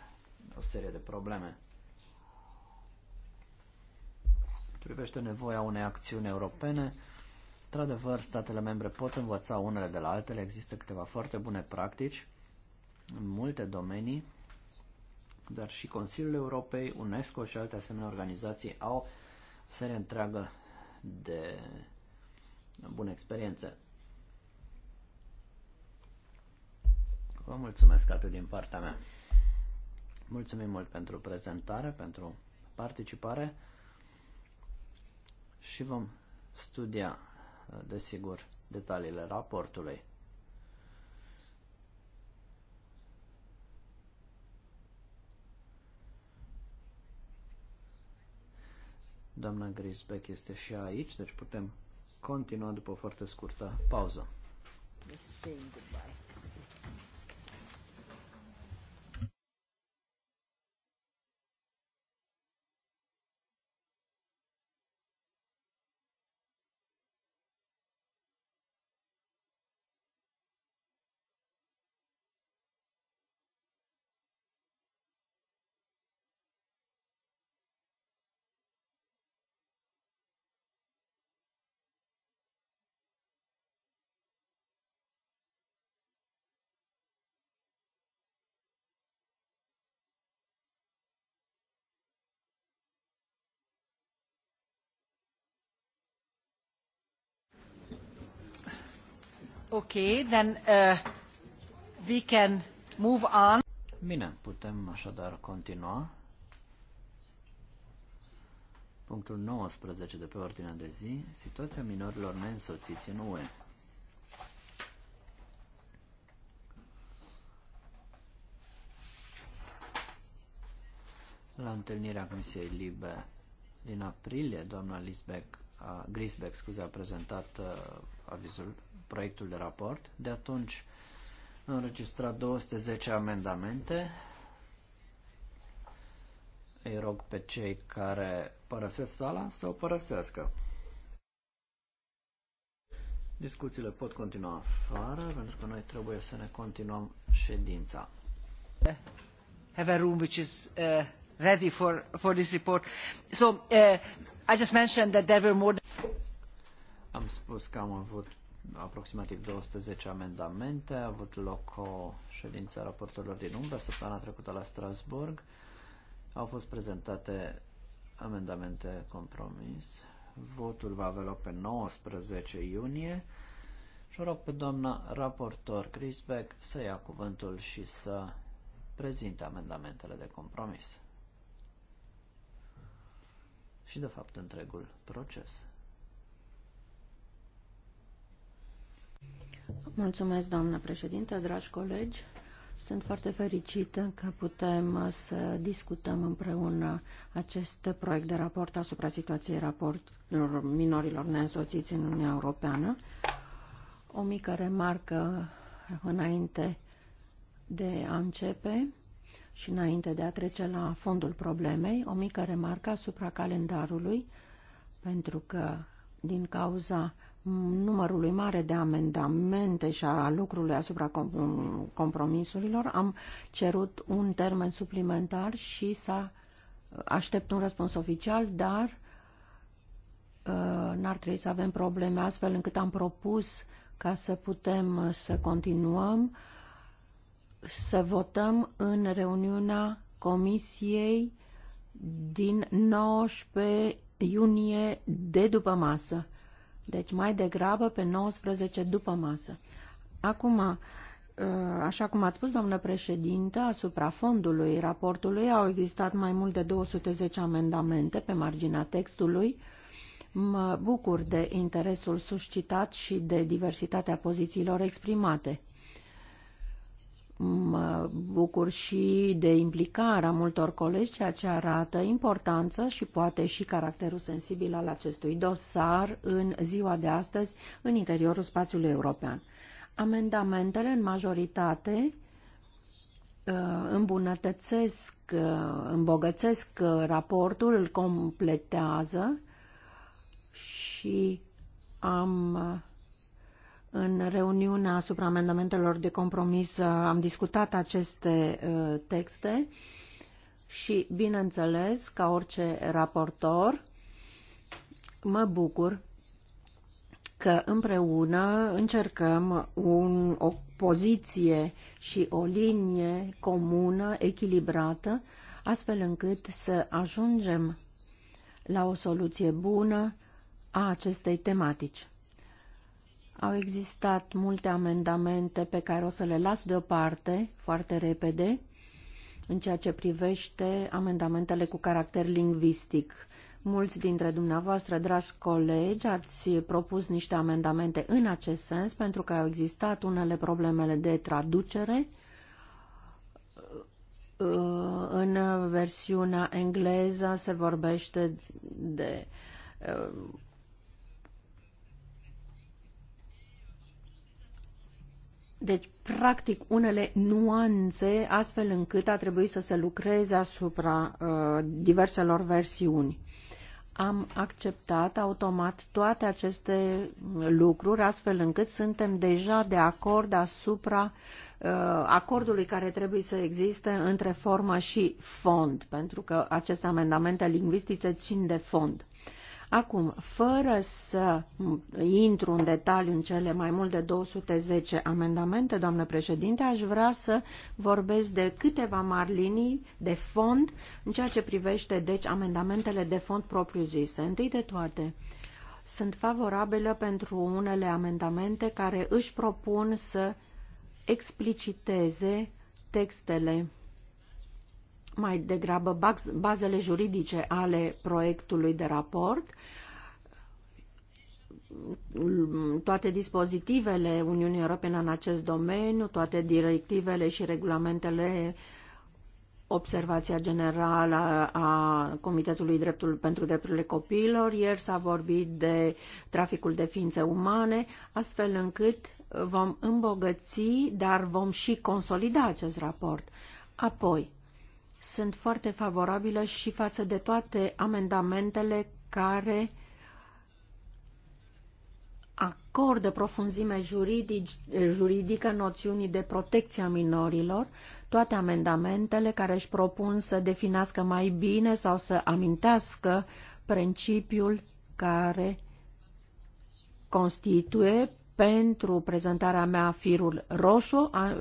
o serie de probleme. Privește nevoia unei acțiuni europene, într-adevăr, statele membre pot învăța unele de la altele, există câteva foarte bune practici în multe domenii dar și Consiliul Europei, UNESCO și alte asemenea organizații au o serie întreagă de bune experiențe. Vă mulțumesc atât din partea mea. Mulțumim mult pentru prezentare, pentru participare și vom studia, desigur, detaliile raportului. Doamna Grisbeck este și aici, deci putem continua după o foarte scurtă pauză. Just saying goodbye. then uh, we can move on. Bine, putem așadar continua. Punctul 19 de pe ordinea de zi, situația minorilor neînsoțiți în UE. La întâlnirea Comisiei Libe din aprilie, doamna Lisbeck, a, Grisbeck scuze, a prezentat uh, avizul proiectul de raport. De atunci am înregistrat 210 amendamente. Îi rog pe cei care părăsesc sala să o părăsească. Discuțiile pot continua afară, pentru că noi trebuie să ne continuăm ședința. Have a room which is uh, ready for, for this report. So, uh, I just mentioned that there were more... Am spus că am avut aproximativ 210 amendamente. A avut loc o ședință a raportorilor din umbră săptămâna trecută la Strasburg. Au fost prezentate amendamente compromis. Votul va avea loc pe 19 iunie și rog pe doamna raportor Grisbeck să ia cuvântul și să prezinte amendamentele de compromis și de fapt întregul proces. Mulțumesc, doamnă președinte, dragi colegi. Sunt foarte fericită că putem uh, să discutăm împreună acest proiect de raport asupra situației raportelor minorilor neînsoțiți în Uniunea Europeană. O mică remarcă înainte de a începe și înainte de a trece la fondul problemei, o mică remarcă asupra calendarului, pentru că din cauza numărului mare de amendamente și a lucrurilor asupra compromisurilor, am cerut un termen suplimentar și să aștept un răspuns oficial, dar uh, n-ar trebui să avem probleme astfel încât am propus ca să putem uh, să continuăm să votăm în reuniunea comisiei din 19 iunie de după masă. Deci mai degrabă pe 19 după masă. Acum, uh, așa cum ați spus, doamnă președintă, asupra fondului raportului au existat mai mult de 210 amendamente pe marginea textului. Mă bucur de interesul suscitat și de diversitatea pozițiilor exprimate. Mă bucur și de implicarea multor colegi, ceea ce arată importanța și poate și caracterul sensibil al acestui dosar în ziua de astăzi în interiorul spațiului european. Amendamentele în majoritate uh, îmbunătățesc, uh, îmbogățesc uh, raportul, îl completează și am în reuniunea asupra amendamentelor de compromis uh, am discutat aceste uh, texte și, bineînțeles, ca orice raportor, mă bucur că împreună încercăm un, o poziție și o linie comună, echilibrată, astfel încât să ajungem la o soluție bună a acestei tematici. Au existat multe amendamente pe care o să le las deoparte foarte repede în ceea ce privește amendamentele cu caracter lingvistic. Mulți dintre dumneavoastră, dragi colegi, ați propus niște amendamente în acest sens pentru că au existat unele problemele de traducere uh, în versiunea engleză se vorbește de uh, Deci, practic, unele nuanțe, astfel încât a trebuit să se lucreze asupra uh, diverselor versiuni. Am acceptat automat toate aceste lucruri, astfel încât suntem deja de acord asupra uh, acordului care trebuie să existe între formă și fond, pentru că aceste amendamente lingvistice țin de fond. Acum, fără să intru în detaliu în cele mai mult de 210 amendamente, doamnă președinte, aș vrea să vorbesc de câteva mari linii de fond în ceea ce privește, deci, amendamentele de fond propriu-zise. Întâi de toate, sunt favorabilă pentru unele amendamente care își propun să expliciteze textele mai degrabă bazele juridice ale proiectului de raport, toate dispozitivele Uniunii Europene în acest domeniu, toate directivele și regulamentele observația generală a Comitetului Dreptul, pentru Drepturile Copiilor. Ieri s-a vorbit de traficul de ființe umane, astfel încât vom îmbogăți, dar vom și consolida acest raport. Apoi, sunt foarte favorabilă și față de toate amendamentele care acordă profunzime juridic, juridică noțiunii de protecție a minorilor, toate amendamentele care își propun să definească mai bine sau să amintească principiul care constituie pentru prezentarea mea firul roșu, a,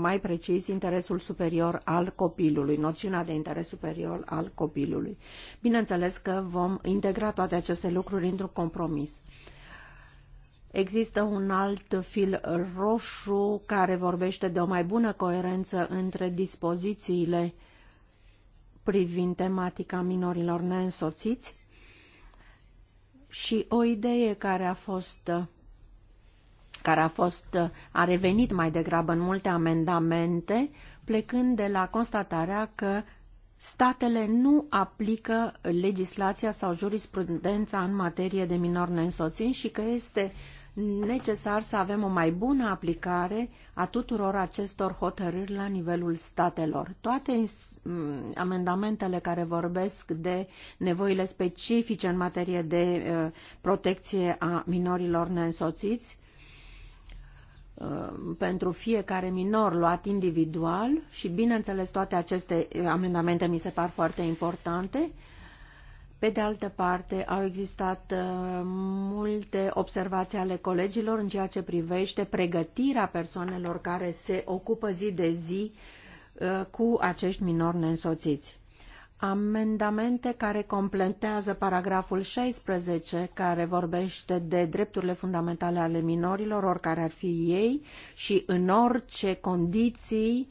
mai precis interesul superior al copilului, noțiunea de interes superior al copilului. Bineînțeles că vom integra toate aceste lucruri într-un compromis. Există un alt fil roșu care vorbește de o mai bună coerență între dispozițiile privind tematica minorilor neînsoțiți și o idee care a fost care a, fost, a revenit mai degrabă în multe amendamente, plecând de la constatarea că statele nu aplică legislația sau jurisprudența în materie de minori neînsoțin și că este necesar să avem o mai bună aplicare a tuturor acestor hotărâri la nivelul statelor. Toate amendamentele care vorbesc de nevoile specifice în materie de uh, protecție a minorilor neînsoțiți Uh, pentru fiecare minor luat individual și, bineînțeles, toate aceste amendamente mi se par foarte importante. Pe de altă parte, au existat uh, multe observații ale colegilor în ceea ce privește pregătirea persoanelor care se ocupă zi de zi uh, cu acești minori neînsoțiți amendamente care completează paragraful 16 care vorbește de drepturile fundamentale ale minorilor, oricare ar fi ei, și în orice condiții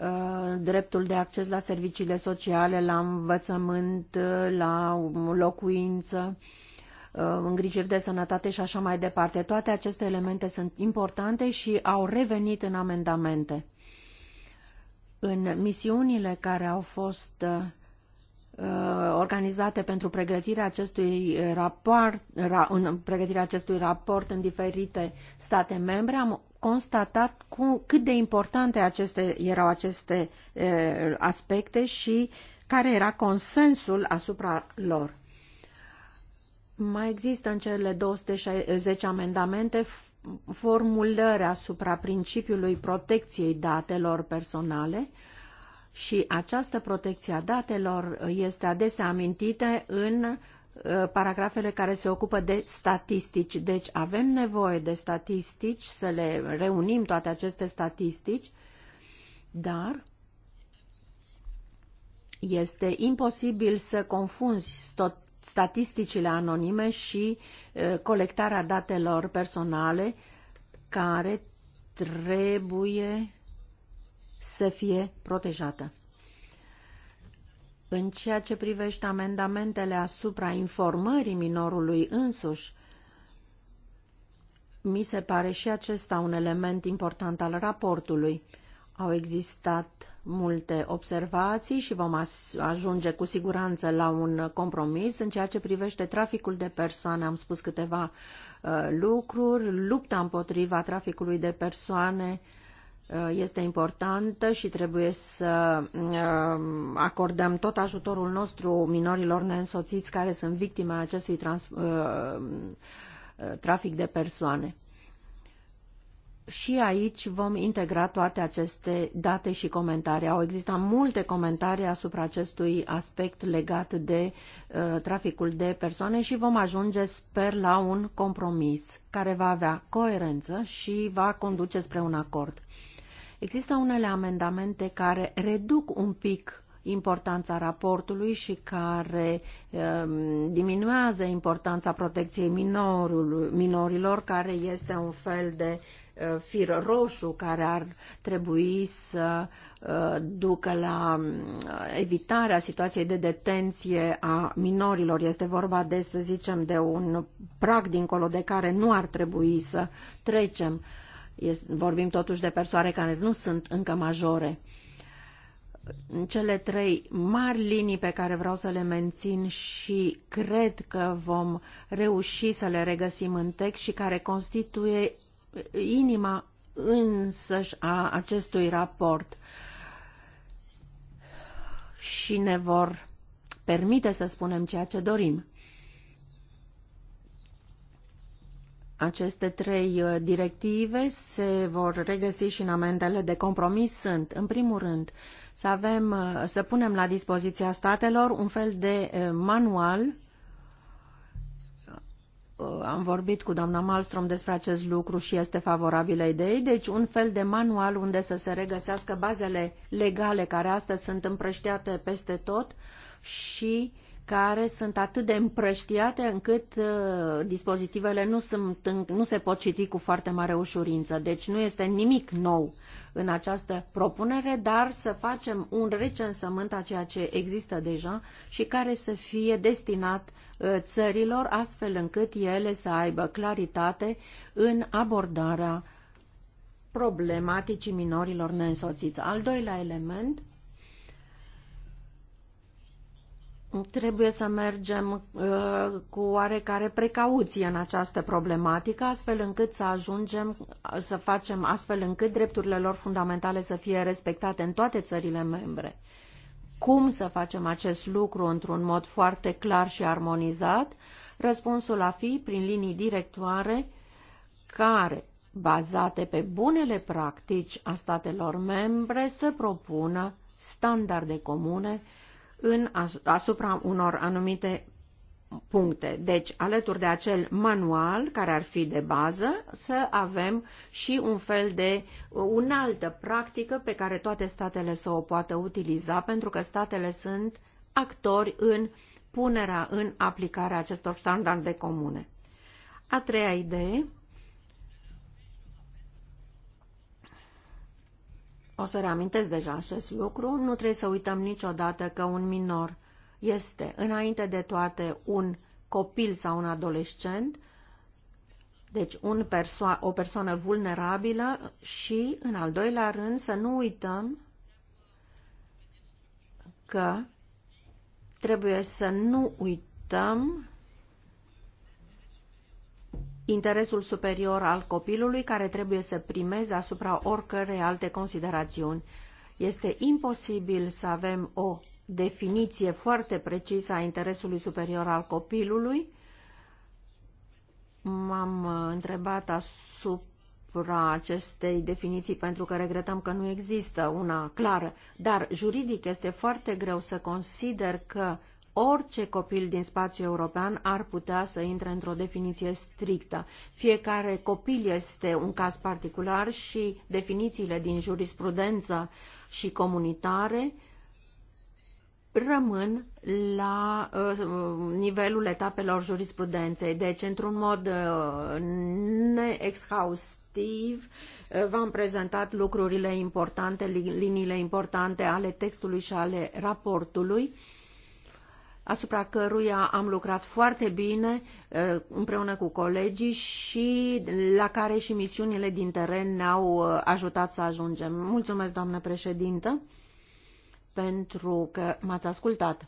uh, dreptul de acces la serviciile sociale, la învățământ, uh, la locuință, uh, îngrijiri de sănătate și așa mai departe. Toate aceste elemente sunt importante și au revenit în amendamente. În misiunile care au fost Uh, organizate pentru pregătirea acestui raport, ra, în pregătirea acestui raport în diferite state membre, am constatat cu, cât de importante aceste, erau aceste uh, aspecte și care era consensul asupra lor. Mai există în cele 210 amendamente formulări asupra principiului protecției datelor personale, uh, și această protecție a datelor este adesea amintită în uh, paragrafele care se ocupă de statistici. Deci avem nevoie de statistici, să le reunim toate aceste statistici, dar este imposibil să confunzi statisticile anonime și uh, colectarea datelor personale care trebuie să fie protejată. În ceea ce privește amendamentele asupra informării minorului însuși, mi se pare și acesta un element important al raportului. Au existat multe observații și vom ajunge cu siguranță la un compromis. În ceea ce privește traficul de persoane, am spus câteva uh, lucruri, lupta împotriva traficului de persoane, uh, Uh, este importantă și trebuie să um, acordăm tot ajutorul nostru minorilor neînsoțiți care sunt victime acestui trans, uh, trafic de persoane. Și aici vom integra toate aceste date și comentarii. Au existat multe comentarii asupra acestui aspect legat de uh, traficul de persoane și vom ajunge, sper, la un compromis care va avea coerență și va conduce spre un acord. Există unele amendamente care reduc un pic importanța raportului și care um, diminuează importanța protecției minorului, minorilor, care este un fel de uh, fir roșu care ar trebui să uh, ducă la uh, evitarea situației de detenție a minorilor. Este vorba de, să zicem, de un prag dincolo de care nu ar trebui să trecem. Uh, Vorbim totuși de persoane care nu sunt încă majore. Cele trei mari linii pe care vreau să le mențin și cred că vom reuși să le regăsim în text și care constituie inima însăși a acestui raport și ne vor permite să spunem ceea ce dorim. Aceste trei uh, directive se vor regăsi și în amendele de compromis sunt, în primul rând, să, avem, uh, să punem la dispoziția statelor un fel de uh, manual am vorbit cu doamna Malstrom despre acest lucru și este favorabilă ideii, deci un fel de manual unde să se regăsească bazele legale care astăzi sunt împrăștiate peste tot și care sunt atât de împrăștiate încât uh, dispozitivele nu, sunt, nu se pot citi cu foarte mare ușurință. Deci nu este nimic nou în această propunere, dar să facem un recensământ a ceea ce există deja și care să fie destinat uh, țărilor astfel încât ele să aibă claritate în abordarea problematicii minorilor neînsoțiți. Al doilea element Trebuie să mergem uh, cu oarecare precauție în această problematică, astfel încât să ajungem să facem astfel încât drepturile lor fundamentale să fie respectate în toate țările membre. Cum să facem acest lucru într-un mod foarte clar și armonizat? Răspunsul a fi prin linii directoare care, bazate pe bunele practici a statelor membre, să propună standarde comune în, asupra unor anumite puncte. Deci, alături de acel manual care ar fi de bază, să avem și un fel de uh, unaltă practică pe care toate statele să o poată utiliza, pentru că statele sunt actori în punerea în aplicare acestor standarde comune. A treia idee O să reamintesc deja acest lucru. Nu trebuie să uităm niciodată că un minor este, înainte de toate, un copil sau un adolescent, deci un perso- o persoană vulnerabilă și, în al doilea rând, să nu uităm că trebuie să nu uităm interesul superior al copilului care trebuie să primeze asupra oricărei alte considerațiuni. Este imposibil să avem o definiție foarte precisă a interesului superior al copilului. M-am uh, întrebat asupra acestei definiții pentru că regretăm că nu există una clară, dar juridic este foarte greu să consider că orice copil din spațiul european ar putea să intre într-o definiție strictă. Fiecare copil este un caz particular și definițiile din jurisprudență și comunitare rămân la uh, nivelul etapelor jurisprudenței. Deci, într-un mod uh, neexhaustiv, uh, v-am prezentat lucrurile importante, liniile importante ale textului și ale raportului. Uh, asupra căruia am lucrat foarte bine eh, împreună cu colegii și la care și misiunile din teren ne-au eh, ajutat să ajungem. Mulțumesc, doamnă președintă, pentru că m-ați ascultat.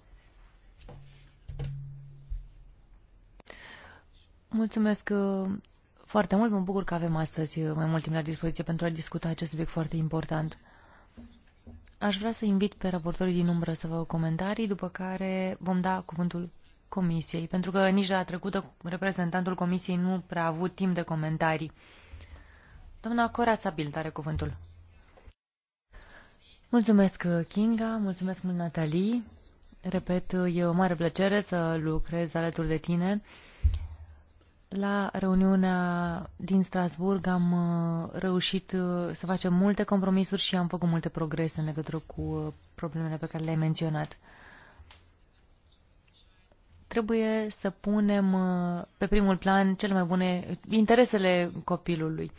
Mulțumesc eh, foarte mult, mă bucur că avem astăzi mai mult timp la dispoziție pentru a discuta acest subiect foarte important. Aș vrea să invit pe raportorii din umbră să vă comentarii, după care vom da cuvântul Comisiei, pentru că nici la trecută reprezentantul Comisiei nu prea a avut timp de comentarii. Doamna Cora Sabil, are cuvântul. Mulțumesc, Kinga, mulțumesc mult, Natalie. Repet, e o mare plăcere să lucrez alături de tine. La reuniunea din Strasburg am uh, reușit uh, să facem multe compromisuri și am făcut multe progrese în legătură cu uh, problemele pe care le-ai menționat. Trebuie să punem pe primul plan cele mai bune interesele copilului.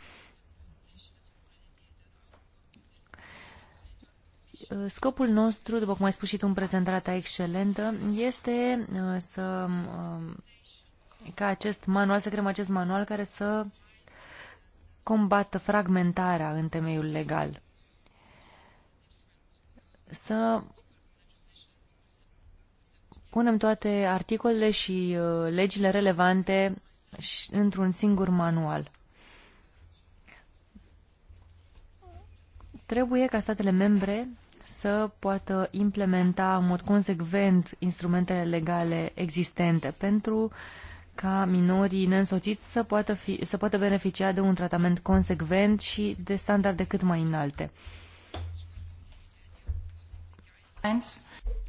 Scopul nostru, după cum ai spus și tu în prezentarea ta excelentă, este să um, ca acest manual, să creăm acest manual care să combată fragmentarea în temeiul legal. Să punem toate articolele și uh, legile relevante într-un singur manual. Trebuie ca statele membre să poată implementa în mod consecvent instrumentele legale existente pentru uh, ca minorii neînsoțiți să poată, fi, să poată beneficia de un tratament consecvent și de standarde cât mai înalte.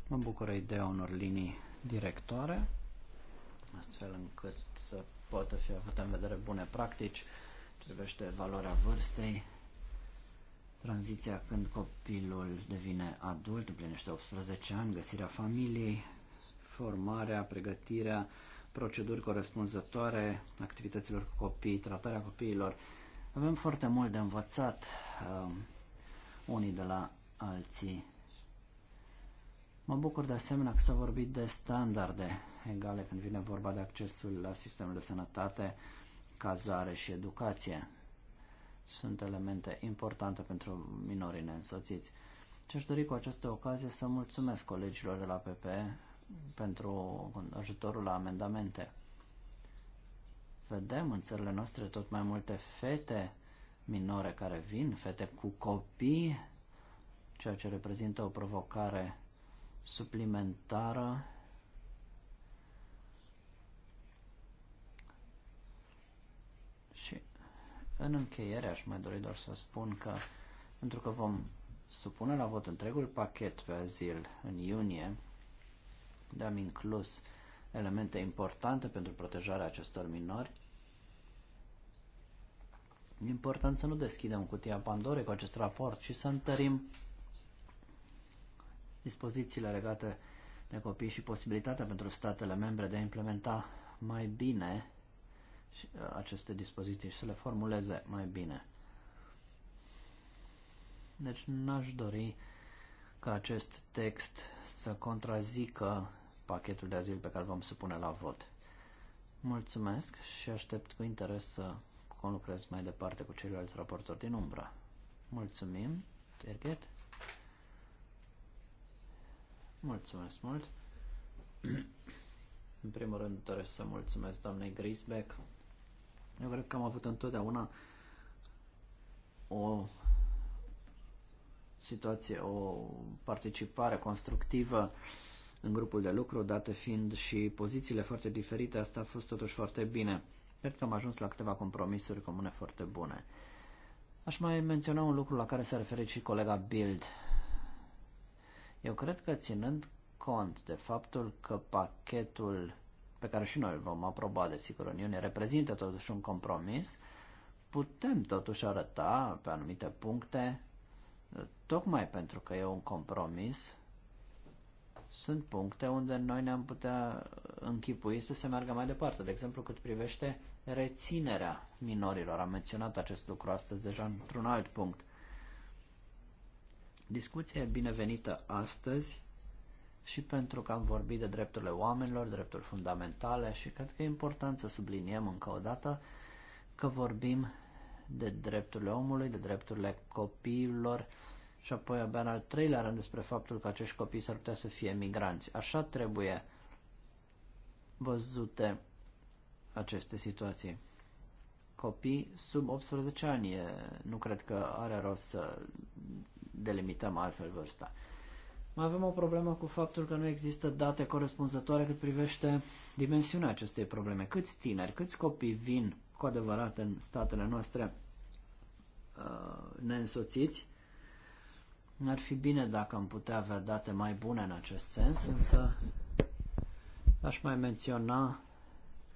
Mă bucură ideea unor linii directoare, astfel încât să poată fi avută în vedere bune practici, privește valoarea vârstei, tranziția când copilul devine adult, împlinește 18 ani, găsirea familiei, formarea, pregătirea, proceduri corespunzătoare activităților cu copii, tratarea copiilor. Avem foarte mult de învățat um, unii de la alții. Mă bucur de asemenea că s-a vorbit de standarde egale când vine vorba de accesul la sistemul de sănătate, cazare și educație. Sunt elemente importante pentru minorii neînsoțiți. Ce-aș dori cu această ocazie să mulțumesc colegilor de la PPE pentru ajutorul la amendamente. Vedem în țările noastre tot mai multe fete minore care vin, fete cu copii, ceea ce reprezintă o provocare suplimentară Și în încheiere aș mai dori doar să spun că pentru că vom supune la vot întregul pachet pe azil în iunie, unde am inclus elemente importante pentru protejarea acestor minori. E important să nu deschidem cutia Pandore cu acest raport, ci să întărim dispozițiile legate de copii și posibilitatea pentru statele membre de a implementa mai bine uh, aceste dispoziții și să le formuleze mai bine. Deci n-aș dori ca acest text să contrazică pachetul de azil pe care vom supune la vot. Mulțumesc și aștept cu interes să conlucrez mai departe cu ceilalți raportori din umbră. Mulțumim, Terget. Mulțumesc mult. În primul rând doresc să mulțumesc doamnei Grisbeck. Eu cred că am avut întotdeauna o situație, o participare constructivă în grupul de lucru, date fiind și pozițiile foarte diferite, asta a fost totuși foarte bine. Cred că am ajuns la câteva compromisuri comune foarte bune. Aș mai menționa un lucru la care s-a referit și colega Bild. Eu cred că ținând cont de faptul că pachetul pe care și noi îl vom aproba, desigur, în iunie, reprezintă totuși un compromis, putem totuși arăta pe anumite puncte tocmai pentru că e un compromis, sunt puncte unde noi ne-am putea închipui să se meargă mai departe. De exemplu, cât privește reținerea minorilor. Am menționat acest lucru astăzi deja într-un alt punct. Discuție binevenită astăzi și pentru că am vorbit de drepturile oamenilor, drepturi fundamentale și cred că e important să subliniem încă o dată că vorbim de drepturile omului, de drepturile copiilor și apoi abia în al treilea rând despre faptul că acești copii s-ar putea să fie migranți. Așa trebuie văzute aceste situații. Copii sub 18 ani, e, nu cred că are rost să delimităm altfel vârsta. Mai avem o problemă cu faptul că nu există date corespunzătoare cât privește dimensiunea acestei probleme. Câți tineri, câți copii vin cu adevărat în statele noastre uh, neînsoțiți. Ar fi bine dacă am putea avea date mai bune în acest sens, însă aș mai menționa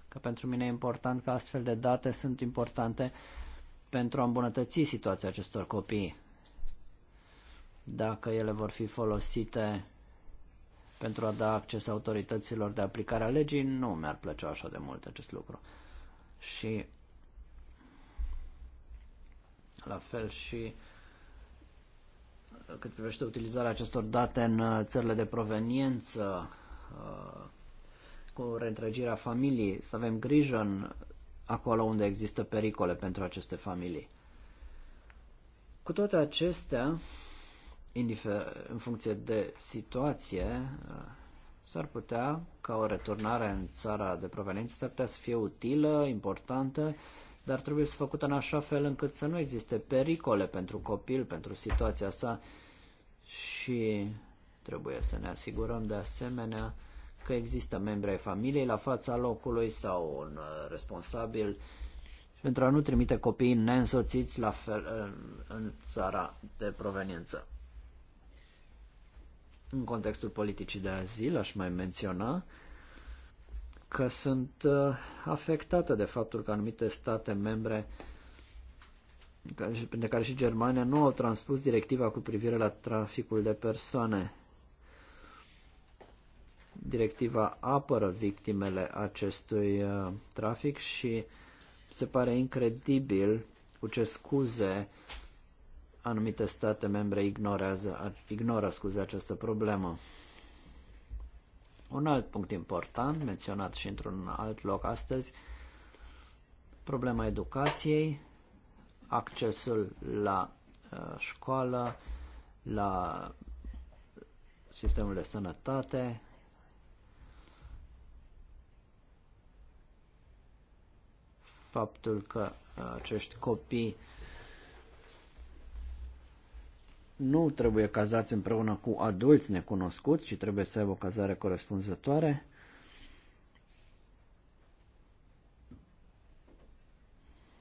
că pentru mine e important că astfel de date sunt importante pentru a îmbunătăți situația acestor copii. Dacă ele vor fi folosite pentru a da acces autorităților de aplicare a legii, nu mi-ar plăcea așa de mult acest lucru și la fel și cât privește utilizarea acestor date în uh, țările de proveniență, uh, cu reîntregirea familiei, să avem grijă în acolo unde există pericole pentru aceste familii. Cu toate acestea, în funcție de situație, uh, s-ar putea ca o returnare în țara de proveniență s-ar putea să fie utilă, importantă, dar trebuie să făcută în așa fel încât să nu existe pericole pentru copil, pentru situația sa și trebuie să ne asigurăm de asemenea că există membri ai familiei la fața locului sau un uh, responsabil pentru a nu trimite copiii neînsoțiți la fel, în, în țara de proveniență. În contextul politicii de azil aș mai menționa că sunt uh, afectate de faptul că anumite state membre de care și Germania nu au transpus directiva cu privire la traficul de persoane. Directiva apără victimele acestui uh, trafic și se pare incredibil cu ce scuze anumite state membre ignorează, ignoră scuze, această problemă. Un alt punct important, menționat și într-un alt loc astăzi, problema educației, accesul la uh, școală, la sistemul de sănătate. Faptul că uh, acești copii nu trebuie cazați împreună cu adulți necunoscuți, ci trebuie să aibă o cazare corespunzătoare.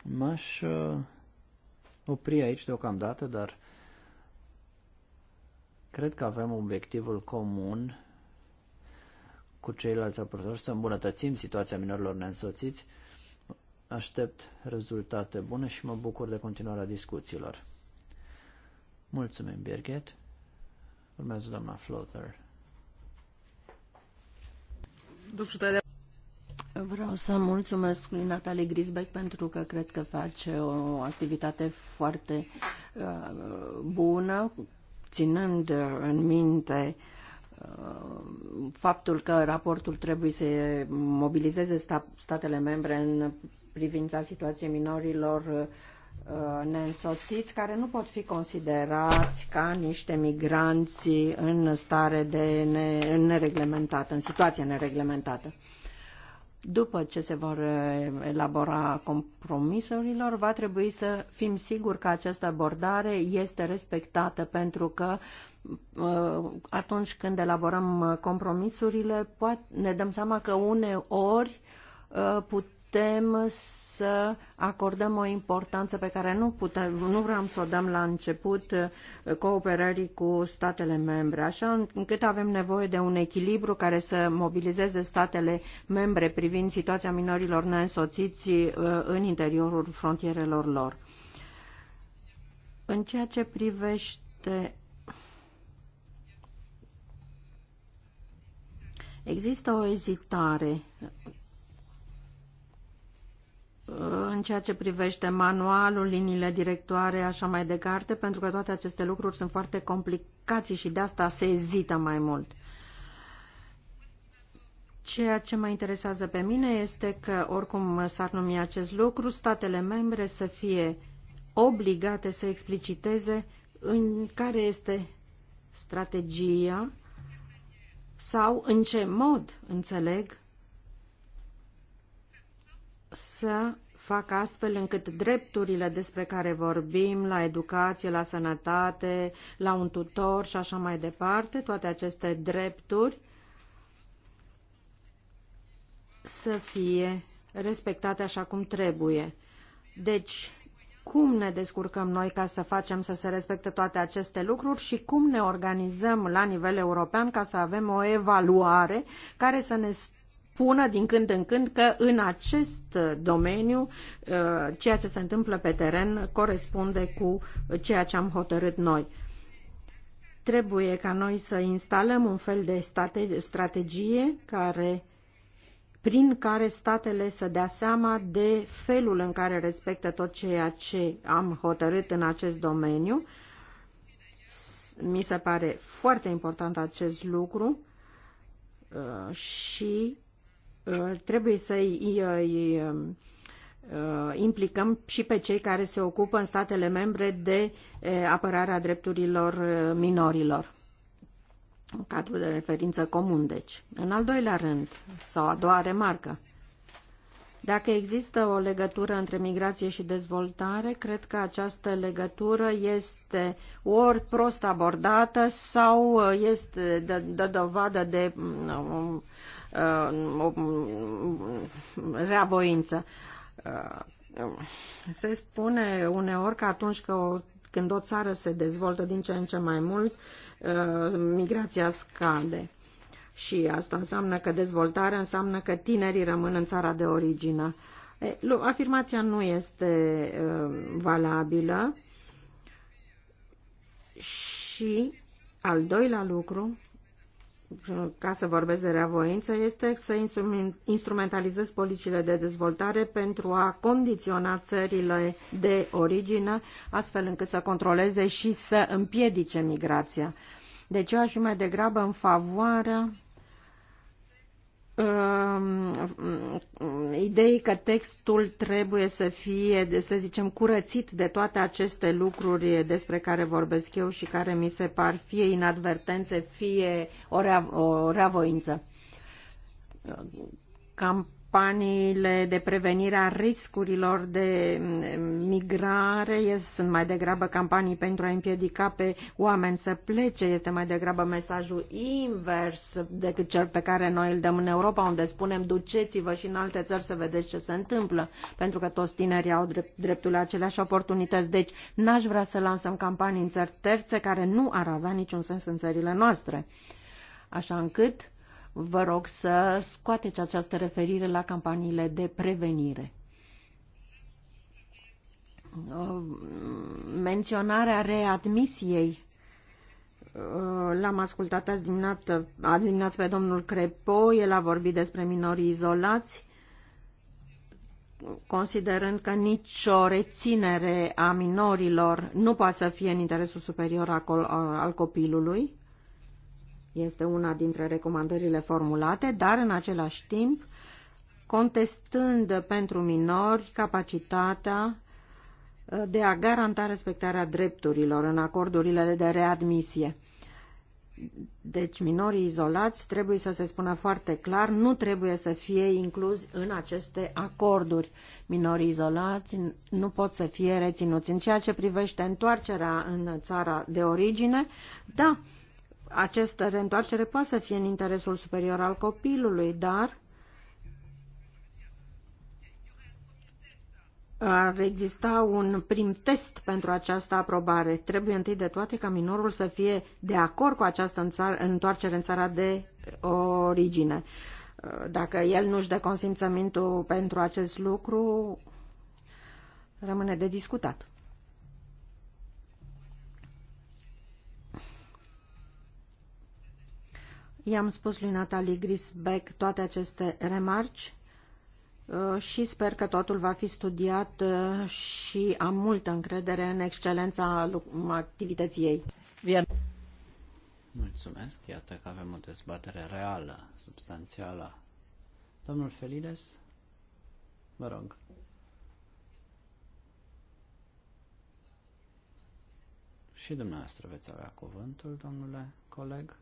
M-aș uh, opri aici deocamdată, dar cred că avem obiectivul comun cu ceilalți apărători să îmbunătățim situația minorilor neînsoțiți. Aștept rezultate bune și mă bucur de continuarea discuțiilor. Mulțumim, Birgit. Urmează doamna Flotter. Vreau să mulțumesc lui Natalie Grisbeck pentru că cred că face o activitate foarte uh, bună, ținând în minte uh, faptul că raportul trebuie să mobilizeze statele membre în privința situației minorilor Uh, neînsoțiți care nu pot fi considerați ca niște migranți în stare de ne, nereglementată, în situație nereglementată. După ce se vor elabora compromisurilor, va trebui să fim siguri că această abordare este respectată pentru că uh, atunci când elaborăm compromisurile, ne dăm seama că uneori uh, put, putem să acordăm o importanță pe care nu, putem, nu vreau să o dăm la început uh, cooperării cu statele membre, așa încât avem nevoie de un echilibru care să mobilizeze statele membre privind situația minorilor neînsoțiți uh, în interiorul frontierelor lor. În ceea ce privește Există o ezitare în ceea ce privește manualul, liniile directoare, așa mai departe, pentru că toate aceste lucruri sunt foarte complicații și de asta se ezită mai mult. Ceea ce mă interesează pe mine este că, oricum s-ar numi acest lucru, statele membre să fie obligate să expliciteze în care este strategia sau în ce mod înțeleg să fac astfel încât drepturile despre care vorbim, la educație, la sănătate, la un tutor și așa mai departe, toate aceste drepturi să fie respectate așa cum trebuie. Deci, cum ne descurcăm noi ca să facem să se respecte toate aceste lucruri și cum ne organizăm la nivel european ca să avem o evaluare care să ne spună din când în când că în acest domeniu uh, ceea ce se întâmplă pe teren corespunde cu ceea ce am hotărât noi. Trebuie ca noi să instalăm un fel de strategie care prin care statele să dea seama de felul în care respectă tot ceea ce am hotărât în acest domeniu. Mi se pare foarte important acest lucru uh, și Uh, trebuie să îi uh, implicăm și pe cei care se ocupă în statele membre de uh, apărarea drepturilor minorilor. În cadrul de referință comun, deci. În al doilea rând, sau a doua remarcă, dacă există o legătură între migrație și dezvoltare, cred că această legătură este ori prost abordată sau uh, este de, de dovadă de um, um, reavoință. Se spune uneori că atunci că o, când o țară se dezvoltă din ce în ce mai mult, migrația scade. Și asta înseamnă că dezvoltarea înseamnă că tinerii rămân în țara de origine. Afirmația nu este valabilă și al doilea lucru, ca să vorbesc de reavoință, este să instrumentalizez politicile de dezvoltare pentru a condiționa țările de origine, astfel încât să controleze și să împiedice migrația. Deci eu aș fi mai degrabă în favoarea Um, idei că textul trebuie să fie, să zicem, curățit de toate aceste lucruri despre care vorbesc eu și care mi se par fie inadvertențe, fie o, rea, o reavoință. Cam campaniile de prevenire a riscurilor de mm, migrare sunt mai degrabă campanii pentru a împiedica pe oameni să plece, este mai degrabă mesajul invers decât cel pe care noi îl dăm în Europa, unde spunem duceți-vă și în alte țări să vedeți ce se întâmplă, pentru că toți tinerii au dreptul la aceleași oportunități. Deci n-aș vrea să lansăm campanii în țări terțe care nu ar avea niciun sens în țările noastre. Așa încât vă rog să scoateți această referire la campaniile de prevenire. Uh, menționarea readmisiei uh, L-am ascultat azi dimineață, azi dimineață pe domnul Crepo, el a vorbit despre minorii izolați, considerând că nicio reținere a minorilor nu poate să fie în interesul superior al copilului. Este una dintre recomandările formulate, dar în același timp contestând pentru minori capacitatea uh, de a garanta respectarea drepturilor în acordurile de readmisie. Deci minorii izolați trebuie să se spună foarte clar, nu trebuie să fie incluzi în aceste acorduri. Minorii izolați nu pot să fie reținuți. În ceea ce privește întoarcerea în țara de origine, da, această reîntoarcere poate să fie în interesul superior al copilului, dar ar exista un prim test pentru această aprobare. Trebuie întâi de toate ca minorul să fie de acord cu această întoarcere în țara de origine. Dacă el nu-și dă consimțământul pentru acest lucru, rămâne de discutat. I-am spus lui Natalie Grisbeck toate aceste remarci uh, și sper că totul va fi studiat uh, și am multă încredere în excelența activității ei. Bien. Mulțumesc, iată că avem o dezbatere reală, substanțială. Domnul Felides, vă rog. Și dumneavoastră veți avea cuvântul, domnule coleg.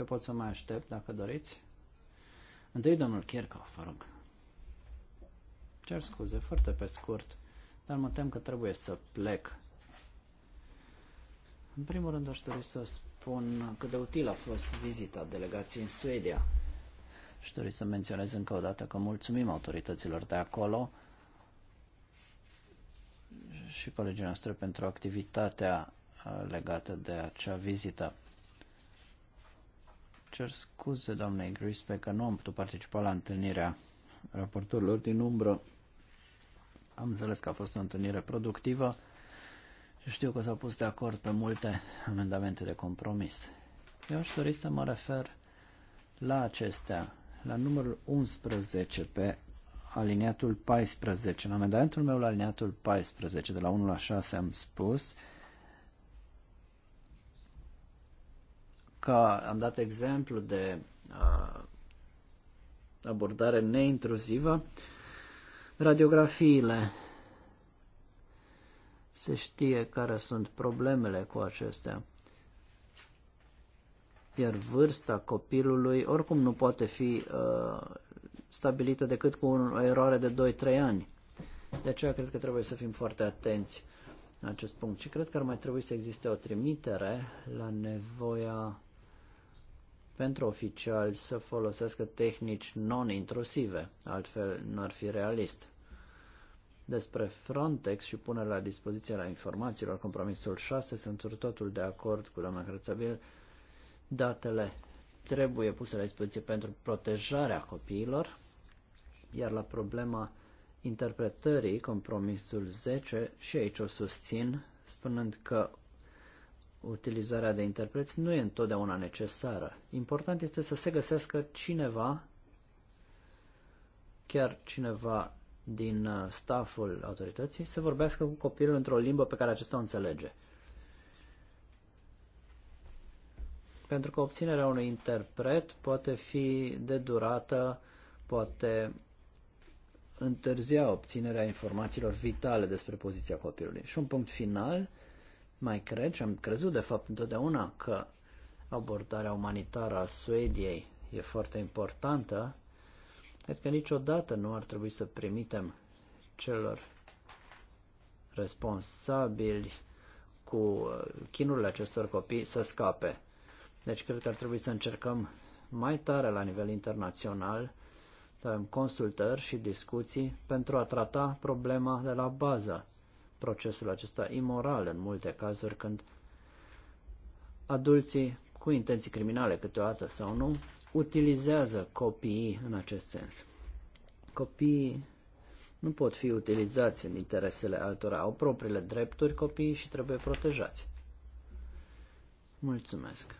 Eu pot să mai aștept, dacă doriți. Întâi, domnul Kirchhoff, vă rog. Cer scuze, foarte pe scurt, dar mă tem că trebuie să plec. În primul rând, aș dori să spun cât de util a fost vizita delegației în Suedia. Și dori să menționez încă o dată că mulțumim autorităților de acolo și colegii noastre pentru activitatea uh, legată de acea vizită. Cer scuze, doamnei Grispe, că nu am putut participa la întâlnirea raportorilor din umbră. Am înțeles că a fost o întâlnire productivă și știu că s-au pus de acord pe multe amendamente de compromis. Eu aș dori să mă refer la acestea, la numărul 11 pe aliniatul 14. În amendamentul meu la aliniatul 14, de la 1 la 6 am spus ca am dat exemplu de uh, abordare neintruzivă, radiografiile. Se știe care sunt problemele cu acestea. Iar vârsta copilului oricum nu poate fi uh, stabilită decât cu o eroare de 2-3 ani. De aceea cred că trebuie să fim foarte atenți în acest punct. Și cred că ar mai trebui să existe o trimitere la nevoia pentru oficiali să folosească tehnici non-intrusive, altfel nu ar fi realist. Despre Frontex și punerea la dispoziție la informațiilor, compromisul 6, sunt totul de acord cu doamna Crățabil, datele trebuie puse la dispoziție pentru protejarea copiilor, iar la problema interpretării, compromisul 10, și aici o susțin, spunând că utilizarea de interpreți nu e întotdeauna necesară. Important este să se găsească cineva, chiar cineva din uh, stafful autorității, să vorbească cu copilul într-o limbă pe care acesta o înțelege. Pentru că obținerea unui interpret poate fi de durată, poate întârzia obținerea informațiilor vitale despre poziția copilului. Și un punct final, mai cred și am crezut de fapt întotdeauna că abordarea umanitară a Suediei e foarte importantă, cred că niciodată nu ar trebui să primitem celor responsabili cu uh, chinurile acestor copii să scape. Deci cred că ar trebui să încercăm mai tare la nivel internațional să avem consultări și discuții pentru a trata problema de la bază procesul acesta imoral în multe cazuri când adulții cu intenții criminale câteodată sau nu, utilizează copiii în acest sens. Copiii nu pot fi utilizați în interesele altora, au propriile drepturi copiii și trebuie protejați. Mulțumesc.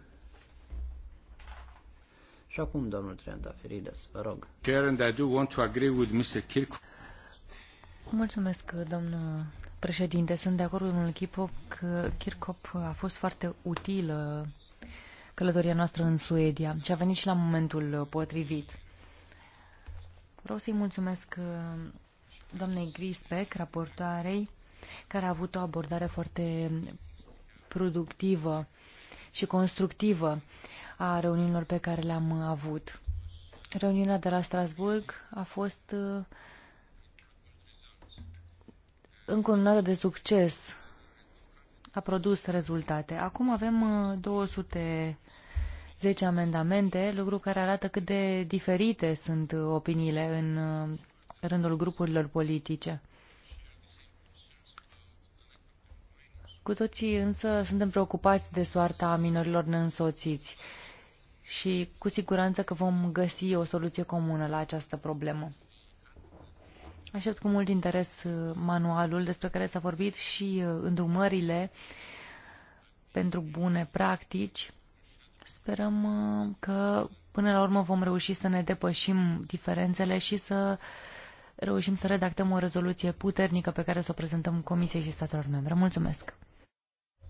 Și acum, domnul Triantafirides, vă rog. Sharon, I do want to agree with Mr. Kirk. Mulțumesc, domnul președinte, sunt de acord cu domnul Chipop că Kirchhoff a fost foarte utilă călătoria noastră în Suedia și a venit și la momentul potrivit. Vreau să-i mulțumesc uh, doamnei Grisbeck, raportoarei, care a avut o abordare foarte productivă și constructivă a reuniunilor pe care le-am avut. Reuniunea de la Strasburg a fost uh, încă un de succes a produs rezultate. Acum avem 210 uh, amendamente, lucru care arată cât de diferite sunt uh, opiniile în uh, rândul grupurilor politice. Cu toții însă suntem preocupați de soarta minorilor neînsoțiți și cu siguranță că vom găsi o soluție comună la această problemă. Aștept cu mult interes uh, manualul despre care s-a vorbit și uh, îndrumările pentru bune practici. Sperăm uh, că până la urmă vom reuși să ne depășim diferențele și să reușim să redactăm o rezoluție puternică pe care să o prezentăm Comisiei și statelor membre. Mulțumesc!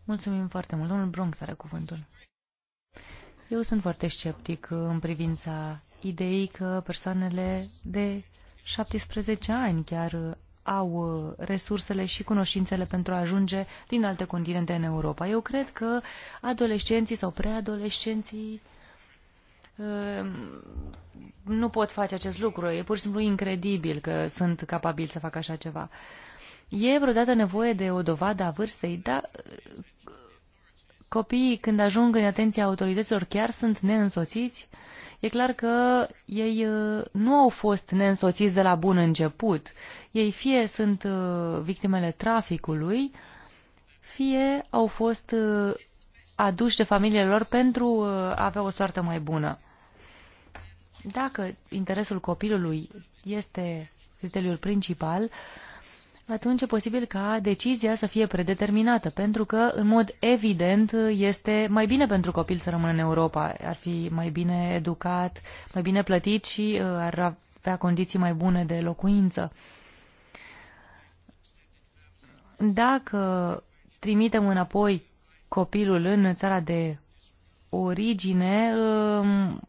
Mulțumim foarte mult. Domnul Bronx are cuvântul. Eu sunt foarte sceptic în privința ideii că persoanele de 17 ani chiar uh, au uh, resursele și cunoștințele pentru a ajunge din alte continente în Europa. Eu cred că adolescenții sau preadolescenții uh, nu pot face acest lucru. E pur și simplu incredibil că sunt capabili să facă așa ceva. E vreodată nevoie de o dovadă a vârstei, dar copiii când ajung în atenția autorităților chiar sunt neînsoțiți? Uh, E clar că ei uh, nu au fost neînsoțiți de la bun început. Ei fie sunt uh, victimele traficului, fie au fost uh, aduși de familiile lor pentru a avea o soartă mai bună. Dacă interesul copilului este criteriul principal, uh, atunci e posibil ca decizia să fie predeterminată, pentru că, în mod evident, este mai bine pentru copil să rămână în Europa. Ar fi mai bine educat, mai bine plătit și uh, ar avea condiții mai bune de locuință. Dacă trimitem înapoi copilul în țara de origine, um,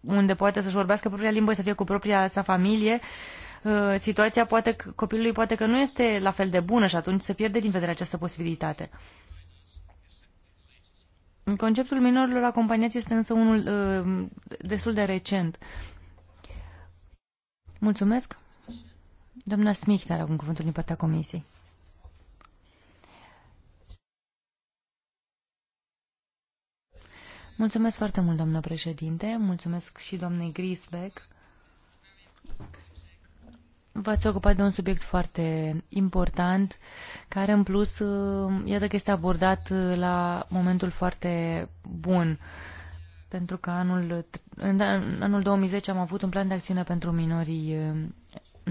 unde poate să-și vorbească propria limbă, să fie cu propria sa familie, Uh, situația poate, copilului poate că nu este la fel de bună și atunci se pierde din vedere această posibilitate. Conceptul minorilor acompaniați este însă unul uh, destul de recent. Mulțumesc. Doamna Smith are acum cuvântul din partea comisiei. Mulțumesc foarte mult, doamnă președinte. Mulțumesc și doamnei Grisbeck v-ați ocupat de un subiect foarte important, care în plus, uh, iată că este abordat uh, la momentul foarte bun, pentru că anul, în anul 2010 am avut un plan de acțiune pentru minorii uh,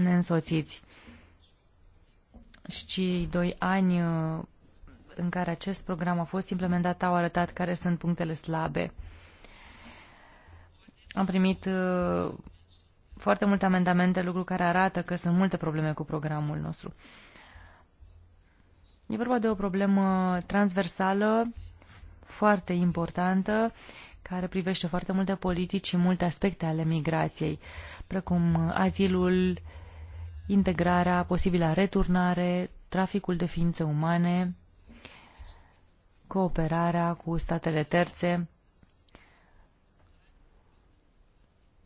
neînsoțiți și cei doi ani în care acest program a fost implementat au arătat care sunt punctele slabe. Am primit foarte multe amendamente, lucru care arată că sunt multe probleme cu programul nostru. E vorba de o problemă transversală, foarte importantă, care privește foarte multe politici și multe aspecte ale migrației, precum azilul, integrarea, posibila returnare, traficul de ființe umane, cooperarea cu statele terțe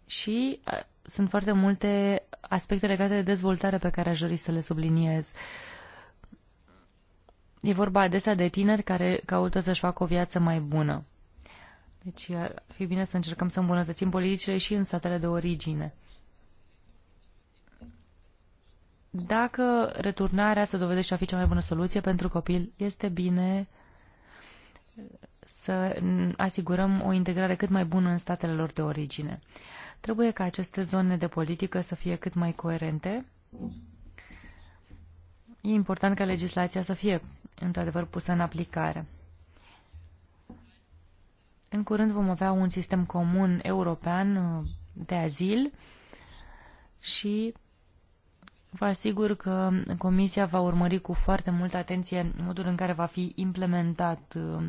și sunt foarte multe aspecte legate de dezvoltare pe care aș dori să le subliniez. E vorba adesea de tineri care caută să-și facă o viață mai bună. Deci ar fi bine să încercăm să îmbunătățim politicile și în statele de origine. Dacă returnarea se dovedește a fi cea mai bună soluție pentru copil, este bine să asigurăm o integrare cât mai bună în statele lor de origine. Trebuie ca aceste zone de politică să fie cât mai coerente. E important ca legislația să fie, într-adevăr, pusă în aplicare. În curând vom avea un sistem comun european uh, de azil și vă asigur că Comisia va urmări cu foarte multă atenție modul în care va fi implementat uh,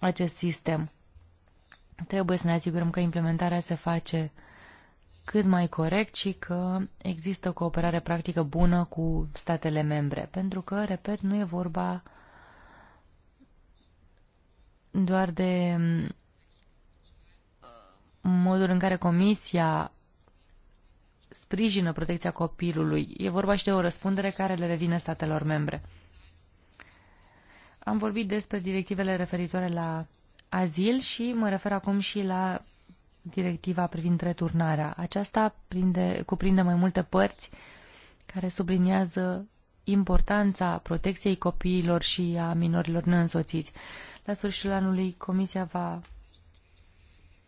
acest sistem. Trebuie să ne asigurăm că implementarea se face cât mai corect și că există cooperare practică bună cu statele membre. Pentru că, repet, nu e vorba doar de mm, modul în care Comisia sprijină protecția copilului. E vorba și de o răspundere care le revine statelor membre. Am vorbit despre directivele referitoare la azil și mă refer acum și la directiva privind returnarea. Aceasta prinde, cuprinde mai multe părți care subliniază importanța protecției copiilor și a minorilor neînsoțiți. La sfârșitul anului, Comisia va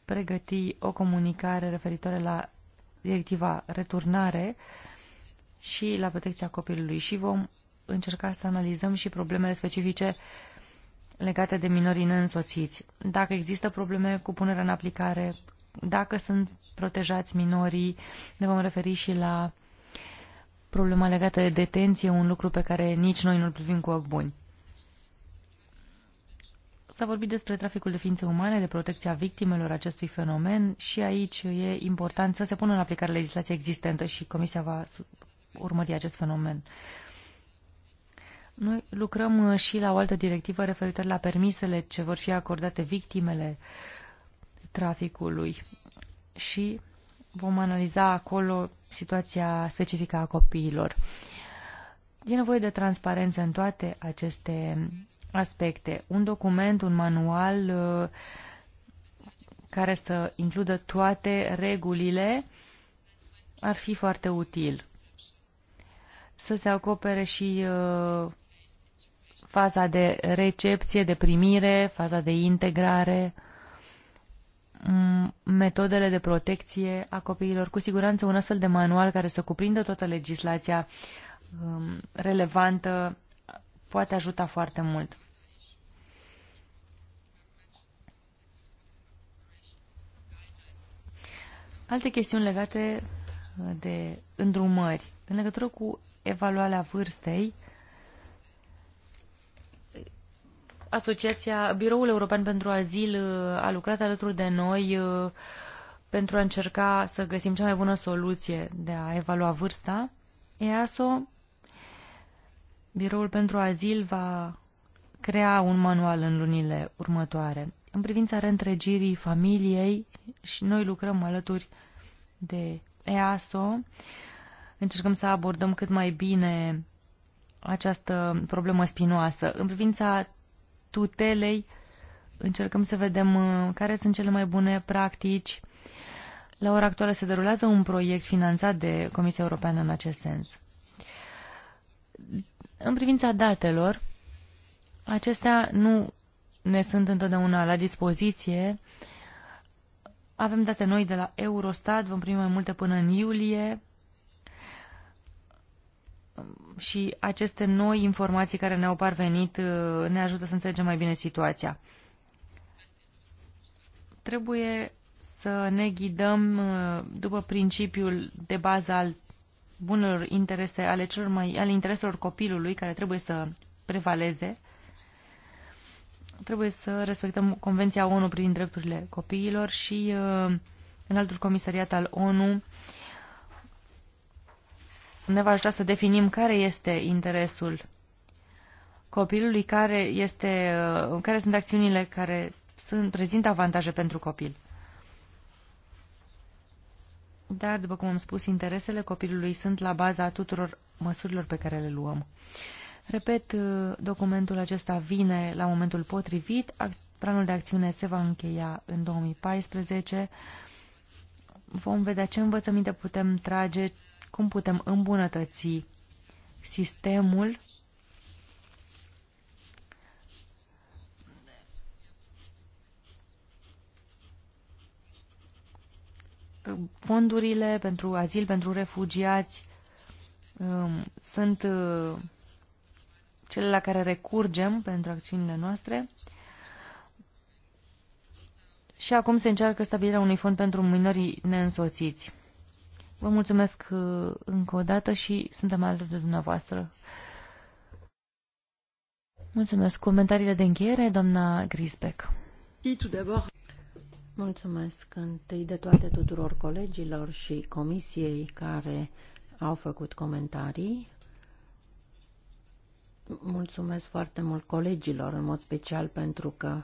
pregăti o comunicare referitoare la directiva returnare și la protecția copilului și vom încerca să analizăm și problemele specifice legate de minorii neînsoțiți, dacă există probleme cu punerea în aplicare, dacă sunt protejați minorii, ne vom referi și la problema legată de detenție, un lucru pe care nici noi nu-l privim cu ochi buni. S-a vorbit despre traficul de ființe umane, de protecția victimelor acestui fenomen și aici e important să se pună în aplicare legislația existentă și Comisia va urmări acest fenomen noi lucrăm uh, și la o altă directivă referitor la permisele ce vor fi acordate victimele traficului și vom analiza acolo situația specifică a copiilor. E nevoie de transparență în toate aceste aspecte. Un document, un manual uh, care să includă toate regulile ar fi foarte util. Să se acopere și uh, faza de recepție, de primire, faza de integrare, mm, metodele de protecție a copiilor. Cu siguranță un astfel de manual care să cuprindă toată legislația mm, relevantă poate ajuta foarte mult. Alte chestiuni legate de îndrumări. În legătură cu evaluarea vârstei, Asociația Biroul European pentru Azil uh, a lucrat alături de noi uh, pentru a încerca să găsim cea mai bună soluție de a evalua vârsta. EASO, Biroul pentru Azil, va crea un manual în lunile următoare. În privința reîntregirii familiei și noi lucrăm alături de EASO, încercăm să abordăm cât mai bine această problemă spinoasă. În privința tutelei. Încercăm să vedem uh, care sunt cele mai bune practici. La ora actuală se derulează un proiect finanțat de Comisia Europeană în acest sens. În privința datelor, acestea nu ne sunt întotdeauna la dispoziție. Avem date noi de la Eurostat, vom primi mai multe până în iulie și aceste noi informații care ne-au parvenit uh, ne ajută să înțelegem mai bine situația. Trebuie să ne ghidăm uh, după principiul de bază al bunelor interese, ale, celor mai, ale intereselor copilului care trebuie să prevaleze. Trebuie să respectăm Convenția ONU privind drepturile copiilor și uh, în altul comisariat al ONU ne va ajuta să definim care este interesul copilului, care, este, uh, care sunt acțiunile care sunt, prezintă avantaje pentru copil. Dar, după cum am spus, interesele copilului sunt la baza tuturor măsurilor pe care le luăm. Repet, uh, documentul acesta vine la momentul potrivit, planul de acțiune se va încheia în 2014, vom vedea ce învățăminte putem trage, cum putem îmbunătăți sistemul fondurile pentru azil, pentru refugiați um, sunt uh, cele la care recurgem pentru acțiunile noastre. Și acum se încearcă stabilirea unui fond pentru minorii neînsoțiți. Vă mulțumesc uh, încă o dată și suntem alături de dumneavoastră. Mulțumesc. Comentariile de încheiere, doamna Grisbeck. Mulțumesc întâi de toate tuturor colegilor și comisiei care au făcut comentarii. Mulțumesc foarte mult colegilor, în mod special pentru că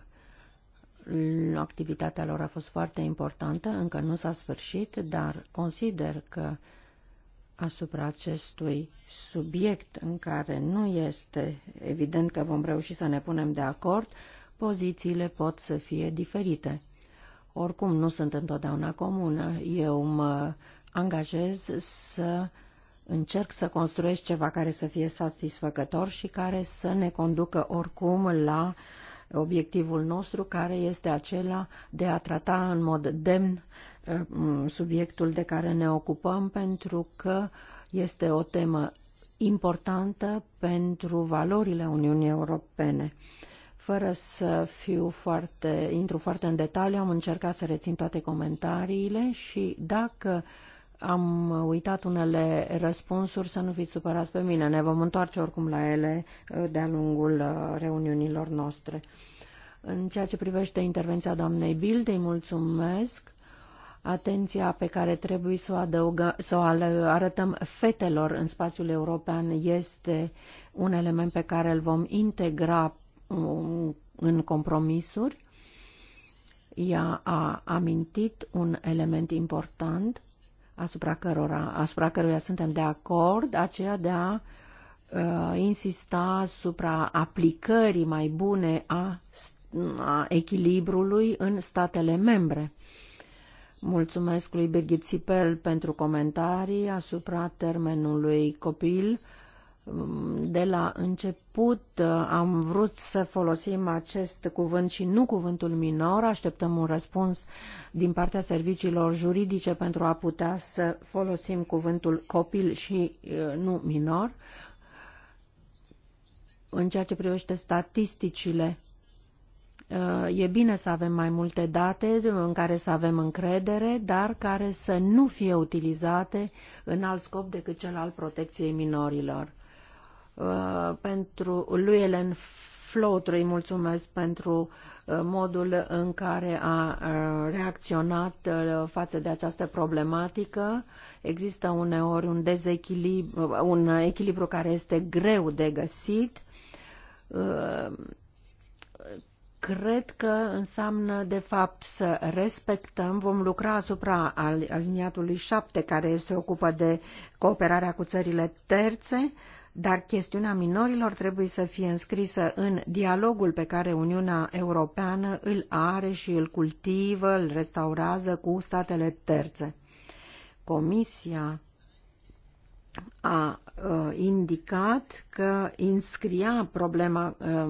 activitatea lor a fost foarte importantă, încă nu s-a sfârșit, dar consider că asupra acestui subiect în care nu este evident că vom reuși să ne punem de acord, pozițiile pot să fie diferite. Oricum, nu sunt întotdeauna comună. Eu mă angajez să încerc să construiesc ceva care să fie satisfăcător și care să ne conducă oricum la uh, obiectivul nostru, care este acela de a trata în mod demn eh, subiectul de care ne ocupăm, pentru că este o temă importantă pentru valorile Uniunii Europene. Fără să fiu foarte, intru foarte în detaliu, am încercat să rețin toate comentariile și dacă uh, am uitat unele răspunsuri, să nu fiți supărați pe mine, ne vom întoarce oricum la ele uh, de-a lungul uh, reuniunilor noastre. În ceea ce privește intervenția doamnei Bild, îi mulțumesc. Atenția pe care trebuie să o, adăugă, să o arătăm fetelor în spațiul european este un element pe care îl vom integra uh, în compromisuri. Ea a amintit un element important asupra, cărora, asupra căruia suntem de acord, aceea de a uh, insista asupra aplicării mai bune a, a echilibrului în statele membre. Mulțumesc lui Birgit Sipel pentru comentarii asupra termenului copil. Uh, de la început uh, am vrut să folosim acest cuvânt și nu cuvântul minor. Așteptăm un răspuns din partea serviciilor juridice pentru a putea să folosim cuvântul copil și uh, nu minor. În ceea ce privește statisticile, uh, e bine să avem mai multe date în care să avem încredere, dar care să nu fie utilizate în alt scop decât cel al protecției minorilor. Uh, pentru lui Ellen Flotru îi mulțumesc pentru uh, modul în care a uh, reacționat față de această problematică. Există uneori un dezechilibru, un echilibru care este greu de găsit. Cred că înseamnă, de fapt, să respectăm. Vom lucra asupra aliniatului 7, care se ocupă de cooperarea cu țările terțe. Uh, dar chestiunea minorilor trebuie să fie înscrisă în dialogul pe care Uniunea Europeană îl are și îl cultivă, îl restaurează cu statele terțe. Comisia a uh, indicat că inscria problema, uh,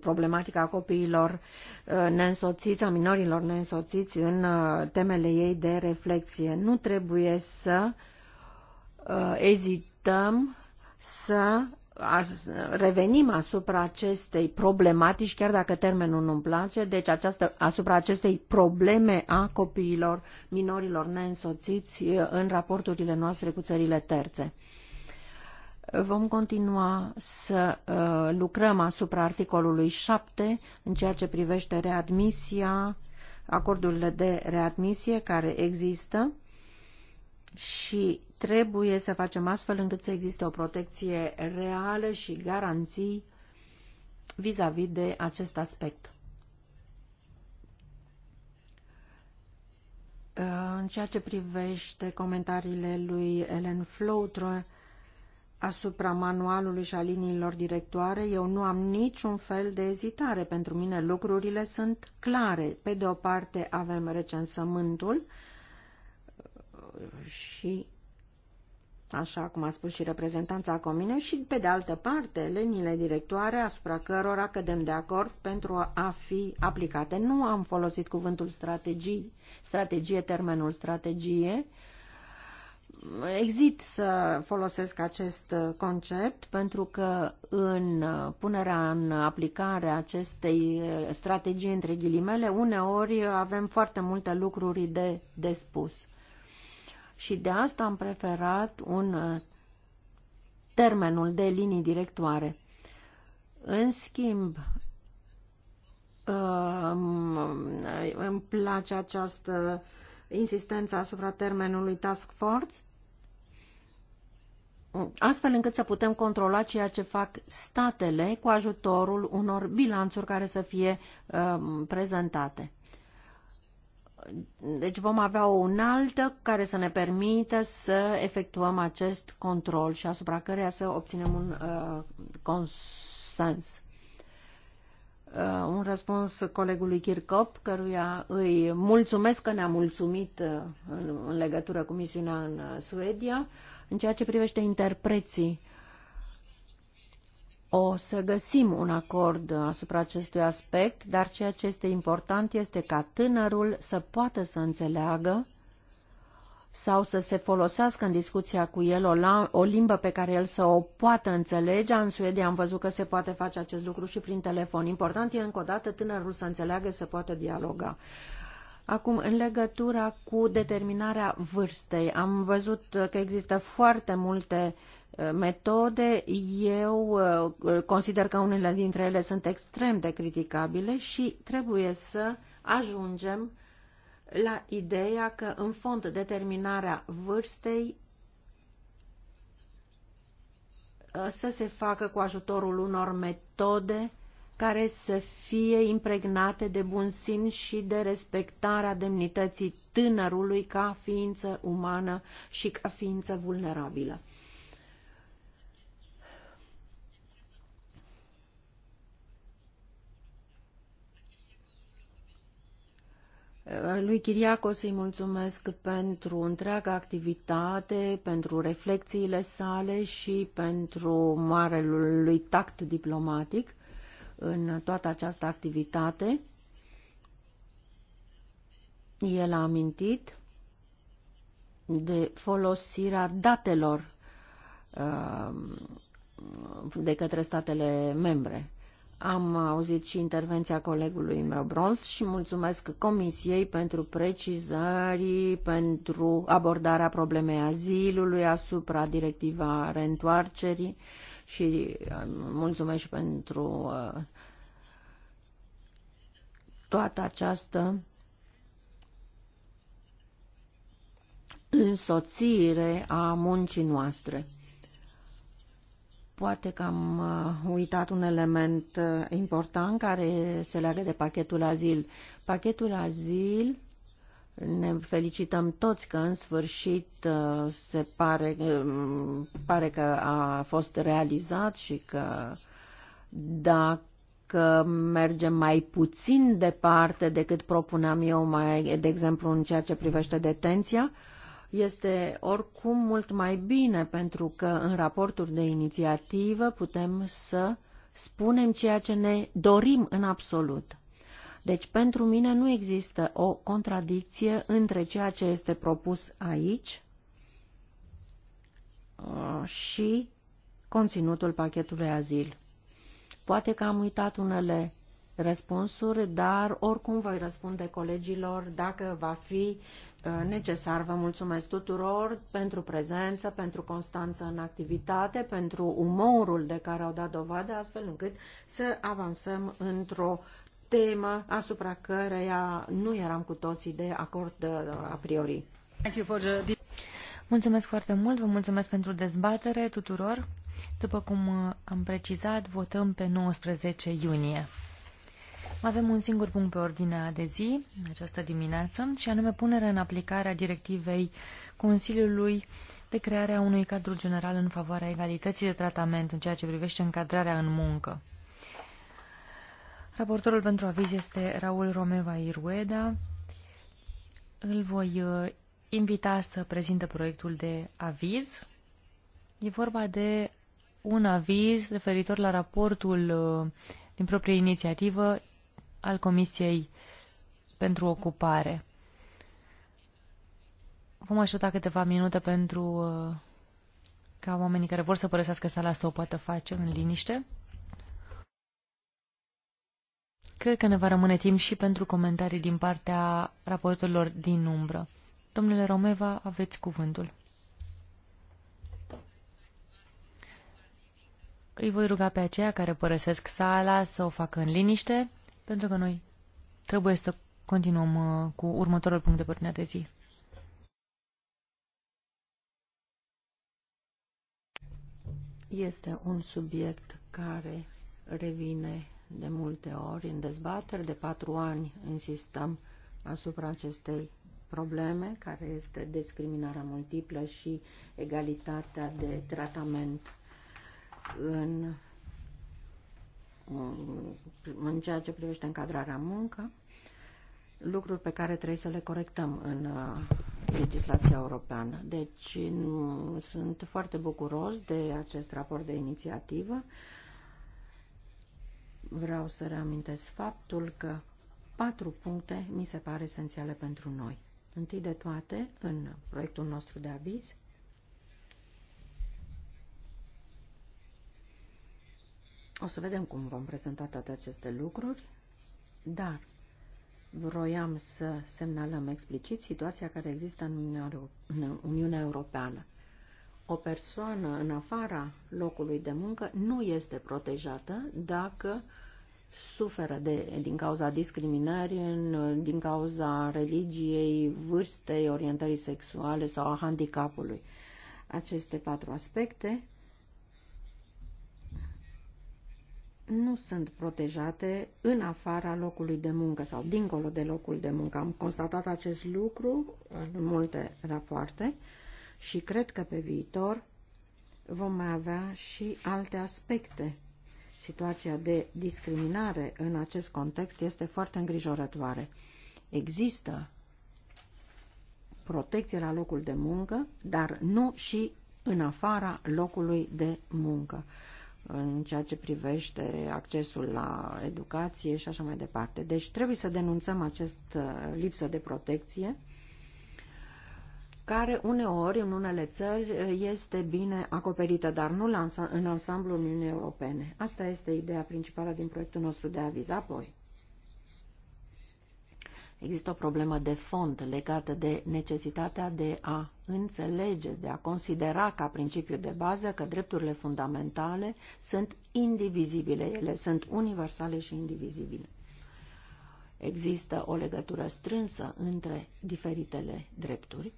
problematica copiilor uh, neînsoțiți, a minorilor neînsoțiți în uh, temele ei de reflexie. Nu trebuie să uh, ezităm să revenim asupra acestei problematici, chiar dacă termenul nu-mi place, deci această, asupra acestei probleme a copiilor, minorilor neînsoțiți în raporturile noastre cu țările terțe. Vom continua să uh, lucrăm asupra articolului 7 în ceea ce privește readmisia, acordurile de readmisie care există și trebuie să facem astfel încât să existe o protecție reală și garanții vis-a-vis -vis de acest aspect. În ceea ce privește comentariile lui Ellen Floutre asupra manualului și a liniilor directoare, eu nu am niciun fel de ezitare. Pentru mine lucrurile sunt clare. Pe de o parte avem recensământul, și așa cum a spus și reprezentanța Comine, și pe de altă parte liniile directoare asupra cărora cădem de acord pentru a fi aplicate. Nu am folosit cuvântul strategii, strategie, termenul strategie. Exit să folosesc acest concept pentru că în punerea în aplicare acestei strategii între ghilimele, uneori avem foarte multe lucruri de, de spus și de asta am preferat un uh, termenul de linii directoare. În schimb, um, uh, îmi place această insistență asupra termenului task force, astfel încât să putem controla ceea ce fac statele cu ajutorul unor bilanțuri care să fie um, prezentate. Deci vom avea o unaltă care să ne permită să efectuăm acest control și asupra căreia să obținem un uh, consens. Uh, un răspuns colegului Kirkop, căruia îi mulțumesc că ne-a mulțumit uh, în, în legătură cu misiunea în uh, Suedia. În ceea ce privește interpreții, uh, o să găsim un acord asupra acestui aspect, dar ceea ce este important este ca tânărul să poată să înțeleagă sau să se folosească în discuția cu el o, la, o limbă pe care el să o poată înțelege. În Suedia am văzut că se poate face acest lucru și prin telefon. Important e încă o dată tânărul să înțeleagă, să poată dialoga. Acum, în legătura cu determinarea vârstei, am văzut că există foarte multe metode, eu uh, consider că unele dintre ele sunt extrem de criticabile și trebuie să ajungem la ideea că, în fond, determinarea vârstei uh, să se facă cu ajutorul unor metode care să fie impregnate de bun simț și de respectarea demnității tânărului ca ființă umană și ca ființă vulnerabilă. Eh, lui Chiriaco să-i mulțumesc pentru întreaga activitate, pentru reflexiile sale și pentru marelul lui tact diplomatic în toată această activitate. El a amintit de folosirea datelor eh, de către statele membre am auzit și intervenția colegului meu Brons și mulțumesc Comisiei pentru precizări, pentru abordarea problemei azilului asupra directiva reîntoarcerii și uh, mulțumesc și pentru uh, toată această însoțire a muncii noastre. Poate că am uh, uitat un element uh, important care se leagă de pachetul azil. Pachetul azil, ne felicităm toți că în sfârșit uh, se pare, um, pare că a fost realizat și că dacă că mergem mai puțin departe decât propuneam eu, mai, de exemplu, în ceea ce privește detenția, uh, este oricum mult mai bine pentru că în raporturi de inițiativă putem să spunem ceea ce ne dorim în absolut. Deci pentru mine nu există o contradicție între ceea ce este propus aici uh, și conținutul pachetului azil. Poate că am uitat unele răspunsuri, dar oricum voi răspunde colegilor dacă va fi Uh, necesar. Vă mulțumesc tuturor pentru prezență, pentru constanță în activitate, pentru umorul de care au dat dovadă, astfel încât să avansăm într-o temă asupra căreia nu eram cu toții de acord uh, a priori. Mulțumesc foarte mult, vă mulțumesc pentru dezbatere tuturor. După cum uh, am precizat, votăm pe 19 iunie. Avem un singur punct pe ordinea de zi în această dimineață și anume punerea în aplicare a directivei Consiliului de crearea unui cadru general în favoarea egalității de tratament în ceea ce privește încadrarea în muncă. Raportorul pentru aviz este Raul Romeva Irueda. Îl voi uh, invita să prezinte proiectul de aviz. E vorba de un aviz referitor la raportul uh, din proprie inițiativă al Comisiei pentru Ocupare. Vom ajuta câteva minute pentru uh, ca oamenii care vor să părăsească sala să o poată face în liniște. Cred că ne va rămâne timp și pentru comentarii din partea raportorilor din umbră. Domnule Romeva, aveți cuvântul. Îi voi ruga pe aceia care părăsesc sala să o facă în liniște pentru că noi trebuie să continuăm uh, cu următorul punct de ordine de zi. Este un subiect care revine de multe ori în dezbateri. De patru ani insistăm asupra acestei probleme, care este discriminarea multiplă și egalitatea de tratament în Uh, în ceea ce privește încadrarea muncă, lucruri pe care trebuie să le corectăm în uh, legislația europeană. Deci mm, sunt foarte bucuros de acest raport de inițiativă. Vreau să reamintesc faptul că patru puncte mi se pare esențiale pentru noi. Întâi de toate, în proiectul nostru de aviz, O să vedem cum vom prezenta toate aceste lucruri, dar vroiam să semnalăm explicit situația care există în Uniunea, în Uniunea Europeană. O persoană în afara locului de muncă nu este protejată dacă suferă de, din cauza discriminării, din cauza religiei, vârstei, orientării sexuale sau a handicapului. Aceste patru aspecte nu sunt protejate în afara locului de muncă sau dincolo de locul de muncă. Am constatat acest lucru în multe rapoarte și cred că pe viitor vom mai avea și alte aspecte. Situația de discriminare în acest context este foarte îngrijorătoare. Există protecție la locul de muncă, dar nu și în afara locului de muncă în ceea ce privește accesul la educație și așa mai departe. Deci trebuie să denunțăm acest uh, lipsă de protecție care uneori, în unele țări, este bine acoperită, dar nu în ansamblul Uniunii Europene. Asta este ideea principală din proiectul nostru de aviz. Apoi, Există o problemă de fond legată de necesitatea de a înțelege, de a considera ca principiu de bază că drepturile fundamentale sunt indivizibile, ele sunt universale și indivizibile. Există o legătură strânsă între diferitele drepturi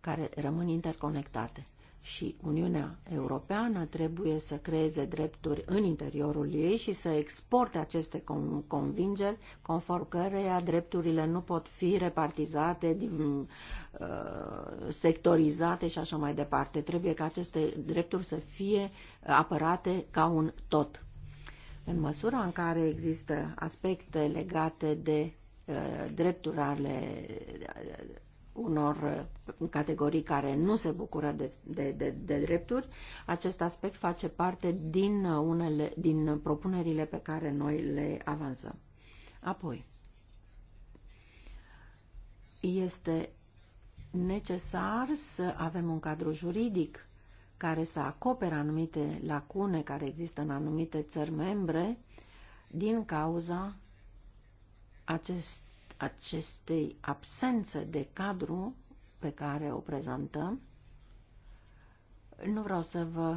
care rămân interconectate și Uniunea Europeană trebuie să creeze drepturi în interiorul ei și să exporte aceste convingeri conform căreia drepturile nu pot fi repartizate, uh, sectorizate și așa mai departe. Trebuie ca aceste drepturi să fie apărate ca un tot. În măsura în care există aspecte legate de uh, drepturi ale unor uh, categorii care nu se bucură de, de, de, de drepturi. Acest aspect face parte din, uh, unele, din propunerile pe care noi le avansăm. Apoi, este necesar să avem un cadru juridic care să acopere anumite lacune care există în anumite țări membre din cauza acest, acestei absențe de cadru pe care o prezentăm, nu vreau să vă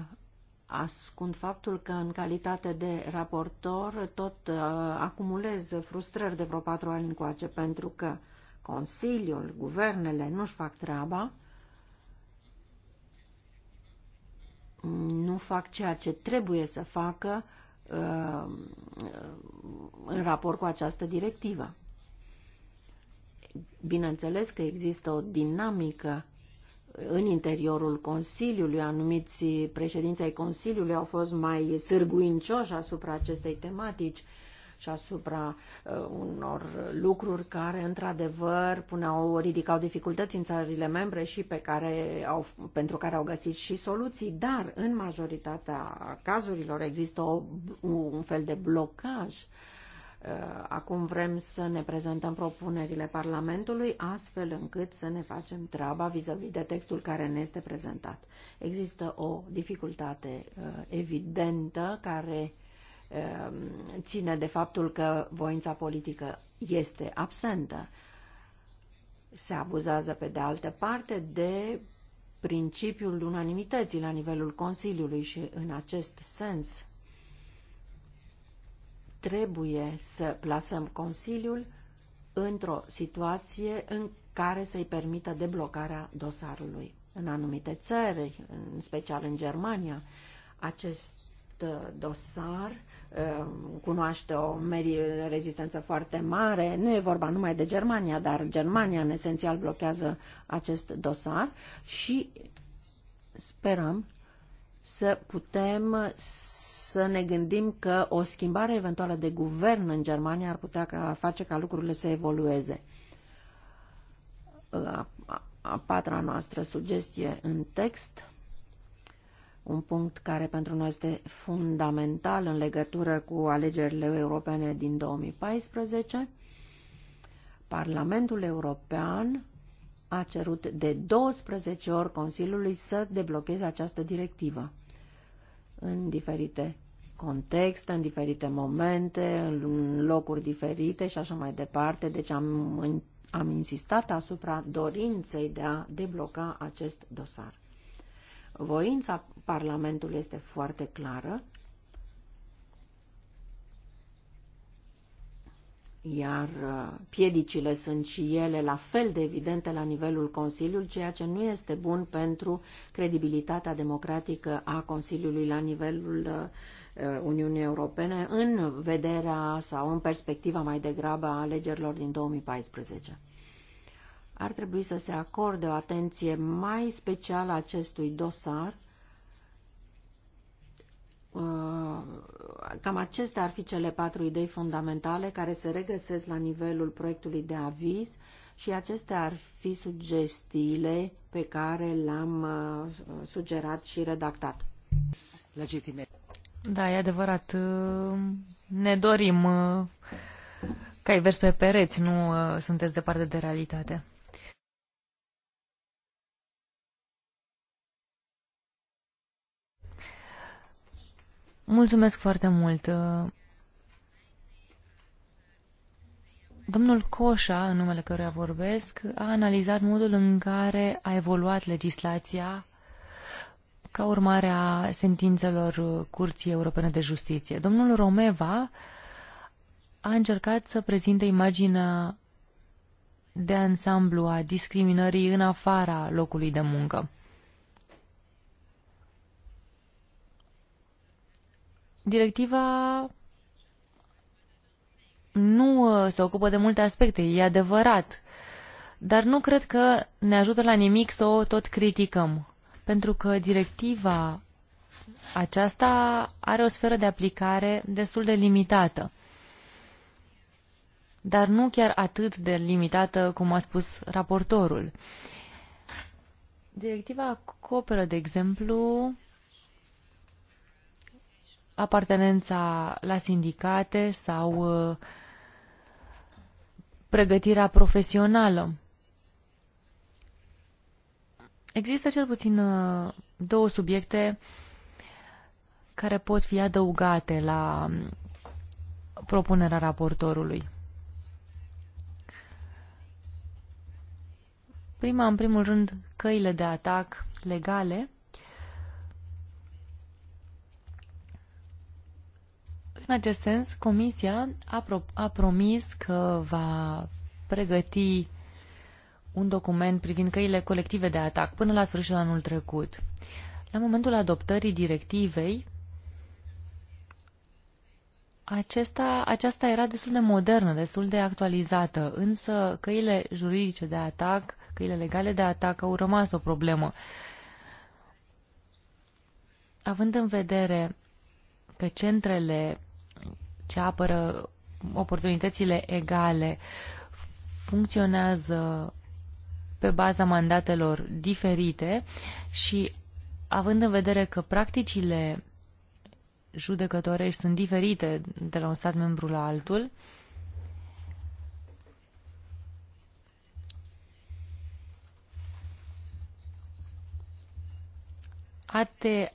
ascund faptul că în calitate de raportor tot uh, acumulez frustrări de vreo patru ani încoace pentru că Consiliul, guvernele nu-și fac treaba, nu fac ceea ce trebuie să facă uh, în raport cu această directivă. Bineînțeles că există o dinamică în interiorul Consiliului, anumiți președinții ai Consiliului au fost mai sârguincioși asupra acestei tematici și asupra uh, unor lucruri care, într-adevăr, puneau, ridicau dificultăți în țările membre și pe care au, pentru care au găsit și soluții, dar în majoritatea cazurilor există o, un fel de blocaj uh, Uh, acum vrem să ne prezentăm propunerile Parlamentului astfel încât să ne facem treaba vis-a-vis -vis de textul care ne este prezentat. Există o dificultate uh, evidentă care uh, ține de faptul că voința politică este absentă. Se abuzează pe de altă parte de principiul unanimității la nivelul Consiliului și în acest sens trebuie să plasăm Consiliul într-o situație în care să-i permită deblocarea dosarului. În anumite țări, în special în Germania, acest ă, dosar ă, cunoaște o rezistență foarte mare. Nu e vorba numai de Germania, dar Germania în esențial blochează acest dosar și sperăm să putem să ne gândim că o schimbare eventuală de guvern în Germania ar putea ca, face ca lucrurile să evolueze. A, a patra noastră sugestie în text, un punct care pentru noi este fundamental în legătură cu alegerile europene din 2014, Parlamentul European a cerut de 12 ori Consiliului să deblocheze această directivă în diferite contexte, în diferite momente, în locuri diferite și așa mai departe. Deci am, am insistat asupra dorinței de a debloca acest dosar. Voința Parlamentului este foarte clară, iar uh, piedicile sunt și ele la fel de evidente la nivelul Consiliului, ceea ce nu este bun pentru credibilitatea democratică a Consiliului la nivelul uh, Uh, Uniunii Europene în vederea sau în perspectiva mai degrabă a alegerilor din 2014. Ar trebui să se acorde o atenție mai specială acestui dosar. Uh, cam acestea ar fi cele patru idei fundamentale care se regăsesc la nivelul proiectului de aviz și acestea ar fi sugestiile pe care le-am uh, sugerat și redactat. Legitime da, e adevărat. Uh, ne dorim uh, ai vers pe pereți, nu uh, sunteți departe de realitate. Mulțumesc foarte mult. Domnul Coșa, în numele căruia vorbesc, a analizat modul în care a evoluat legislația ca urmare a sentințelor Curții Europene de Justiție. Domnul Romeva a încercat să prezinte imaginea de ansamblu a discriminării în afara locului de muncă. Directiva nu uh, se ocupă de multe aspecte, e adevărat, dar nu cred că ne ajută la nimic să o tot criticăm pentru că directiva aceasta are o sferă de aplicare destul de limitată, dar nu chiar atât de limitată cum a spus raportorul. Directiva acoperă, de exemplu, apartenența la sindicate sau uh, pregătirea profesională. Există cel puțin uh, două subiecte care pot fi adăugate la um, propunerea raportorului. Prima, în primul rând, căile de atac legale. În acest sens, Comisia a, pro- a promis că va pregăti un document privind căile colective de atac până la sfârșitul anul trecut. La momentul adoptării directivei, acesta, aceasta era destul de modernă, destul de actualizată, însă căile juridice de atac, căile legale de atac au rămas o problemă. Având în vedere că centrele ce apără oportunitățile egale funcționează pe baza mandatelor diferite și având în vedere că practicile judecătorești sunt diferite de la un stat membru la altul, te...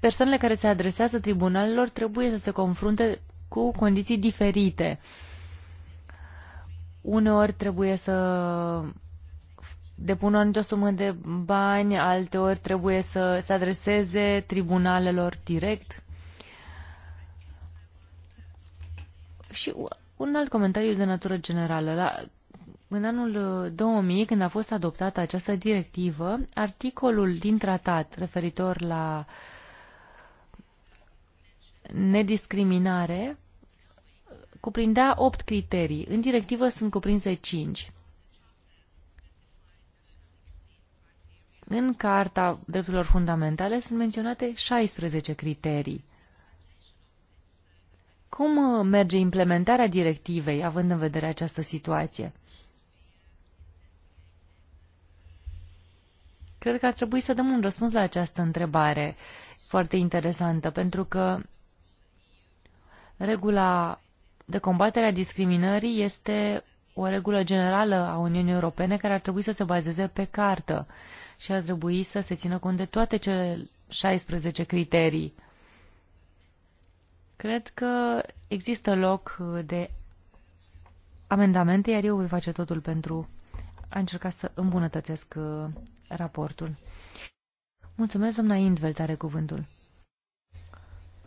persoanele care se adresează tribunalelor trebuie să se confrunte cu condiții diferite. Uh, Uneori trebuie să depună anumite sumă de bani, alteori trebuie să se adreseze tribunalelor direct. Și un alt comentariu de natură generală. La, în anul 2000, uh, când a fost adoptată această directivă, articolul din tratat referitor la nediscriminare cuprindea opt criterii. În directivă sunt cuprinse cinci. În Carta Drepturilor Fundamentale sunt menționate 16 criterii. Cum merge implementarea directivei, având în vedere această situație? Cred că ar trebui să dăm un răspuns la această întrebare foarte interesantă, pentru că regula de combatere a discriminării este o regulă generală a Uniunii Europene care ar trebui să se bazeze pe cartă și ar trebui să se țină cont de toate cele 16 criterii. Cred că există loc de amendamente, iar eu voi face totul pentru a încerca să îmbunătățesc uh, raportul. Mulțumesc, doamna Indvel, tare cuvântul.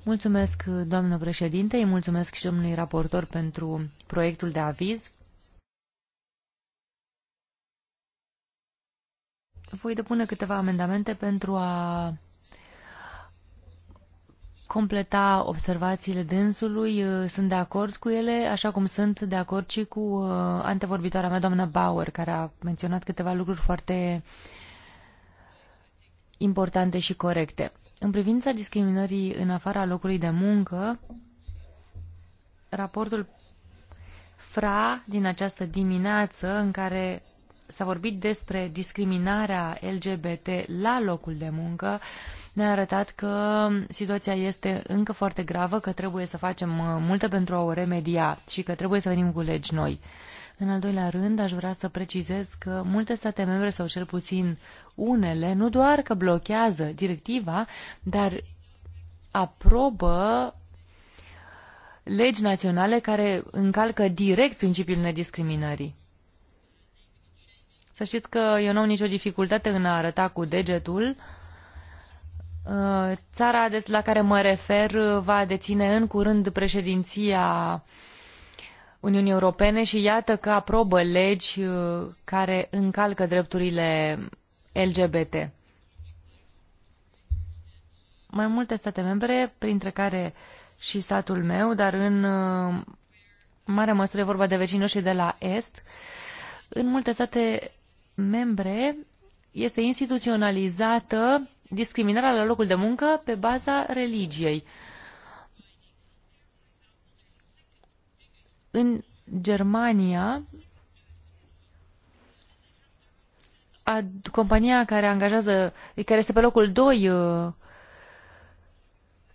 Mulțumesc, doamnă președinte, îi mulțumesc și domnului raportor pentru proiectul de aviz. Voi depune câteva amendamente pentru a completa observațiile dânsului. Sunt de acord cu ele, așa cum sunt de acord și cu uh, antevorbitoarea mea, doamna Bauer, care a menționat câteva lucruri foarte importante și corecte. În privința discriminării în afara locului de muncă, raportul FRA din această dimineață, în care s-a vorbit despre discriminarea LGBT la locul de muncă, ne-a arătat că situația este încă foarte gravă, că trebuie să facem uh, multe pentru a o remedia și că trebuie să venim cu legi noi. În al doilea rând, aș vrea să precizez că multe state membre, sau cel puțin unele, nu doar că blochează directiva, dar aprobă legi naționale care încalcă direct principiul nediscriminării. Să știți că eu nu am nicio dificultate în a arăta cu degetul. Uh, țara la care mă refer uh, va deține în curând președinția Uniunii Europene și iată că aprobă legi uh, care încalcă drepturile LGBT. Mai multe state membre, printre care și statul meu, dar în uh, mare măsură e vorba de vecinii noștri de la Est, în multe state membre este instituționalizată discriminarea la locul de muncă pe baza religiei. Uh, în Germania a, compania care angajează, care este pe locul 2 uh,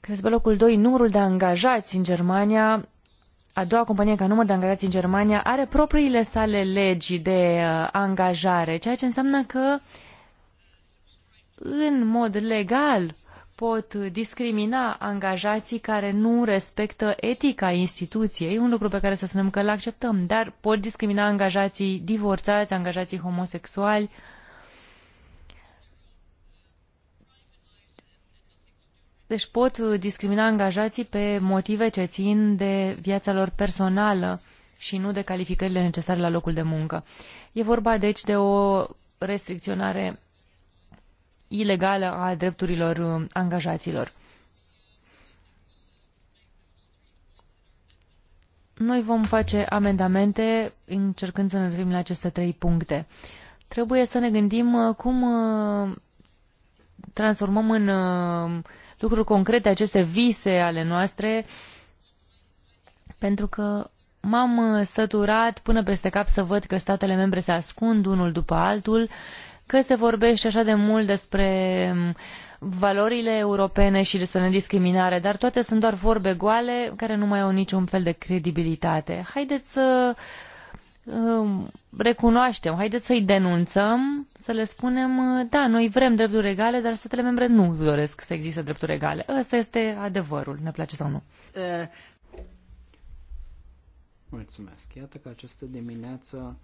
care este pe locul 2 numărul de angajați în Germania a doua companie ca număr de angajați în Germania are propriile sale legi de uh, angajare, ceea ce înseamnă că în mod legal pot discrimina angajații care nu respectă etica instituției, un lucru pe care să spunem că îl acceptăm, dar pot discrimina angajații divorțați, angajații homosexuali. Deci pot discrimina angajații pe motive ce țin de viața lor personală și nu de calificările necesare la locul de muncă. E vorba deci de o restricționare ilegală a drepturilor uh, angajaților. Noi vom face amendamente încercând să ne trimim la aceste trei puncte. Trebuie să ne gândim uh, cum uh, transformăm în lucruri concrete aceste vise ale noastre, pentru că m-am săturat până peste cap să văd că statele membre se ascund unul după altul că se vorbește așa de mult despre mm, valorile europene și despre nediscriminare, dar toate sunt doar vorbe goale care nu mai au niciun fel de credibilitate. Haideți să mm, recunoaștem, haideți să-i denunțăm, să le spunem, mm, da, noi vrem drepturi egale, dar statele membre nu doresc să existe drepturi egale. Ăsta este adevărul, ne place sau nu. Uh. Mulțumesc. Iată că această dimineață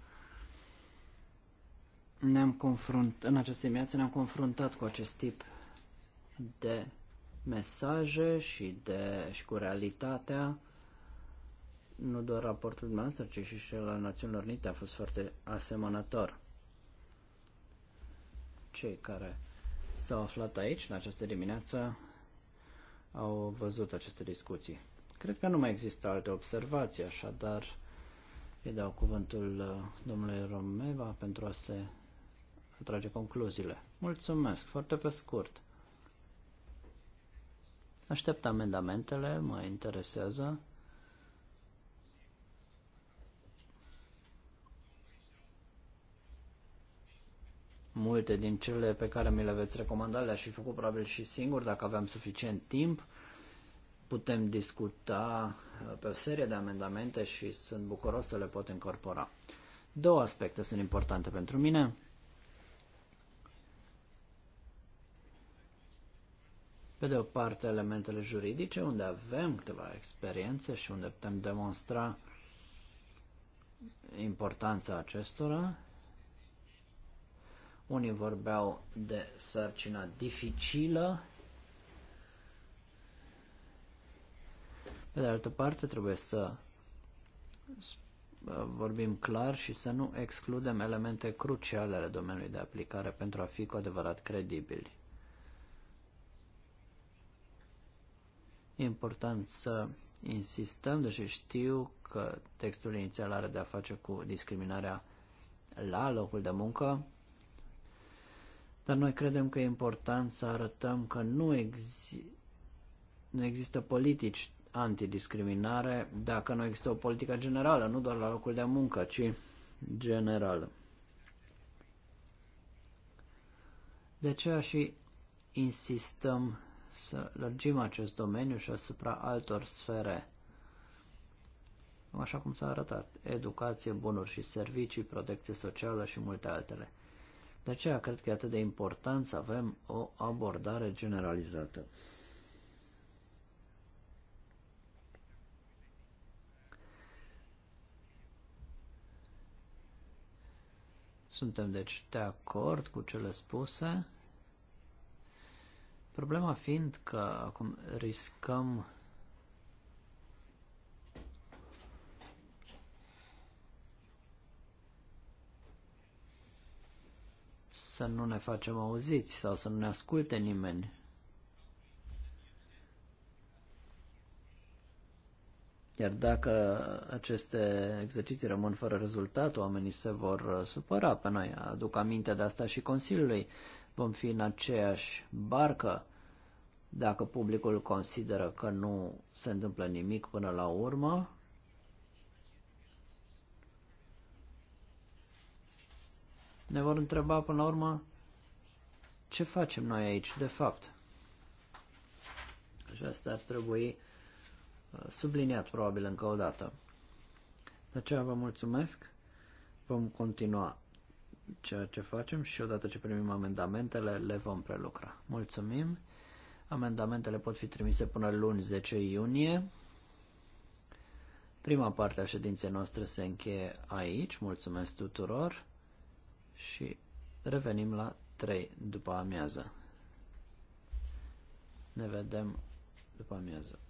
ne-am confrunt, în această dimineață ne-am confruntat cu acest tip de mesaje și, de, și cu realitatea. Nu doar raportul dumneavoastră, ci și cel al Națiunilor Unite a fost foarte asemănător. Cei care s-au aflat aici, în această dimineață, au văzut aceste discuții. Cred că nu mai există alte observații, așadar îi dau cuvântul uh, domnului Romeva pentru a se a trage concluziile. Mulțumesc, foarte pe scurt. Aștept amendamentele, mă interesează. Multe din cele pe care mi le veți recomanda le-aș fi făcut probabil și singur dacă aveam suficient timp. Putem discuta uh, pe o serie de amendamente și sunt bucuros să le pot incorpora. Două aspecte sunt importante pentru mine. pe de o parte elementele juridice, unde avem câteva experiențe și unde putem demonstra importanța acestora. Unii vorbeau de sarcina dificilă. Pe de altă parte, trebuie să vorbim clar și să nu excludem elemente cruciale ale domeniului de aplicare pentru a fi cu adevărat credibili. E important să insistăm, deși știu că textul inițial are de a face cu discriminarea la locul de muncă, dar noi credem că e important să arătăm că nu, exi- nu există politici antidiscriminare dacă nu există o politică generală, nu doar la locul de muncă, ci generală. De aceea și insistăm să lărgim acest domeniu și asupra altor sfere, așa cum s-a arătat, educație, bunuri și servicii, protecție socială și multe altele. De aceea cred că e atât de important să avem o abordare generalizată. Suntem deci de acord cu cele spuse. Problema fiind că acum riscăm să nu ne facem auziți sau să nu ne asculte nimeni. Iar dacă aceste exerciții rămân fără rezultat, oamenii se vor supăra pe noi. Aduc aminte de asta și Consiliului vom fi în aceeași barcă dacă publicul consideră că nu se întâmplă nimic până la urmă, ne vor întreba până la urmă ce facem noi aici de fapt. Și asta ar trebui uh, subliniat probabil încă o dată. De aceea vă mulțumesc, vom continua ceea ce facem și odată ce primim amendamentele le vom prelucra. Mulțumim! Amendamentele pot fi trimise până luni 10 iunie. Prima parte a ședinței noastre se încheie aici. Mulțumesc tuturor și revenim la 3 după amiază. Ne vedem după amiază.